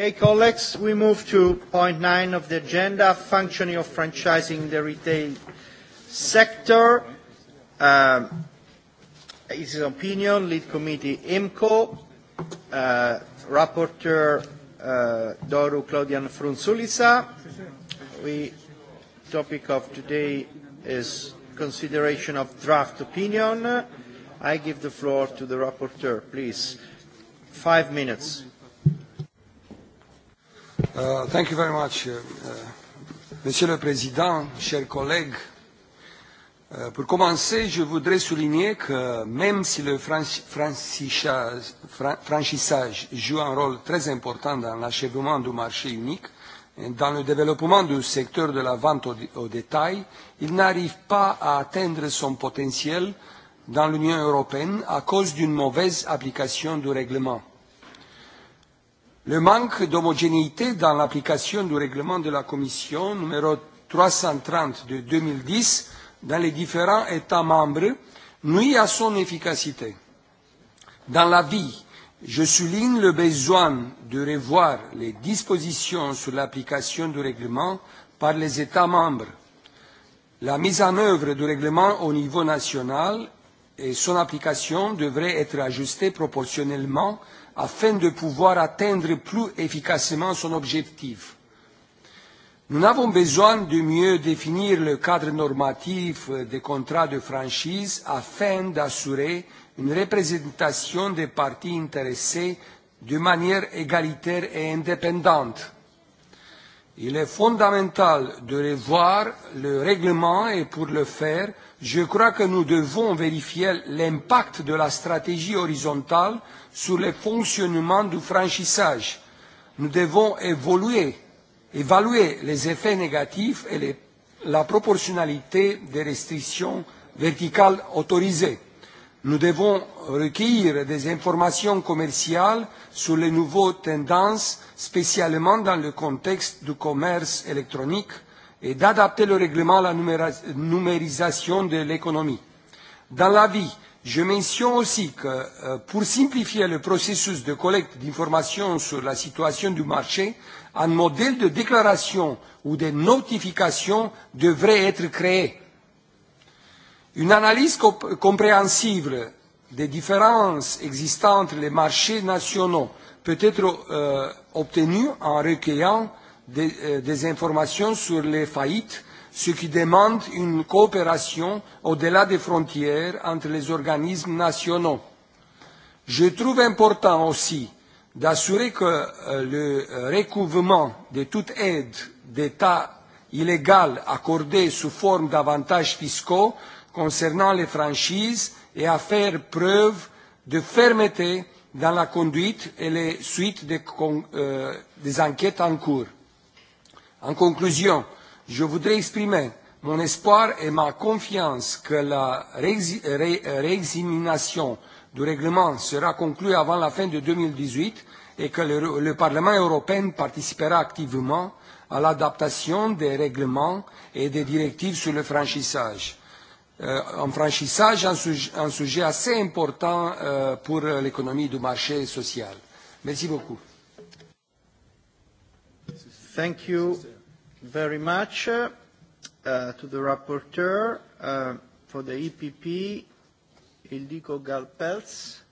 Okay, colleagues, we move to point nine of the agenda, functioning of franchising in the retail sector. Uh, um, it's an opinion, lead committee IMCO, uh, rapporteur uh, Doru Claudian Frunzulisa. The topic of today is consideration of draft opinion. I give the floor to the rapporteur, please. Five minutes. Uh, thank you very much, uh, uh, Monsieur le Président, chers collègues. Uh, pour commencer, je voudrais souligner que même si le franchissage, joue un rôle très important dans l'achèvement du marché unique, et dans le développement du secteur de la vente au, au détail, il n'arrive pas à atteindre son potentiel dans l'Union européenne à cause d'une mauvaise application du règlement. Le manque d'homogénéité dans l'application du règlement de la Commission numéro 330 de 2010 dans les différents États membres nuit à son efficacité. Dans la vie, je souligne le besoin de revoir les dispositions sur l'application du règlement par les États membres. La mise en œuvre du règlement au niveau national et son application devraient être ajustées proportionnellement afin de pouvoir atteindre plus efficacement son objectif. Nous avons besoin de mieux définir le cadre normatif des contrats de franchise afin d'assurer une représentation des parties intéressées de manière égalitaire et indépendante. Il est fondamental de revoir le règlement et pour le faire, je crois que nous devons vérifier l'impact de la stratégie horizontale sur le fonctionnement du franchissage. Nous devons évoluer, évaluer les effets négatifs et les, la proportionnalité des restrictions verticales autorisées. Nous devons recueillir des informations commerciales sur les nouvelles tendances, spécialement dans le contexte du commerce électronique, et d'adapter le règlement à la numérisation de l'économie. Dans l'avis, je mentionne aussi que euh, pour simplifier le processus de collecte d'informations sur la situation du marché, un modèle de déclaration ou de notification devrait être créé Une analyse comp compréhensible des différences existant entre les marchés nationaux peut être euh, obtenue en recueillant des, euh, des informations sur les faillites, ce qui demande une coopération au-delà des frontières entre les organismes nationaux. Je trouve important aussi d'assurer que euh, le recouvrement de toute aide d'État illégale accordée sous forme d'avantages fiscaux concernant les franchises et à faire preuve de fermeté dans la conduite et les suites des, euh, des enquêtes en cours. En conclusion, je voudrais exprimer mon espoir et ma confiance que la réexamination ré ré du règlement sera conclue avant la fin de 2018 et que le, le Parlement européen participera activement à l'adaptation des règlements et des directives sur le franchissage. Euh, en franchissage un sujet, un sujet assez important euh, pour l'économie du marché social. Merci beaucoup. Thank you very much uh, to the rapporteur uh, for the EPP, Ildiko Galpels.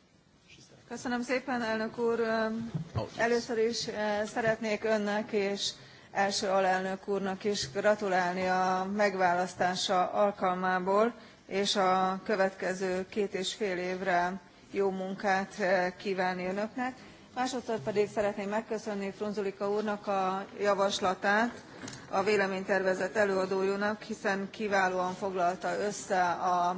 Köszönöm szépen, elnök úr. Um, oh, először is uh, szeretnék önnek és első alelnök úrnak is gratulálni a megválasztása alkalmából, és a következő két és fél évre jó munkát eh, kívánni önöknek. Másodszor pedig szeretném megköszönni Frunzulika úrnak a javaslatát a véleménytervezet előadójának, hiszen kiválóan foglalta össze a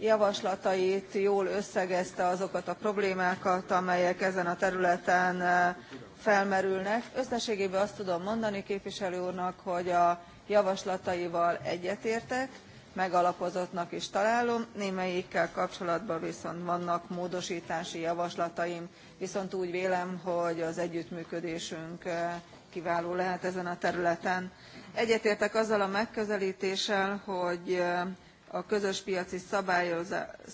javaslatait, jól összegezte azokat a problémákat, amelyek ezen a területen eh, felmerülnek. Összességében azt tudom mondani képviselő úrnak, hogy a javaslataival egyetértek, megalapozottnak is találom, némelyikkel kapcsolatban viszont vannak módosítási javaslataim, viszont úgy vélem, hogy az együttműködésünk eh, kiváló lehet ezen a területen. Egyetértek azzal a megközelítéssel, hogy eh, a közös piaci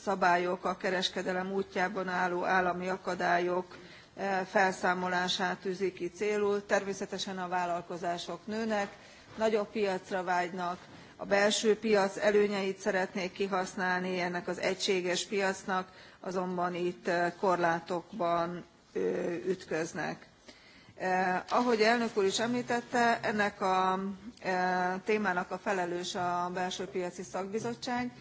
szabályok a kereskedelem útjában álló állami akadályok E, felszámolását tűzi ki célul. Természetesen a vállalkozások nőnek, nagyobb piacra vágynak, a belső piac előnyeit szeretnék kihasználni ennek az egységes piacnak, azonban itt e, korlátokban e, ütköznek. Eh, ahogy elnök úr is említette, ennek a eh, témának a felelős a belső piaci szakbizottság,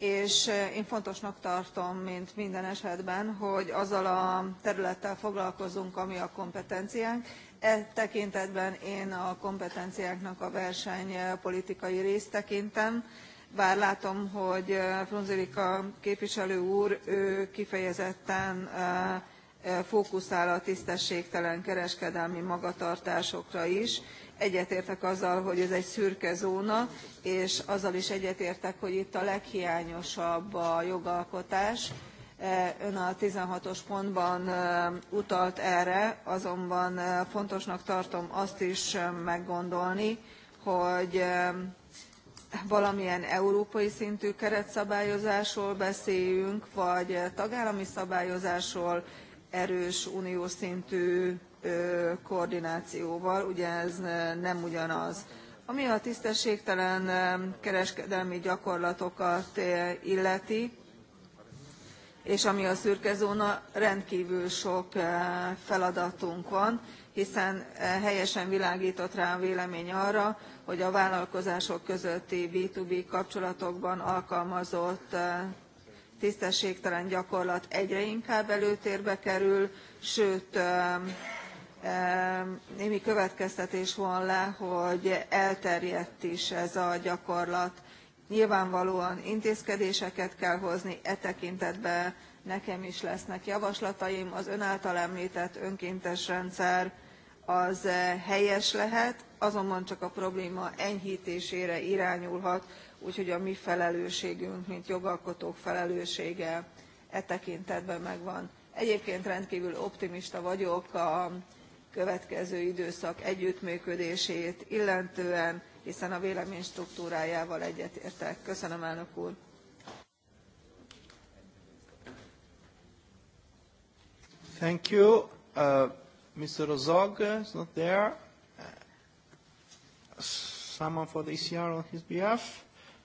és eh, én fontosnak tartom, mint minden esetben, hogy azzal a területtel foglalkozunk, ami a kompetenciánk. E tekintetben én a kompetenciáknak a versenypolitikai eh, részt tekintem, bár látom, hogy eh, Frunzilika képviselő úr ő kifejezetten fókuszál a tisztességtelen kereskedelmi magatartásokra is, Egyetértek azzal, hogy ez egy szürke zóna, és azzal is egyetértek, hogy itt a leghiányosabb a jogalkotás. E, ön a 16-os pontban e, utalt erre, azonban e, fontosnak tartom azt is meggondolni, hogy valamilyen európai szintű keretszabályozásról beszéljünk, vagy tagállami szabályozásról, erős uniós szintű koordinációval, ugye ez nem ugyanaz. Ami a tisztességtelen kereskedelmi gyakorlatokat illeti, és ami a szürke zóna, rendkívül sok feladatunk van, hiszen helyesen világított rá a vélemény arra, hogy a vállalkozások közötti B2B kapcsolatokban alkalmazott tisztességtelen gyakorlat egyre inkább előtérbe kerül, sőt némi következtetés von le, hogy elterjedt is ez a gyakorlat. Nyilvánvalóan intézkedéseket kell hozni, e tekintetben nekem is lesznek javaslataim. Az ön által említett önkéntes rendszer az eh, helyes lehet, azonban csak a probléma enyhítésére irányulhat, úgyhogy a mi felelősségünk, mint jogalkotók felelőssége e tekintetben megvan. Egyébként rendkívül optimista vagyok a következő időszak együttműködését illetően, hiszen a vélemény struktúrájával egyetértek. Köszönöm, elnök úr! Thank you. Uh, Mr. Rozog is not there. Uh, someone for the ECR on his behalf?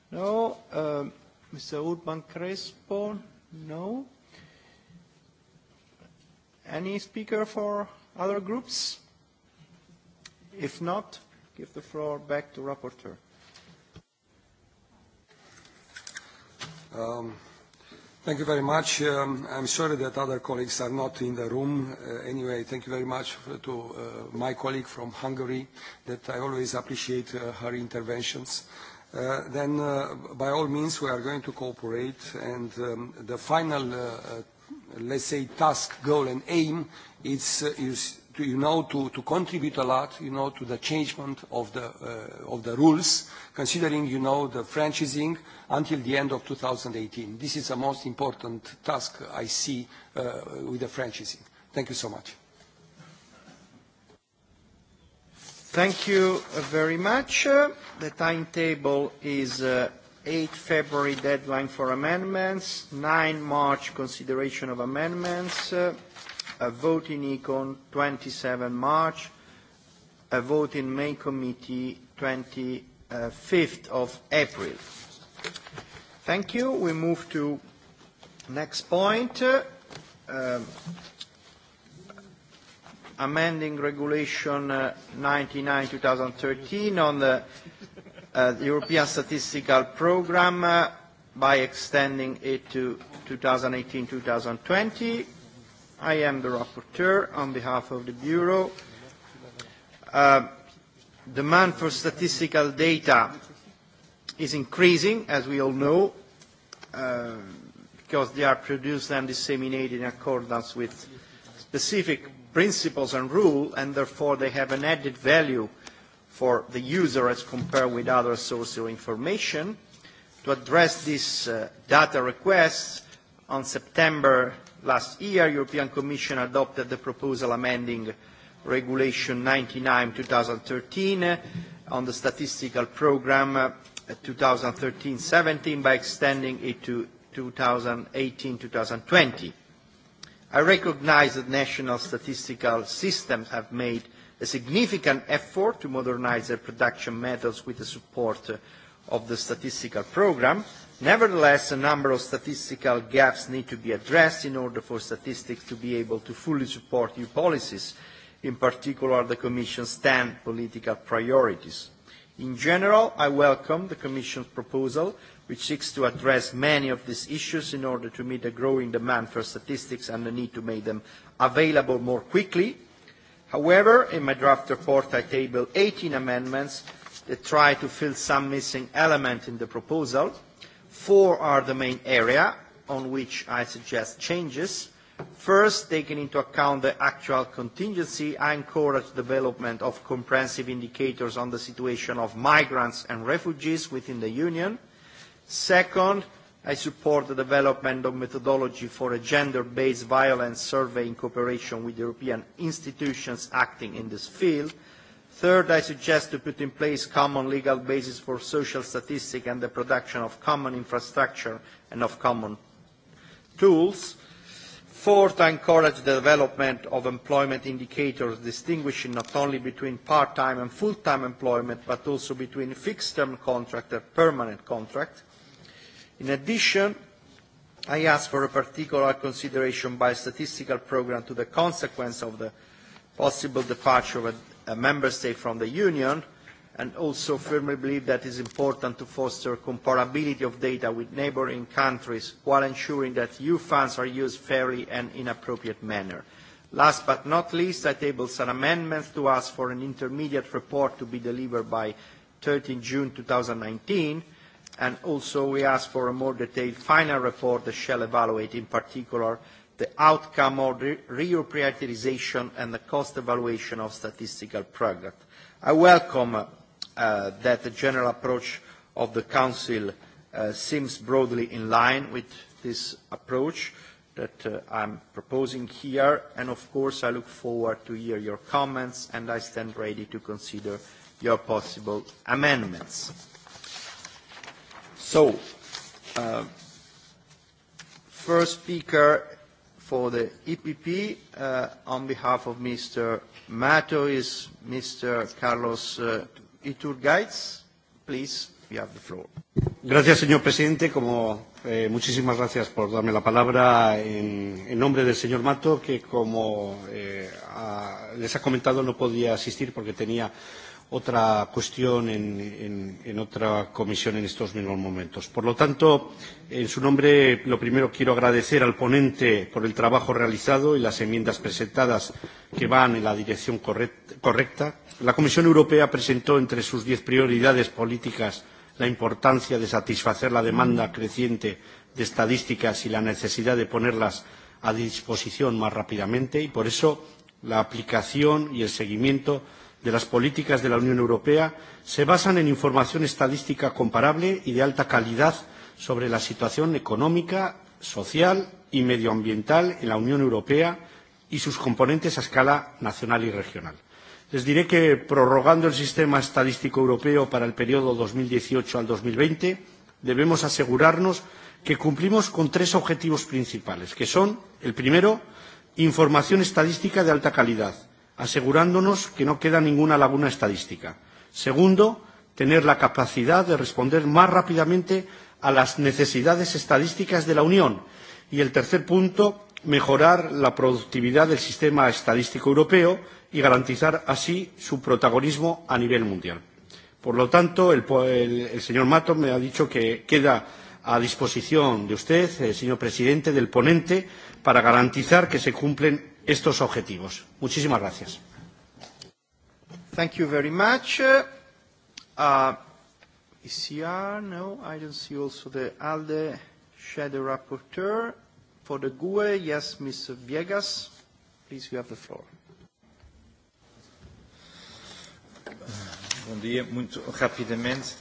No. Uh, um, Mr. Urban Crespo? No. Any speaker for Other groups? If not, give the floor back to Rapporteur. Um, thank you very much. Um, I'm sorry that other colleagues are not in the room. Uh, anyway, thank you very much to uh, my colleague from Hungary that I always appreciate uh, her interventions. Uh, then, uh, by all means, we are going to cooperate and um, the final, uh, uh, let's say, task, goal and aim it's, it's uh, is to, you know, to, to contribute a lot, you know, to the changement of the, uh, of the rules, considering, you know, the franchising until the end of 2018. This is the most important task I see uh, with the franchising. Thank you so much. Thank you very much. Uh, the timetable is uh, 8 February deadline for amendments, 9 March consideration of amendments, uh, a vote in Econ 27 March, a vote in May Committee 25th of April. Thank you. We move to next point. Uh, amending regulation uh, 99-2013 on the uh, European Statistical Programme uh, by extending it to 2018-2020. I am the rapporteur on behalf of the Bureau. Uh, demand for statistical data is increasing, as we all know, uh, because they are produced and disseminated in accordance with specific principles and rules, and therefore they have an added value for the user as compared with other sources of information. To address these uh, data requests, on September Last year, European Commission adopted the proposal amending Regulation 99-2013 on the statistical program 2013-17 uh, by extending it to 2018-2020. I recognize that national statistical systems have made a significant effort to modernize their production methods with the support uh, of the statistical program. Nevertheless, a number of statistical gaps need to be addressed in order for statistics to be able to fully support EU policies, in particular the Commission's 10 political priorities. In general, I welcome the Commission's proposal, which seeks to address many of these issues in order to meet the growing demand for statistics and the need to make them available more quickly. However, in my draft report, I table 18 amendments that try to fill some missing element in the proposal. Four are the main area on which I suggest changes. First, taking into account the actual contingency, I encourage the development of comprehensive indicators on the situation of migrants and refugees within the Union. Second, I support the development of methodology for a gender-based violence survey in cooperation with European institutions acting in this field. Third, I suggest to put in place common legal basis for social statistics and the production of common infrastructure and of common tools. Fourth, I encourage the development of employment indicators distinguishing not only between part-time and full-time employment, but also between fixed-term contract and permanent contract. In addition, I ask for a particular consideration by statistical program to the consequence of the possible departure of a member state from the Union and also firmly believe that it is important to foster comparability of data with neighbouring countries while ensuring that EU funds are used fairly and in an appropriate manner. Last but not least, I table some amendments to ask for an intermediate report to be delivered by 13 June 2019, and also we ask for a more detailed final report that shall evaluate in particular the outcome of re reprioritization and the cost evaluation of statistical progress. I welcome uh, that the general approach of the Council uh, seems broadly in line with this approach that uh, I'm proposing here, and of course I look forward to hear your comments, and I stand ready to consider your possible amendments. So, uh, first speaker for the EPP uh, on behalf of Mr. Mato is Mr. Carlos uh, Iturgaiz. Please, you have the floor. Gracias, señor presidente. Como, eh, muchísimas gracias por darme la palabra en, en nombre del señor Mato, que como eh, a, les ha comentado no podía asistir porque tenía otra cuestión en, en, en otra comisión en estos mismos momentos. Por lo tanto, en su nombre, lo primero quiero agradecer al ponente por el trabajo realizado y las enmiendas presentadas que van en la dirección correcta. La Comisión Europea presentó entre sus diez prioridades políticas la importancia de satisfacer la demanda creciente de estadísticas y la necesidad de ponerlas a disposición más rápidamente y por eso la aplicación y el seguimiento de las políticas de la Unión Europea se basan en información estadística comparable y de alta calidad sobre la situación económica, social y medioambiental en la Unión Europea y sus componentes a escala nacional y regional. Les diré que, prorrogando el sistema estadístico europeo para el periodo 2018 al 2020, debemos asegurarnos que cumplimos con tres objetivos principales, que son, el primero, información estadística de alta calidad, asegurándonos que no queda ninguna laguna estadística. Segundo, tener la capacidad de responder más rápidamente a las necesidades estadísticas de la Unión. Y el tercer punto, mejorar la productividad del sistema estadístico europeo y garantizar así su protagonismo a nivel mundial. Por lo tanto, el, el, el señor Mato me ha dicho que queda a disposición de usted, el eh, señor presidente, del ponente, para garantizar que se cumplen estos objetivos. Muchísimas gracias. Thank you very much. Uh, ECR, no, I don't see also the ALDE shadow rapporteur. For the GUE, yes, Ms. Viegas, please, you have the floor. Bom dia, muito rapidamente.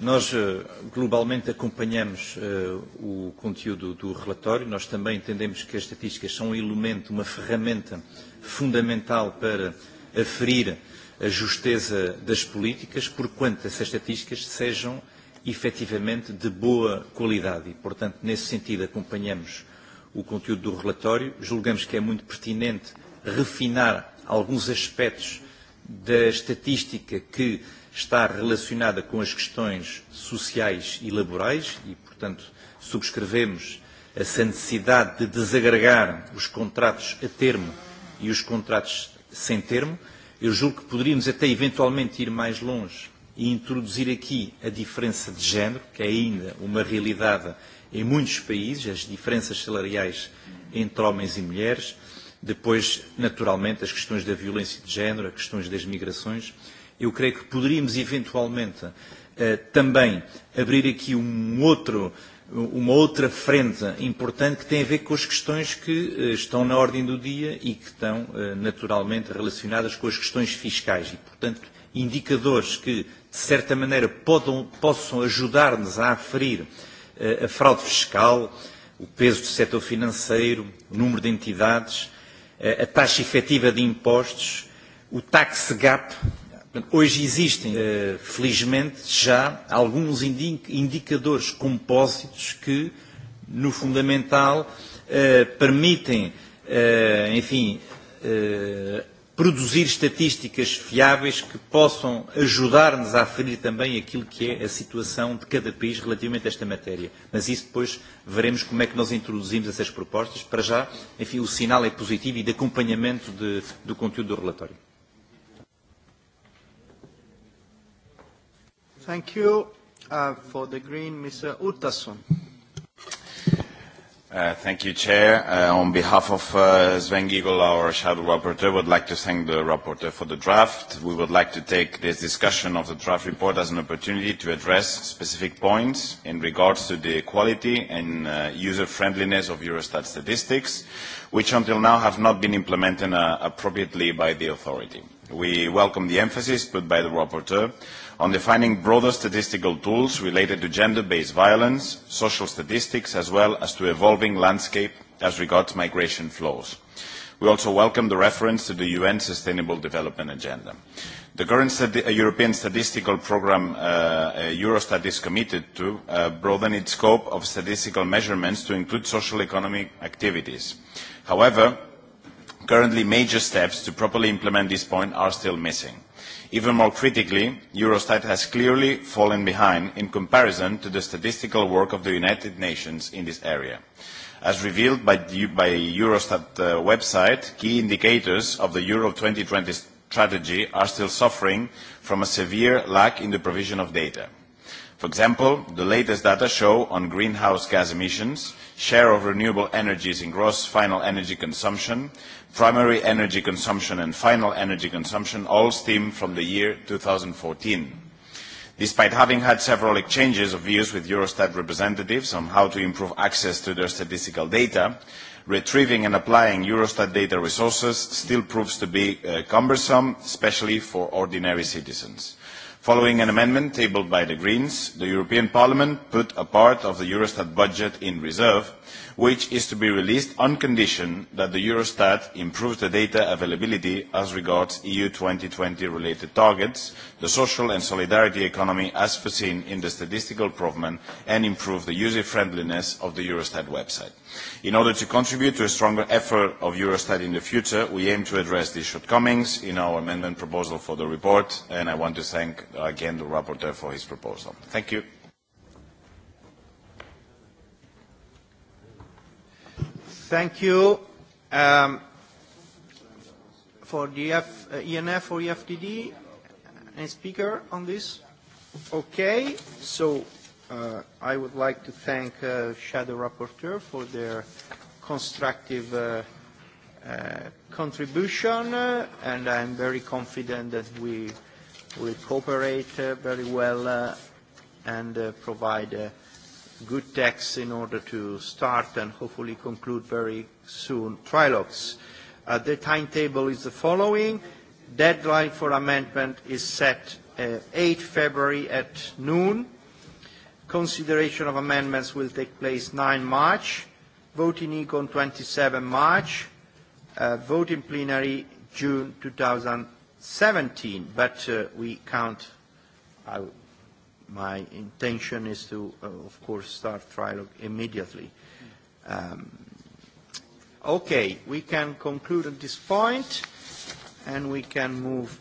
Nós eh, globalmente acompanhamos uh, o conteúdo do relatório, nós também entendemos que as estatísticas são um elemento, uma ferramenta fundamental para aferir a justeza das políticas, porquanto essas estatísticas sejam efetivamente de boa qualidade. E, portanto, nesse sentido, acompanhamos o conteúdo do relatório, julgamos que é muito pertinente refinar alguns aspectos da estatística que uh, está relacionada com as questões sociais e laborais e, portanto, subscrevemos essa necessidade de desagregar os contratos a termo e os contratos sem termo. Eu julgo que poderíamos até eventualmente ir mais longe e introduzir aqui a diferença de género, que é ainda uma realidade em muitos países, as diferenças salariais entre homens e mulheres, depois, naturalmente, as questões da violência de género, as questões das migrações, eu creio que poderíamos eventualmente eh, também abrir aqui um outro, uma outra frente importante que tem a ver com as questões que eh, estão na ordem do dia e que estão eh, naturalmente relacionadas com as questões fiscais e, portanto, indicadores que, de certa maneira, podam, possam ajudar-nos a aferir a fraude fiscal, o peso do setor financeiro, o número de entidades, a taxa efetiva de impostos, o tax gap, Hoje existem, eh, felizmente, já alguns indicadores compósitos que, no fundamental, eh, permitem, eh, enfim, produzir estatísticas fiáveis que possam ajudar-nos a aferir também aquilo que é a situação de cada país relativamente a esta matéria. Mas isso depois veremos como é que nós introduzimos essas propostas. Para já, enfim, o sinal é positivo e de acompanhamento de, do conteúdo do relatório. Thank you. Uh, for the Green, Mr. Uttason. Uh, thank you, Chair. Uh, on behalf of uh, Sven Giegel, our Shadow Rapporteur, would like to thank the Rapporteur for the draft. We would like to take this discussion of the draft report as an opportunity to address specific points in regards to the quality and uh, user-friendliness of Eurostat statistics, which until now have not been implemented uh, appropriately by the authority. We welcome the emphasis put by the Rapporteur on defining broader statistical tools related to gender-based violence, social statistics, as well as to evolving landscape as regards migration flows. We also welcome the reference to the UN Sustainable Development Agenda. The current stati uh, European Statistical Programme uh, uh, Eurostat is committed to uh, broaden its scope of statistical measurements to include social economic activities. However, currently major steps to properly implement this point are still missing. Even more critically, Eurostat has clearly fallen behind in comparison to the statistical work of the United Nations in this area. As revealed by the by Eurostat uh, website, key indicators of the Euro 2020 strategy are still suffering from a severe lack in the provision of data. For example, the latest data show on greenhouse gas emissions share of renewable energies in gross final energy consumption, primary energy consumption and final energy consumption all stem from the year 2014. Despite having had several exchanges of views with Eurostat representatives on how to improve access to their statistical data, retrieving and applying Eurostat data resources still proves to be uh, cumbersome, especially for ordinary citizens. Following an amendment tabled by the Greens, the European Parliament put a part of the Eurostat budget in reserve which is to be released on condition that the Eurostat improves the data availability as regards EU 2020 related targets, the social and solidarity economy as foreseen in the statistical improvement and improve the user friendliness of the Eurostat website. In order to contribute to a stronger effort of Eurostat in the future, we aim to address these shortcomings in our amendment proposal for the report, and I want to thank again the rapporteur for his proposal. Thank you. Thank you um, for the F, uh, ENF or EFDD. Uh, any speaker on this? Okay, so uh, I would like to thank uh, Shadow Rapporteur for their constructive uh, uh, contribution, uh, and I'm very confident that we will cooperate uh, very well uh, and uh, provide uh, good text in order to start and hopefully conclude very soon trilogues. Uh, the timetable is the following. Deadline for amendment is set uh, 8 February at noon. Consideration of amendments will take place 9 March. Voting econ 27 March. Uh, vote in plenary June 2017. But uh, we count, I my intention is to, uh, of course, start trilogue immediately. Um, okay, we can conclude at this point, and we can move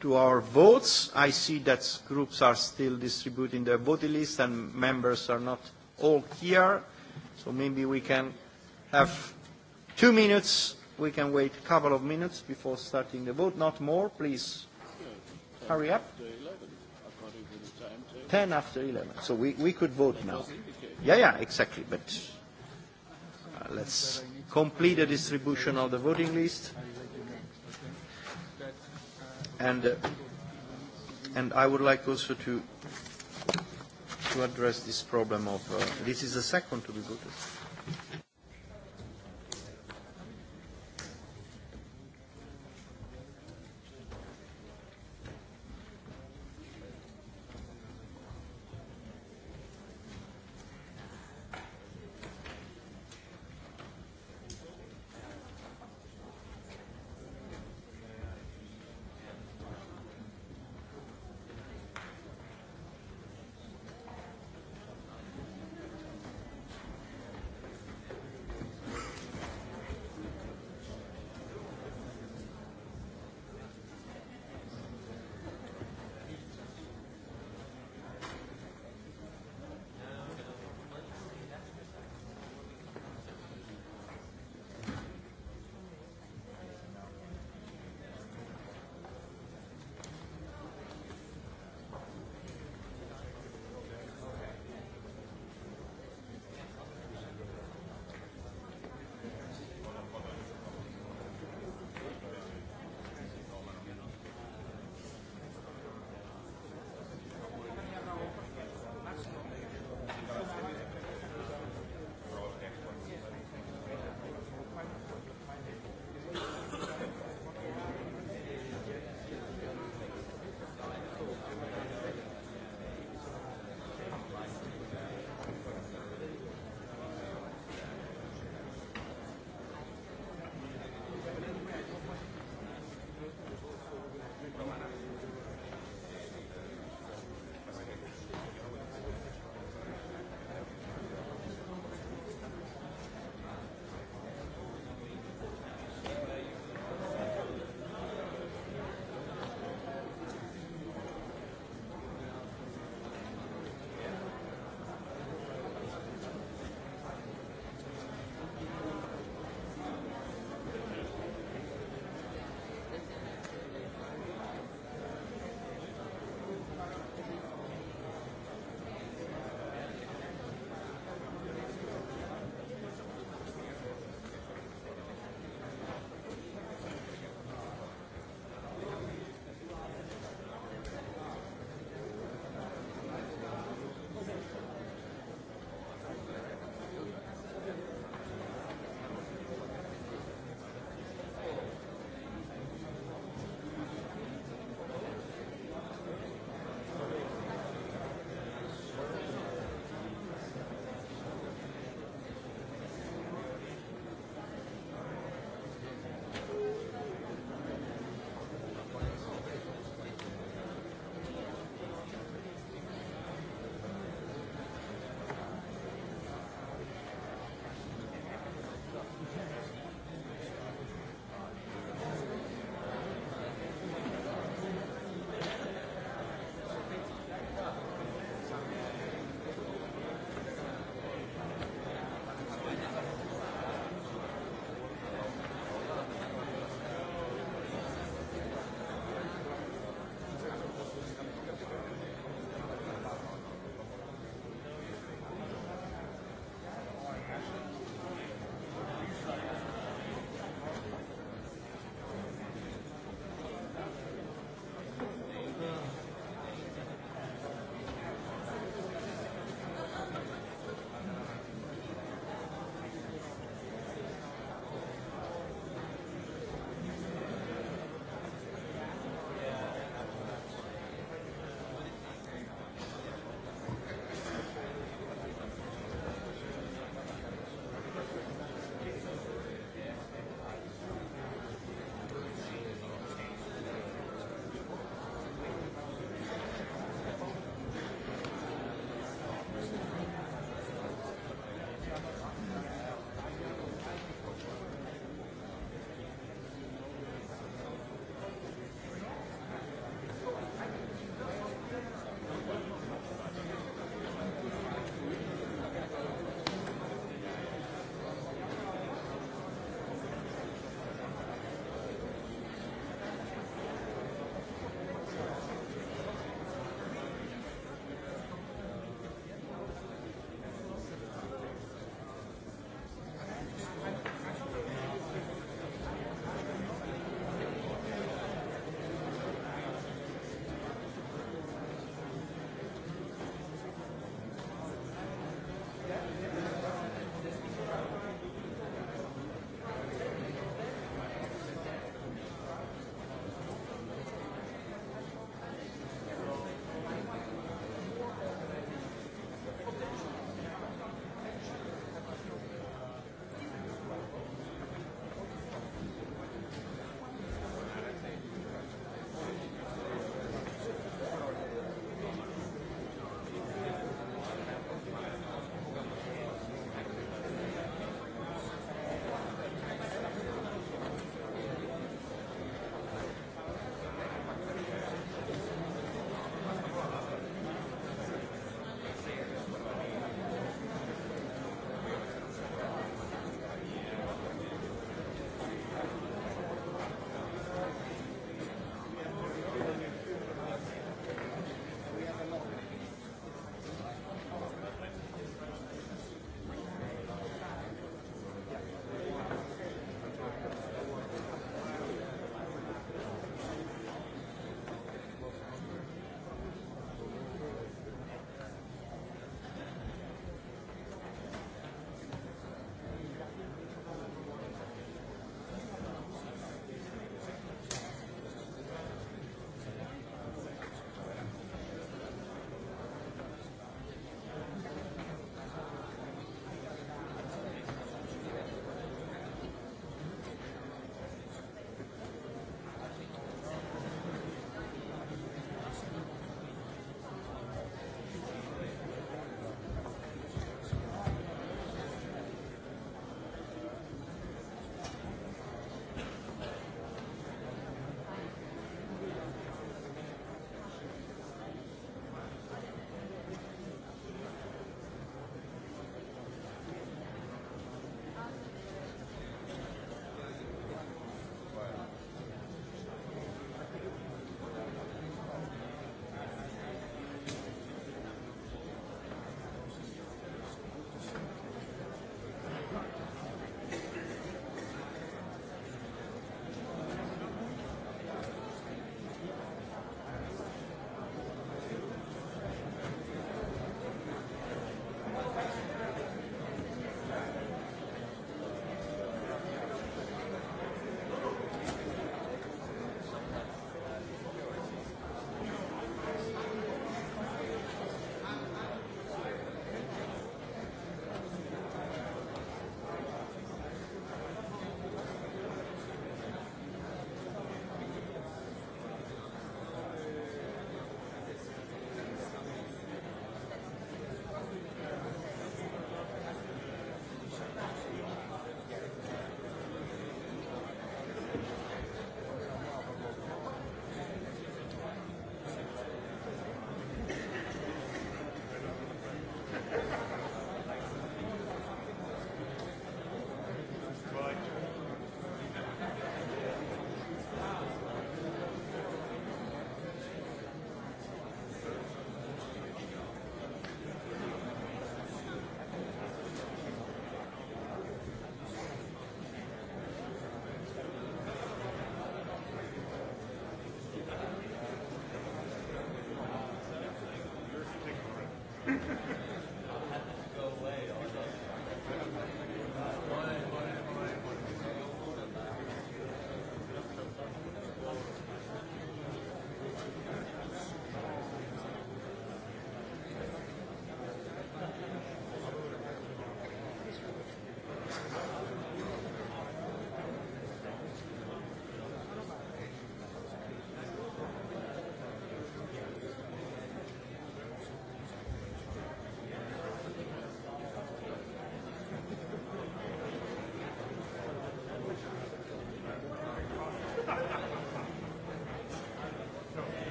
to our votes. I see that groups are still distributing their body list, and members are not all here, so maybe we can have two minutes. We can wait a couple of minutes before starting the vote, not more. Please, hurry up. Ten after eleven. So we, we could vote now. Yeah, yeah, exactly. But uh, let's complete the distribution of the voting list. And, uh, and I would like also to, to address this problem of, uh, this is the second to be voted.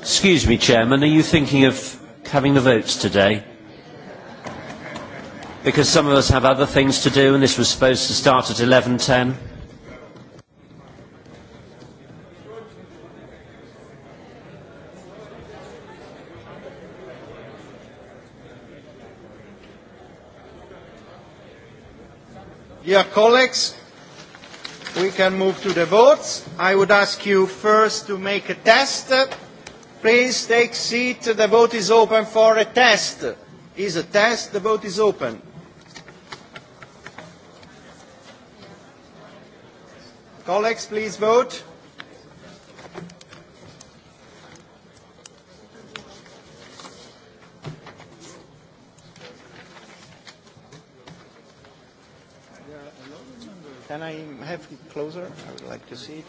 Excuse me, Chairman, are you thinking of having the votes today? Because some of us have other things to do and this was supposed to start at 11.10. Dear colleagues, we can move to the votes. I would ask you first to make a test. Please take seat. The vote is open for a test. Is a test. The vote is open. Colleagues, please vote. Can I have it closer? I would like to see it.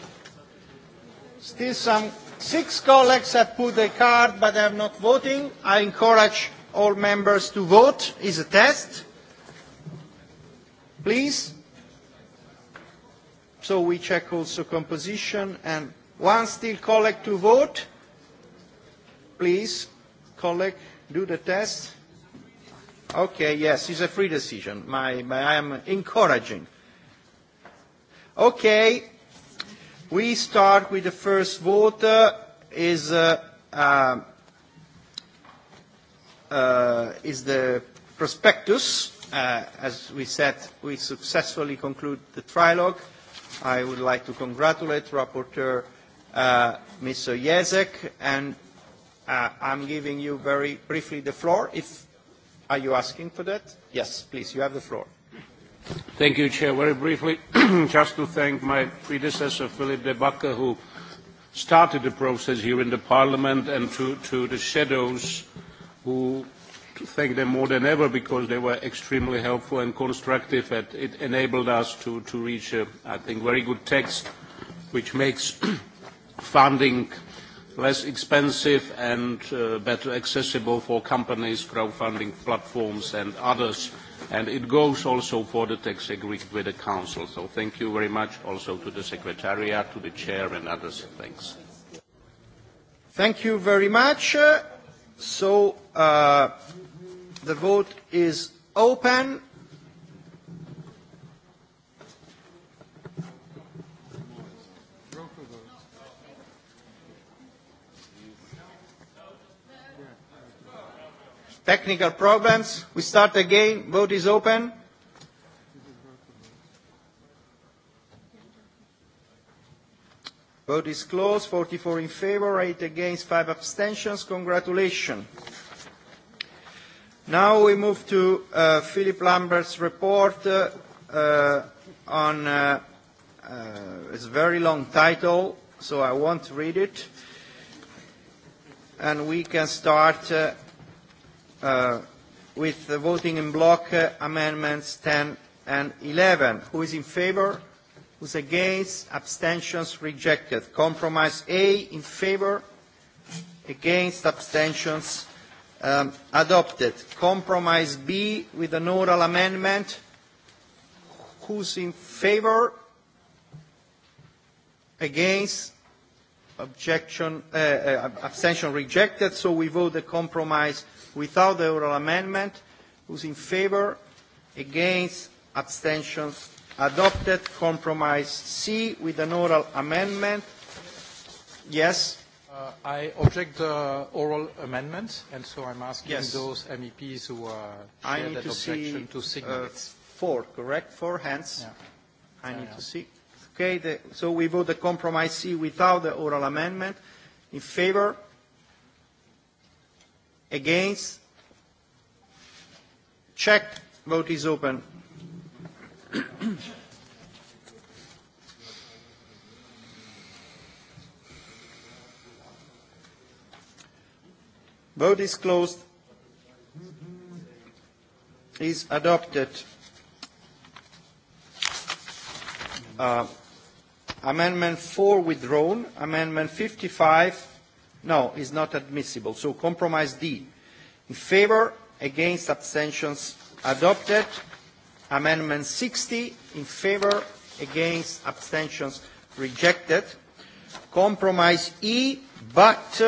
Still some six colleagues have put their card, but they are not voting. I encourage all members to vote. It's a test. Please. So we check also composition and one still colleague to vote. Please, colleague, do the test. Okay, yes, it's a free decision. My, my, I am encouraging. Okay, We start with the first vote uh, is, uh, uh, uh, is the prospectus. Uh, as we said, we successfully conclude the trilogue. I would like to congratulate Rapporteur uh, Mr. Jezek, and uh, I'm giving you very briefly the floor. If, are you asking for that? Yes, please, you have the floor. Thank you, Chair. Very briefly, just to thank my predecessor, Philip de Backer, who started the process here in the Parliament, and to, to the shadows, who to thank them more than ever because they were extremely helpful and constructive. And it enabled us to, to reach, a, I think, very good text, which makes funding less expensive and uh, better accessible for companies, crowdfunding platforms, and others. And it goes also for the text agreed with the Council. So thank you very much also to the Secretariat, to the Chair and others. Thanks. Thank you very much. So uh, the vote is open. Technical problems. We start again. Vote is open. Vote is closed. 44 in favor, 8 against, 5 abstentions. Congratulations. Now we move to uh, Philip Lambert's report uh, uh, on, uh, uh, it's a very long title, so I won't read it. And we can start uh, uh, with the voting in block uh, amendments 10 and 11. Who is in favor? Who's against? Abstentions rejected. Compromise A in favor? Against? Abstentions um, adopted. Compromise B with an oral amendment. Who's in favor? Against? Objection, uh, uh, abstention rejected. So we vote the compromise without the oral amendment. Who's in favor? Against? Abstentions? Adopted. Compromise C with an oral amendment. Yes? Uh, I object the oral amendment, and so I'm asking yes. those MEPs who uh, share that to objection see, to uh, signal uh, it. Four, correct? Four hands. Yeah. I yeah, need yeah. to see. Okay, the, so we vote the compromise C without the oral amendment. In favor? Against? Check. Vote is open. Vote is closed. Is adopted. Uh, amendment 4 withdrawn. Amendment 55 No, it's not admissible. So compromise D. In favor, against abstentions adopted. Amendment 60, in favor, against abstentions rejected. Compromise E, but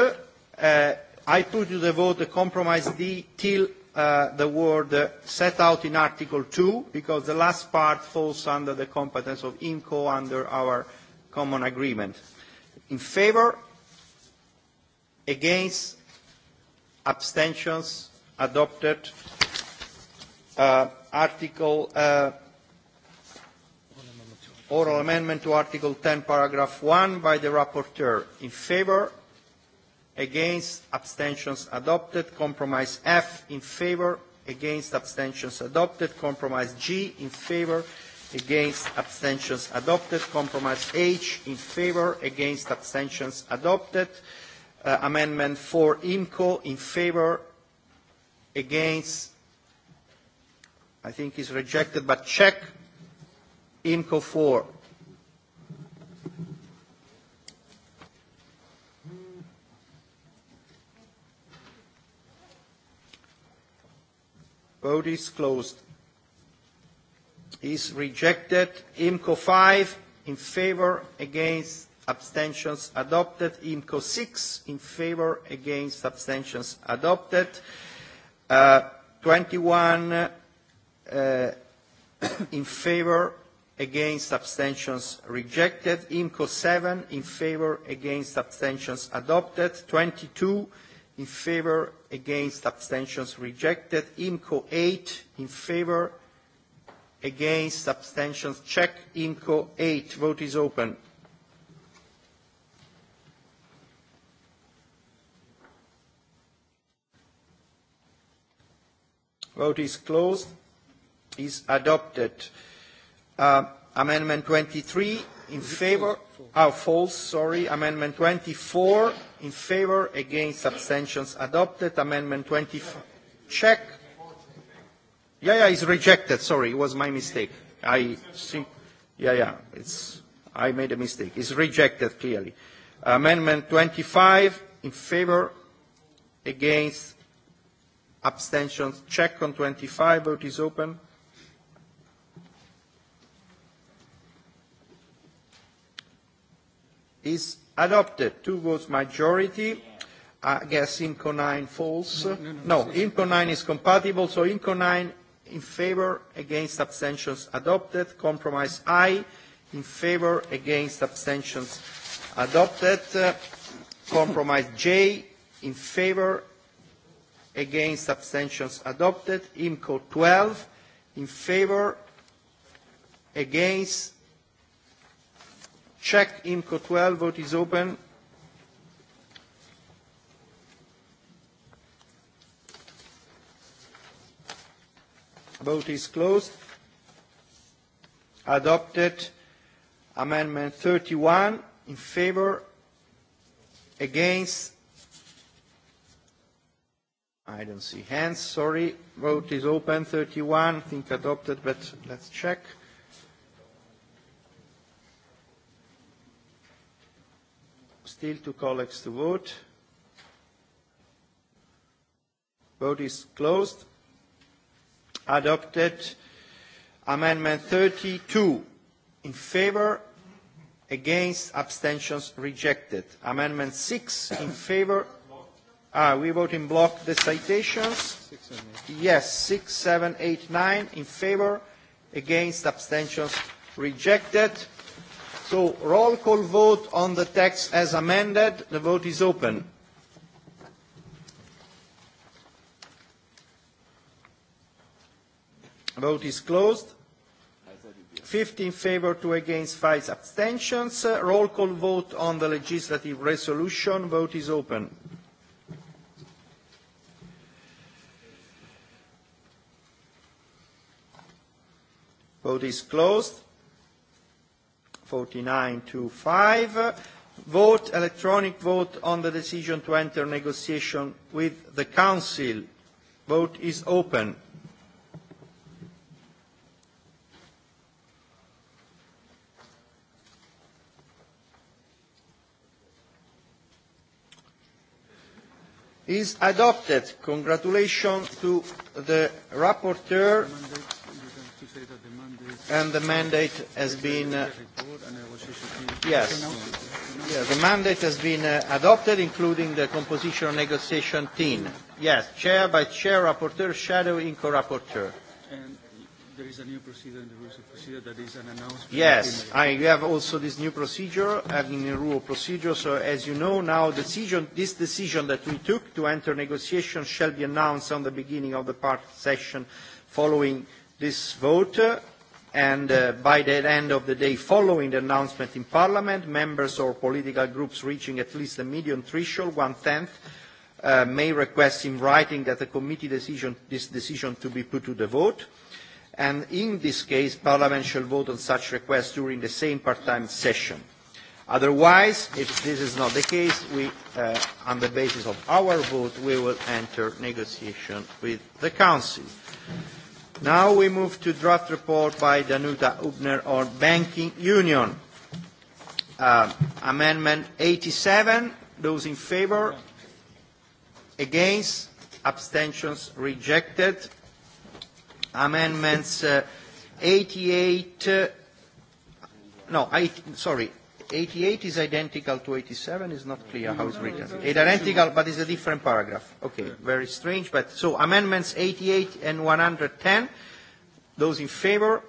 uh, I put to the vote the compromise D till uh, the word uh, set out in Article 2, because the last part falls under the competence of IMCO under our common agreement. In favor, against, abstentions, adopted. Uh, article, uh, oral amendment to Article 10, paragraph 1 by the rapporteur. In favor, against, abstentions adopted. Compromise F, in favor, against, abstentions adopted. Compromise G, in favor, against, abstentions adopted. Compromise H, in favor, against, abstentions adopted. Uh, amendment 4 IMCO in favor, against, I think is rejected, but check IMCO 4. Vote is closed. Is rejected. IMCO 5 in favor, against, abstentions adopted. IMCO 6 in favor, against, abstentions adopted. Uh, 21 uh, in favor, against, abstentions rejected. IMCO 7 in favor, against, abstentions adopted. 22 in favor, against, abstentions rejected. IMCO 8 in favor, against, abstentions check. IMCO 8, vote is open. Vote is closed. Is adopted. Uh, amendment 23 in favor. Oh, false, sorry. Amendment 24 in favor. Against abstentions adopted. Amendment 25. Check. Yeah, yeah, it's rejected. Sorry, it was my mistake. I see. Yeah, yeah, it's. I made a mistake. It's rejected clearly. Amendment 25 in favor. Against Abstentions. Check on 25. Vote is open. Is adopted. Two votes majority. I guess INCO 9 falls. No, no, no, no INCO 9 is compatible, so INCO 9 in favor, against abstentions adopted. Compromise I in favor, against abstentions adopted. Uh, compromise J in favor, against abstentions adopted. IMCO 12 in favor, against. Check IMCO 12, vote is open. Vote is closed. Adopted. Amendment 31 in favor, against I don't see hands, sorry. Vote is open, 31, I think adopted, but let's check. Still two colleagues to vote. Vote is closed. Adopted. Amendment 32. In favor, against, abstentions rejected. Amendment 6. In favor, Ah, we vote in block the citations. Six, seven, yes, nine in favor, against abstentions rejected. So roll call vote on the text as amended. The vote is open. Vote is closed. 15 in favor, 2 against, 5 abstentions. Uh, roll call vote on the legislative resolution. Vote is open. Vote is closed. 49 to 5. Vote, electronic vote on the decision to enter negotiation with the Council. Vote is open. Is adopted. Congratulations to the rapporteur. Mandate and the mandate has been uh, yes yeah, the mandate has been uh, adopted including the composition negotiation team yes chair by chair rapporteur shadow inco rapporteur and there is a new procedure in the rules of procedure that is an announcement yes I, you have also this new procedure having a rule procedure so as you know now decision this decision that we took to enter negotiations shall be announced on the beginning of the part session following this vote and uh, by the end of the day following the announcement in Parliament, members or political groups reaching at least a median threshold, one-tenth, uh, may request in writing that the committee decision, this decision to be put to the vote. And in this case, Parliament shall vote on such requests during the same part-time session. Otherwise, if this is not the case, we, uh, on the basis of our vote, we will enter negotiation with the Council. Now we move to draft report by Danuta Ubner on Banking Union. Uh, amendment 87, those in favor, against, abstentions rejected. Amendments uh, 88, uh, no, I, sorry, 88 is identical to 87, is not clear how it's written. It's identical, but it's a different paragraph. Okay, very strange, but so amendments 88 and 110, those in favor,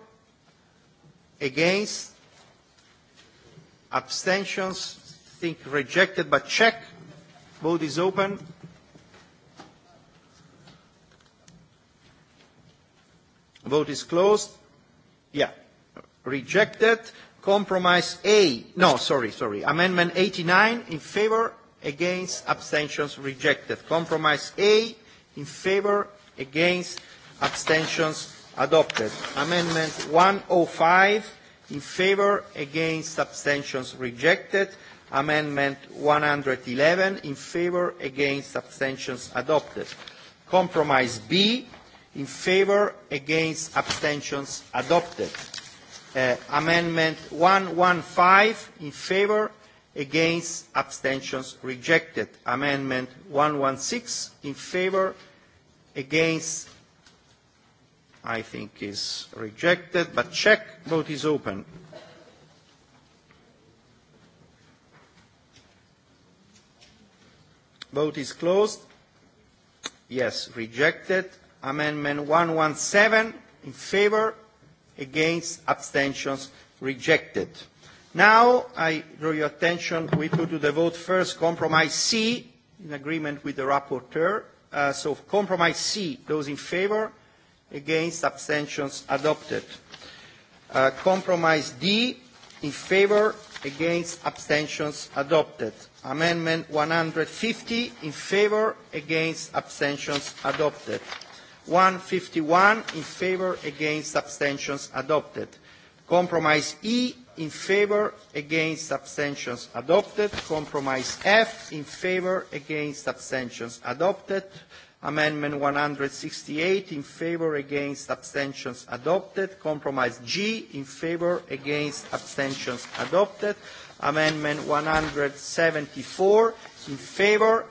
against, abstentions, think rejected, but check, vote is open. Vote is closed. Yeah, rejected. Compromise A, no, sorry, sorry, Amendment 89 in favor, against, abstentions rejected. Compromise A in favor, against, abstentions adopted. Amendment 105 in favor, against, abstentions rejected. Amendment 111 in favor, against, abstentions adopted. Compromise B in favor, against, abstentions adopted. Uh, amendment 115 in favor, against, abstentions rejected. Amendment 116 in favor, against, I think is rejected, but check, vote is open. Vote is closed. Yes, rejected. Amendment 117 in favor, against, abstentions, rejected. Now I draw your attention, we put to the vote first compromise C, in agreement with the rapporteur. Uh, so compromise C, those in favor, against, abstentions, adopted. Uh, compromise D, in favor, against, abstentions, adopted. Amendment 150, in favor, against, abstentions, adopted. 151 in favor against abstentions adopted. Compromise E in favor against abstentions adopted. Compromise F in favor against abstentions adopted. Amendment 168 in favor against abstentions adopted. Compromise G in favor against abstentions adopted. Amendment 174 in favor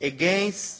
against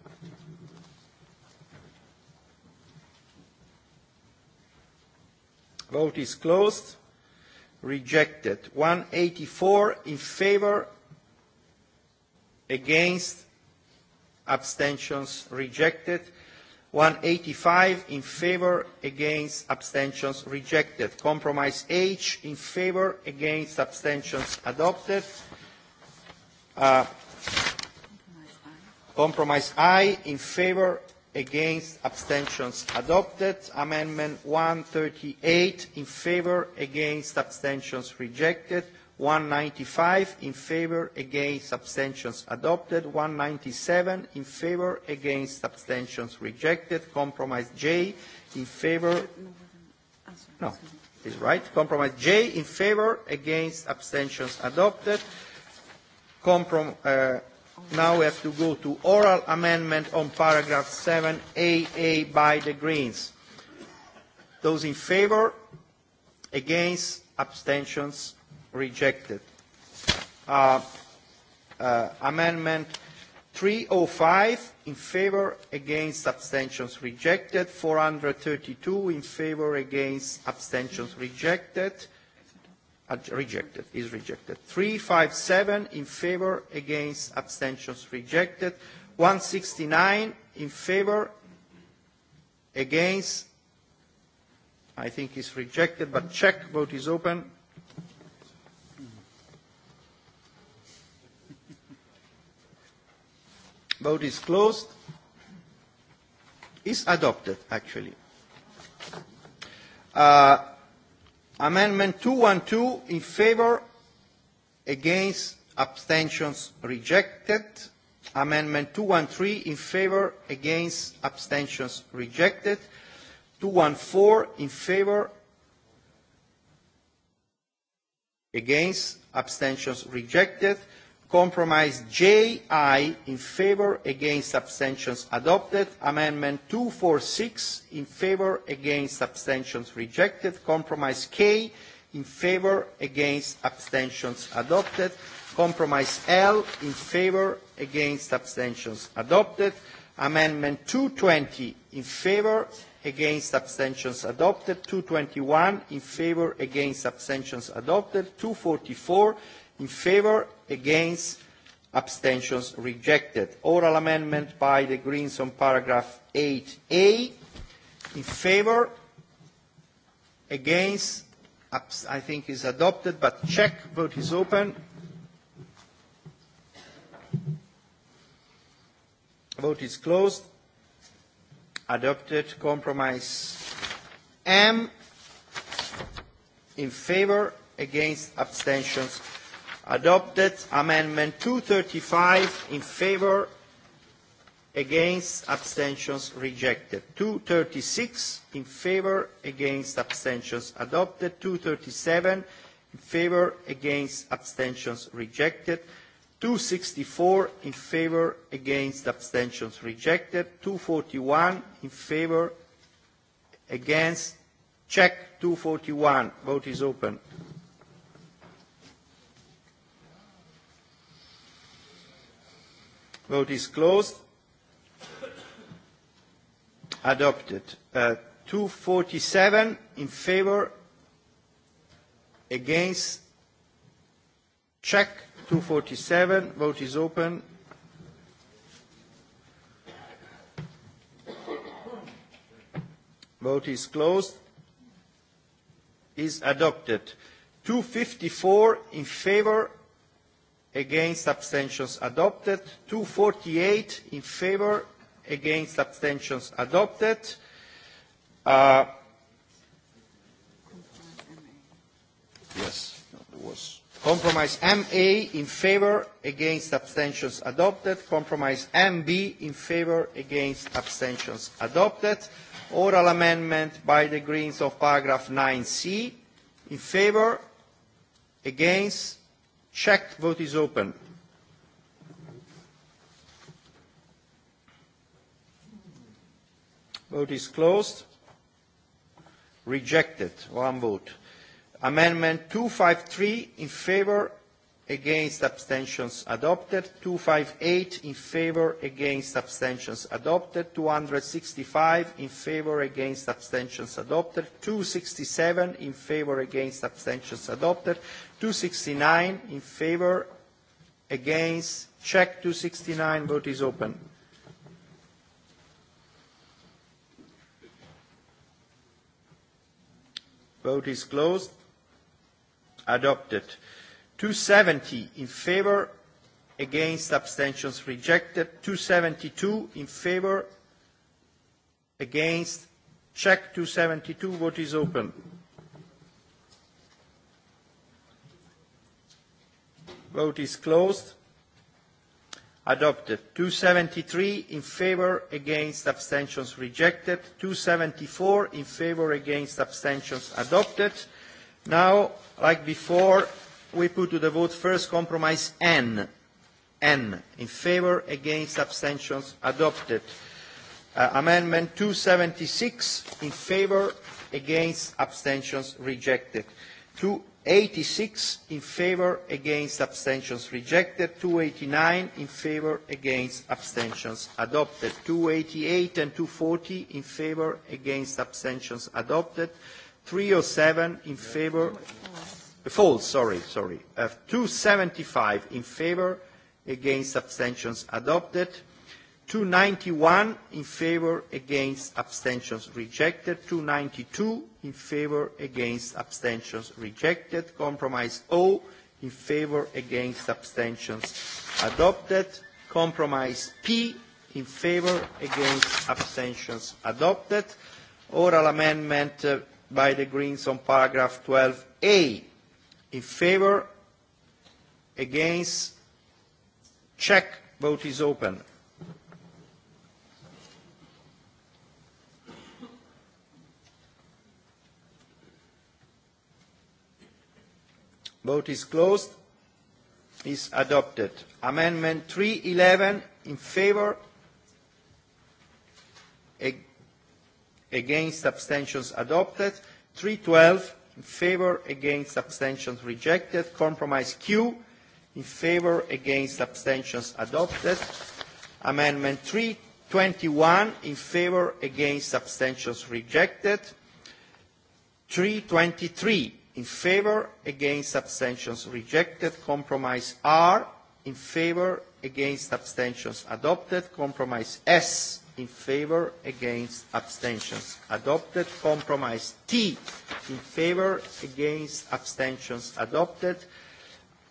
Vote is closed. Rejected. 184 in favor, against, abstentions rejected. 185 in favor, against, abstentions rejected. Compromise H in favor, against, abstentions adopted. Uh, compromise I in favor, against abstentions adopted amendment 138 in favor against abstentions rejected 195 in favor against abstentions adopted 197 in favor against abstentions rejected compromise J in favor no is right compromise J in favor against abstentions adopted comprom uh, Now we have to go to oral amendment on paragraph 7AA by the Greens. Those in favor, against, abstentions, rejected. Uh, uh, amendment 305 in favor, against, abstentions, rejected. 432 in favor, against, abstentions, rejected rejected, is rejected. 357 in favor, against, abstentions rejected. 169 in favor, against, I think is rejected, but check, vote is open. Vote is closed. Is adopted, actually. Uh, Amendment 212 in favor, against, abstentions rejected. Amendment 213 in favor, against, abstentions rejected. 214 in favor, against, abstentions rejected. Compromise JI in favor against abstentions adopted. Amendment 246 in favor against abstentions rejected. Compromise K in favor against abstentions adopted. Compromise L in favor against abstentions adopted. Amendment 220 in favor against abstentions adopted. 221 in favor against abstentions adopted. 244 in favor, against, abstentions rejected. Oral amendment by the Greens on paragraph 8A, in favor, against, I think is adopted, but check, vote is open. Vote is closed. Adopted compromise M in favor, against abstentions adopted amendment 235 in favor against abstentions rejected 236 in favor against abstentions adopted 237 in favor against abstentions rejected 264 in favor against abstentions rejected 241 in favor against check 241 vote is open Vote is closed. Adopted. Uh, 247 in favor, against, check 247. Vote is open. Vote is closed. Is adopted. 254 in favor, against abstentions adopted 248 in favor against abstentions adopted uh, yes it was compromise MA in favor against abstentions adopted compromise MB in favor against abstentions adopted oral amendment by the greens of paragraph 9c in favor against Check. Vote is open. Vote is closed. Rejected. One vote. Amendment 253 in favor against abstentions adopted 258 in favor against abstentions adopted 265 in favor against abstentions adopted 267 in favor against abstentions adopted 269 in favor against check 269 vote is open vote is closed adopted 270 in favor, against abstentions rejected. 272 in favor, against. Check 272. Vote is open. Vote is closed. Adopted. 273 in favor, against abstentions rejected. 274 in favor, against abstentions adopted. Now, like before, we put to the vote first compromise N. N. In favor, against, abstentions, adopted. Uh, amendment 276, in favor, against, abstentions, rejected. 286, in favor, against, abstentions, rejected. 289, in favor, against, abstentions, adopted. 288 and 240, in favor, against, abstentions, adopted. 307, in favor... Yeah false, sorry, sorry, of 275 in favor, against abstentions adopted, 291 in favor, against abstentions rejected, 292 in favor, against abstentions rejected, compromise O in favor, against abstentions adopted, compromise P in favor, against abstentions adopted, oral amendment uh, by the Greens on paragraph 12A in favor, against, check, vote is open. Vote is closed. Is adopted. Amendment 311 in favor. Ag against abstentions adopted. 312 in favor against abstentions rejected. Compromise Q in favor against abstentions adopted. Amendment 321 in favor against abstentions rejected. 323 in favor against abstentions rejected. Compromise R in favor against abstentions adopted. Compromise S in favor against abstentions adopted compromise T in favor against abstentions adopted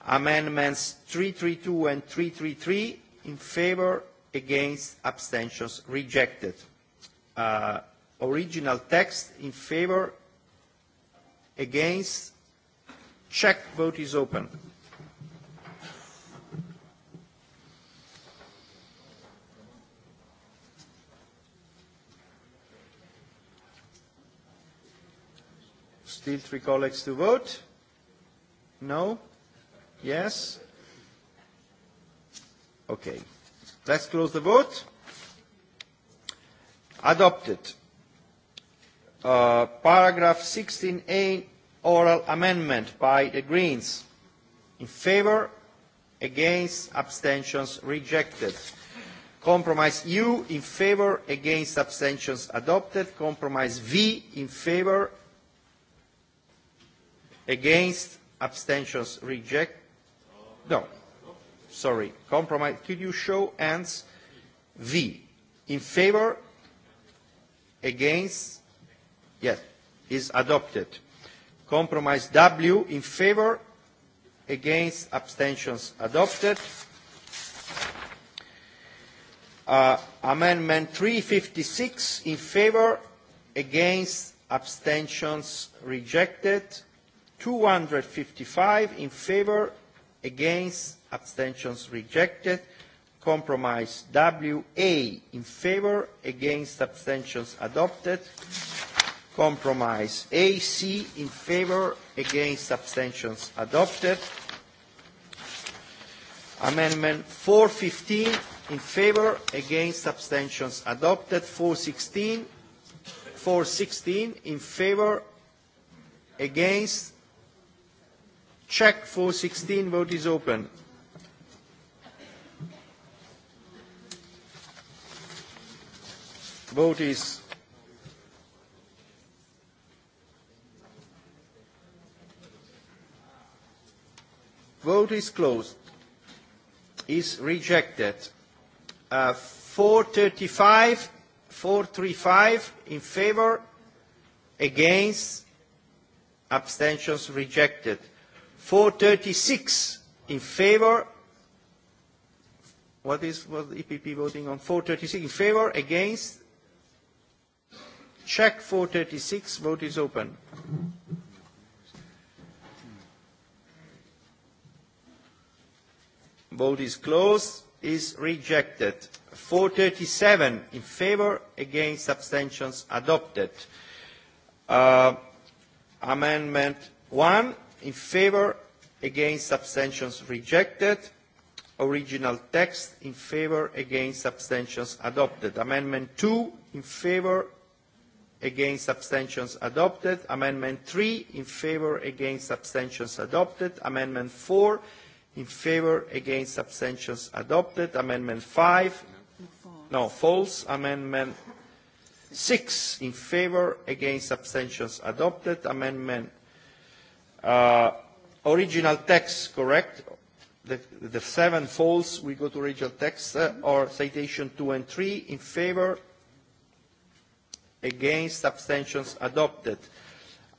amendments 332 and 333 in favor against abstentions rejected uh, original text in favor against check vote is open Still three colleagues to vote? No? Yes? Okay. Let's close the vote. Adopted. Uh, paragraph 16A, oral amendment by the Greens. In favor, against, abstentions, rejected. Compromise U in favor, against abstentions adopted. Compromise V in favor, Against? Abstentions? Reject? No. Sorry. Compromise. Could you show hands? V. In favor? Against? Yes. Is adopted. Compromise W. In favor? Against? Abstentions? Adopted. Uh, amendment 356 in favor, against, abstentions rejected. 255 in favor, against, abstentions rejected. Compromise WA in favor, against, abstentions adopted. Compromise AC in favor, against, abstentions adopted. Amendment 415 in favor, against, abstentions adopted. 416, 416 in favor, against, Check 416. Vote is open. Vote is Vote is closed. Is rejected. Uh, 435, 435 in favor, against, abstentions rejected. 436 in favor. What is what the EPP voting on? 436 in favor, against. Check 436. Vote is open. Vote is closed. Is rejected. 437 in favor, against abstentions adopted. Uh, amendment 1 in favor, against abstentions rejected. Original text in favor, against abstentions adopted. Amendment 2 in favor, against abstentions adopted. Amendment 3 in favor, against abstentions adopted. Amendment 4 in favor, against abstentions adopted. Amendment 5 no false. Amendment 6 in favor, against abstentions adopted. Amendment Uh, original text, correct? The, the seven falls, we go to original text, uh, or citation two and three, in favor, against, abstentions adopted.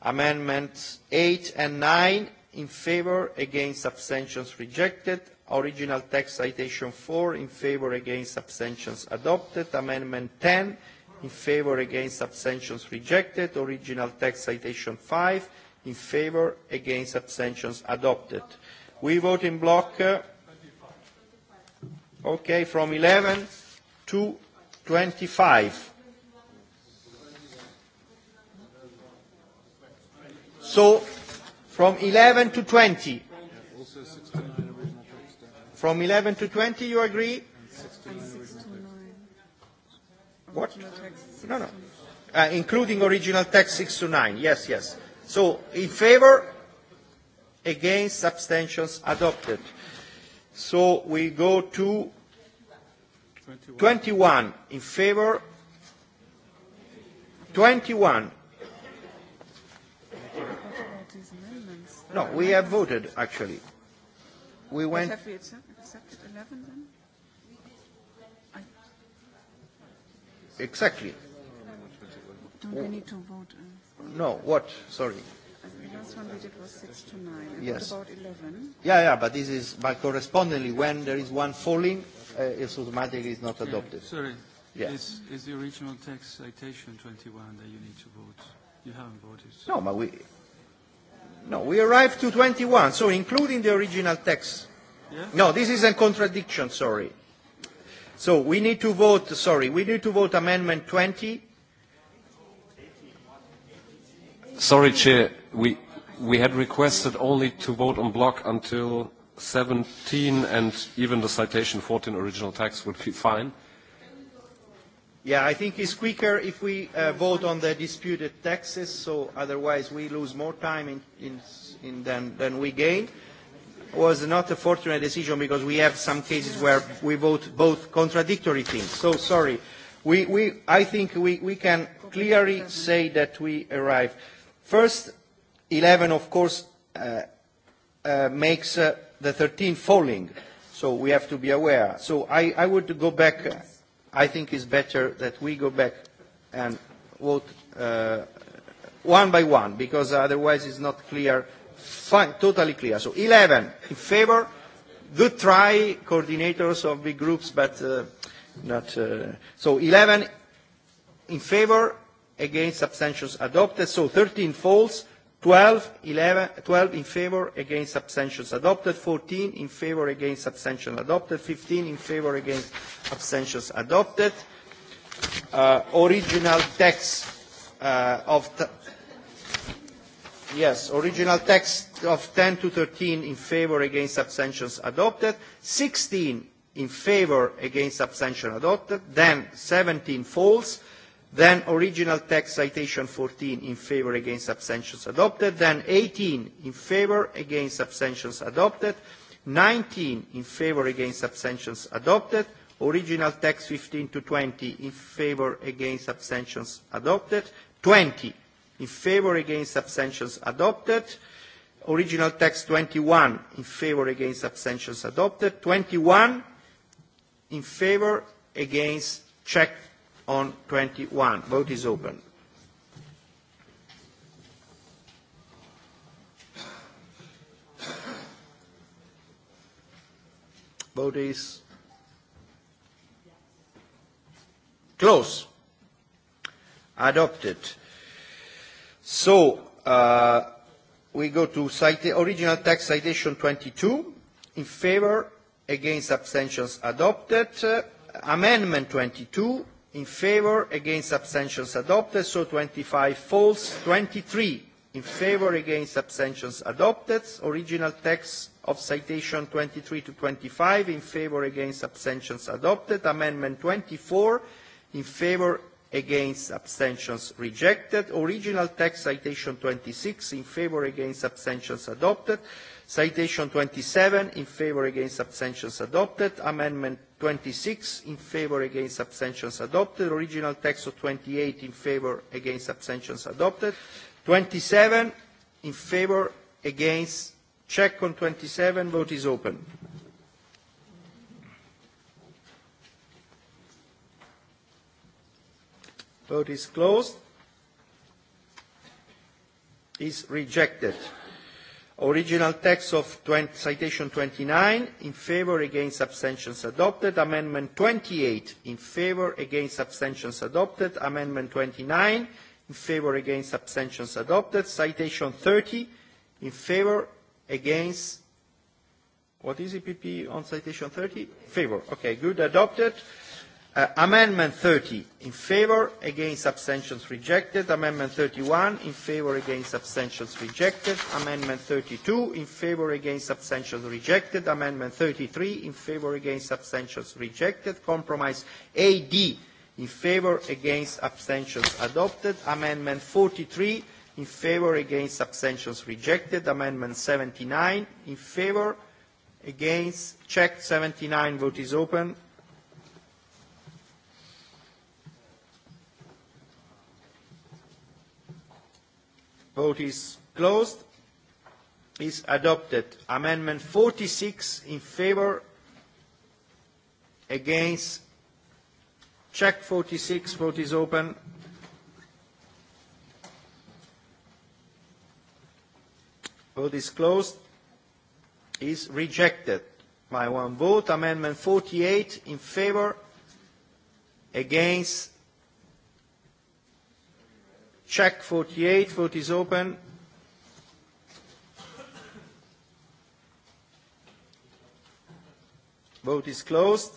Amendments eight and nine, in favor, against, abstentions rejected. Original text citation four, in favor, against, abstentions adopted. Amendment 10, in favor, against, abstentions rejected. Original text citation five in favor against abstentions adopted we vote in block uh, okay from 11 to 25 so from 11 to 20 from 11 to 20 you agree what no no uh, including original text 6 to 9 yes yes So, in favor, against, abstentions adopted. So, we go to 21, in favor, 21. No, we have voted, actually. We went... Exactly. Don't we need to vote? Uh? No, what? Sorry. The last one we did was 6 to 9. yes. What about 11? Yeah, yeah, but this is, but correspondingly, when there is one falling, uh, it's automatically is not adopted. Yeah, sorry. Yeah. Is, is the original text citation 21 that you need to vote? You haven't voted. So. No, but we, no, we arrived to 21, so including the original text. Yeah? No, this is a contradiction, sorry. So we need to vote, sorry, we need to vote amendment 20 Sorry, Chair. We, we had requested only to vote on block until 17 and even the citation 14 original tax would be fine. Yeah, I think it's quicker if we uh, vote on the disputed taxes, so otherwise we lose more time in, in, in than, than we gain. It was not a fortunate decision because we have some cases where we vote both contradictory things. So sorry. We, we, I think we, we can clearly say that we arrive. First, 11, of course, uh, uh, makes uh, the 13 falling, so we have to be aware. So I, I would go back. Uh, I think it's better that we go back and vote uh, one by one, because otherwise it's not clear, Fine, totally clear. So 11 in favor, good try, coordinators of big groups, but uh, not. Uh, so 11 in favor, against abstentions adopted. So 13 false, 12, 11, 12 in favor against abstentions adopted, 14 in favor against abstentions adopted, 15 in favor against abstentions adopted. Uh, original text uh, of Yes, original text of 10 to 13 in favor against abstentions adopted, 16 in favor against abstention adopted, then 17 false. Then original text citation 14 in favor against abstentions adopted. Then 18 in favor against abstentions adopted. 19 in favor against abstentions adopted. Original text 15 to 20 in favor against abstentions adopted. 20 in favor against abstentions adopted. Original text 21 in favor against abstentions adopted. 21 in favor against checked on 21. Vote is open. Vote is close. Adopted. So, uh, we go to cite original text citation 22. In favor, against abstentions adopted. Uh, amendment 22 in favor against abstentions adopted so 25 false 23 in favor against abstentions adopted original text of citation 23 to 25 in favor against abstentions adopted amendment 24 in favor against abstentions rejected original text citation 26 in favor against abstentions adopted Citation 27 in favor against abstentions adopted. Amendment 26 in favor against abstentions adopted. Original text of 28 in favor against abstentions adopted. 27 in favor against check on 27 vote is open. Vote is closed. Is rejected. Original text of 20, citation 29, in favor against abstentions adopted. Amendment 28, in favor against abstentions adopted. Amendment 29, in favor against abstentions adopted. Citation 30, in favor against, what is EPP on citation 30? Favor, okay, good, adopted. Uh, amendment 30 in favor, against abstentions rejected. Amendment 31 in favor, against abstentions rejected. Amendment 32 in favor, against abstentions rejected. Amendment 33 in favor, against abstentions rejected. Compromise AD in favor, against abstentions adopted. Amendment 43 in favor, against abstentions rejected. Amendment 79 in favor, against check 79 vote is open. Vote is closed. Is adopted. Amendment 46 in favor, against. Check 46. Vote is open. Vote is closed. Is rejected by one vote. Amendment 48 in favor, against Check 48, vote is open. Vote is closed.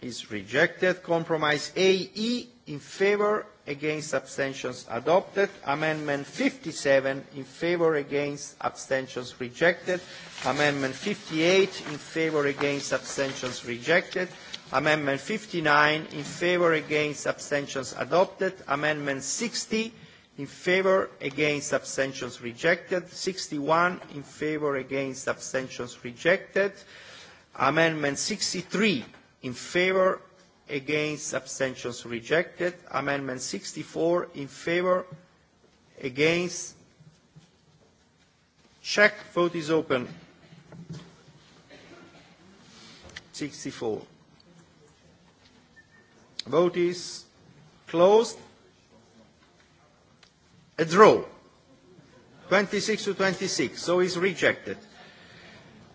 Is rejected. Compromise AE in favor, against abstentions adopted. Amendment 57 in favor, against abstentions rejected. Amendment 58 in favor, against abstentions rejected. Amendment 59 in favor against abstentions adopted. Amendment 60 in favor against abstentions rejected. 61 in favor against abstentions rejected. Amendment 63 in favor against abstentions rejected. Amendment 64 in favor against check vote is open 64 Vote is closed. A draw. 26 to 26, so it's rejected.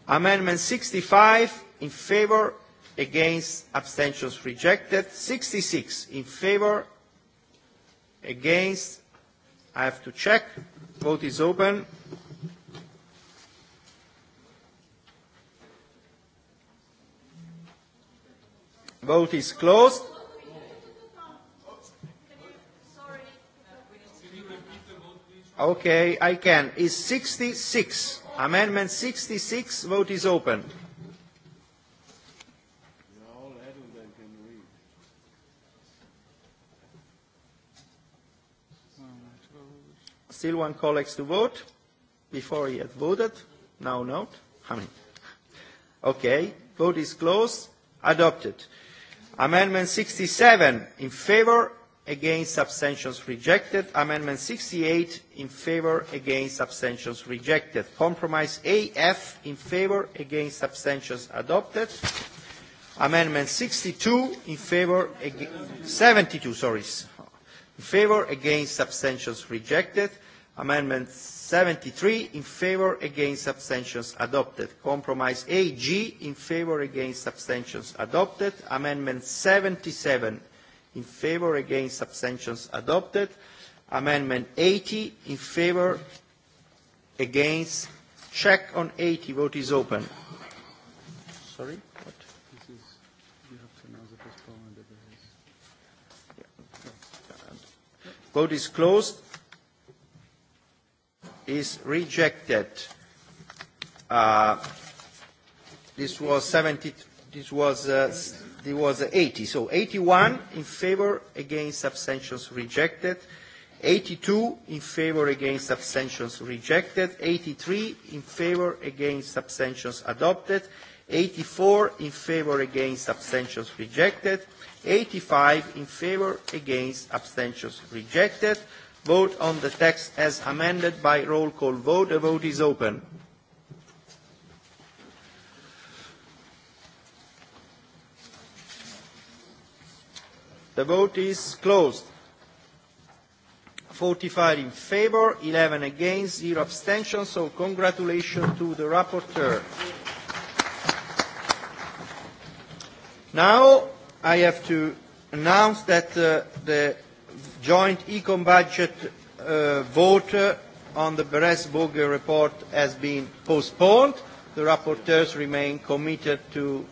Amendment 65 in favor, against, abstentions rejected. 66 in favor, against, I have to check. Vote is open. Vote is closed. Okay, I can. Is 66. Amendment 66. Vote is open. Still one colleagues to vote. Before he had voted. Now not. I mean. Okay. Vote is closed. Adopted. Amendment 67. In favor against abstentions rejected. Amendment 68 in favor against abstentions rejected. Compromise AF in favor against abstentions adopted. Amendment 62 in favor, 72 sorry, in favor against abstentions rejected. Amendment 73 in favor against abstentions adopted. Compromise AG in favor against abstentions adopted. Amendment 77 in favor, against abstentions adopted. Amendment 80 in favor, against, check on 80, vote is open. Sorry, what? This is, you have to announce postponement that there is. Yeah. Vote is closed, is rejected. Uh, this was 70, this was uh, it was 80. So 81 in favor, against abstentions rejected. 82 in favor, against abstentions rejected. 83 in favor, against abstentions adopted. 84 in favor, against abstentions rejected. 85 in favor, against abstentions rejected. Vote on the text as amended by roll call vote. The vote is open. The vote is closed. 45 in favor, 11 against, 0 abstentions, so congratulations to the rapporteur. Now I have to announce that uh, the joint econ budget uh, vote uh, on the Beres-Boge report has been postponed. The rapporteurs remain committed to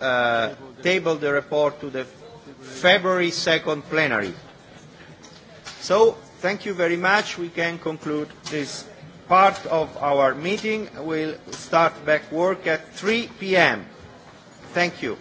uh, table the report to the February 2nd plenary. So, thank you very much. We can conclude this part of our meeting. We'll start back work at 3 p.m. Thank you.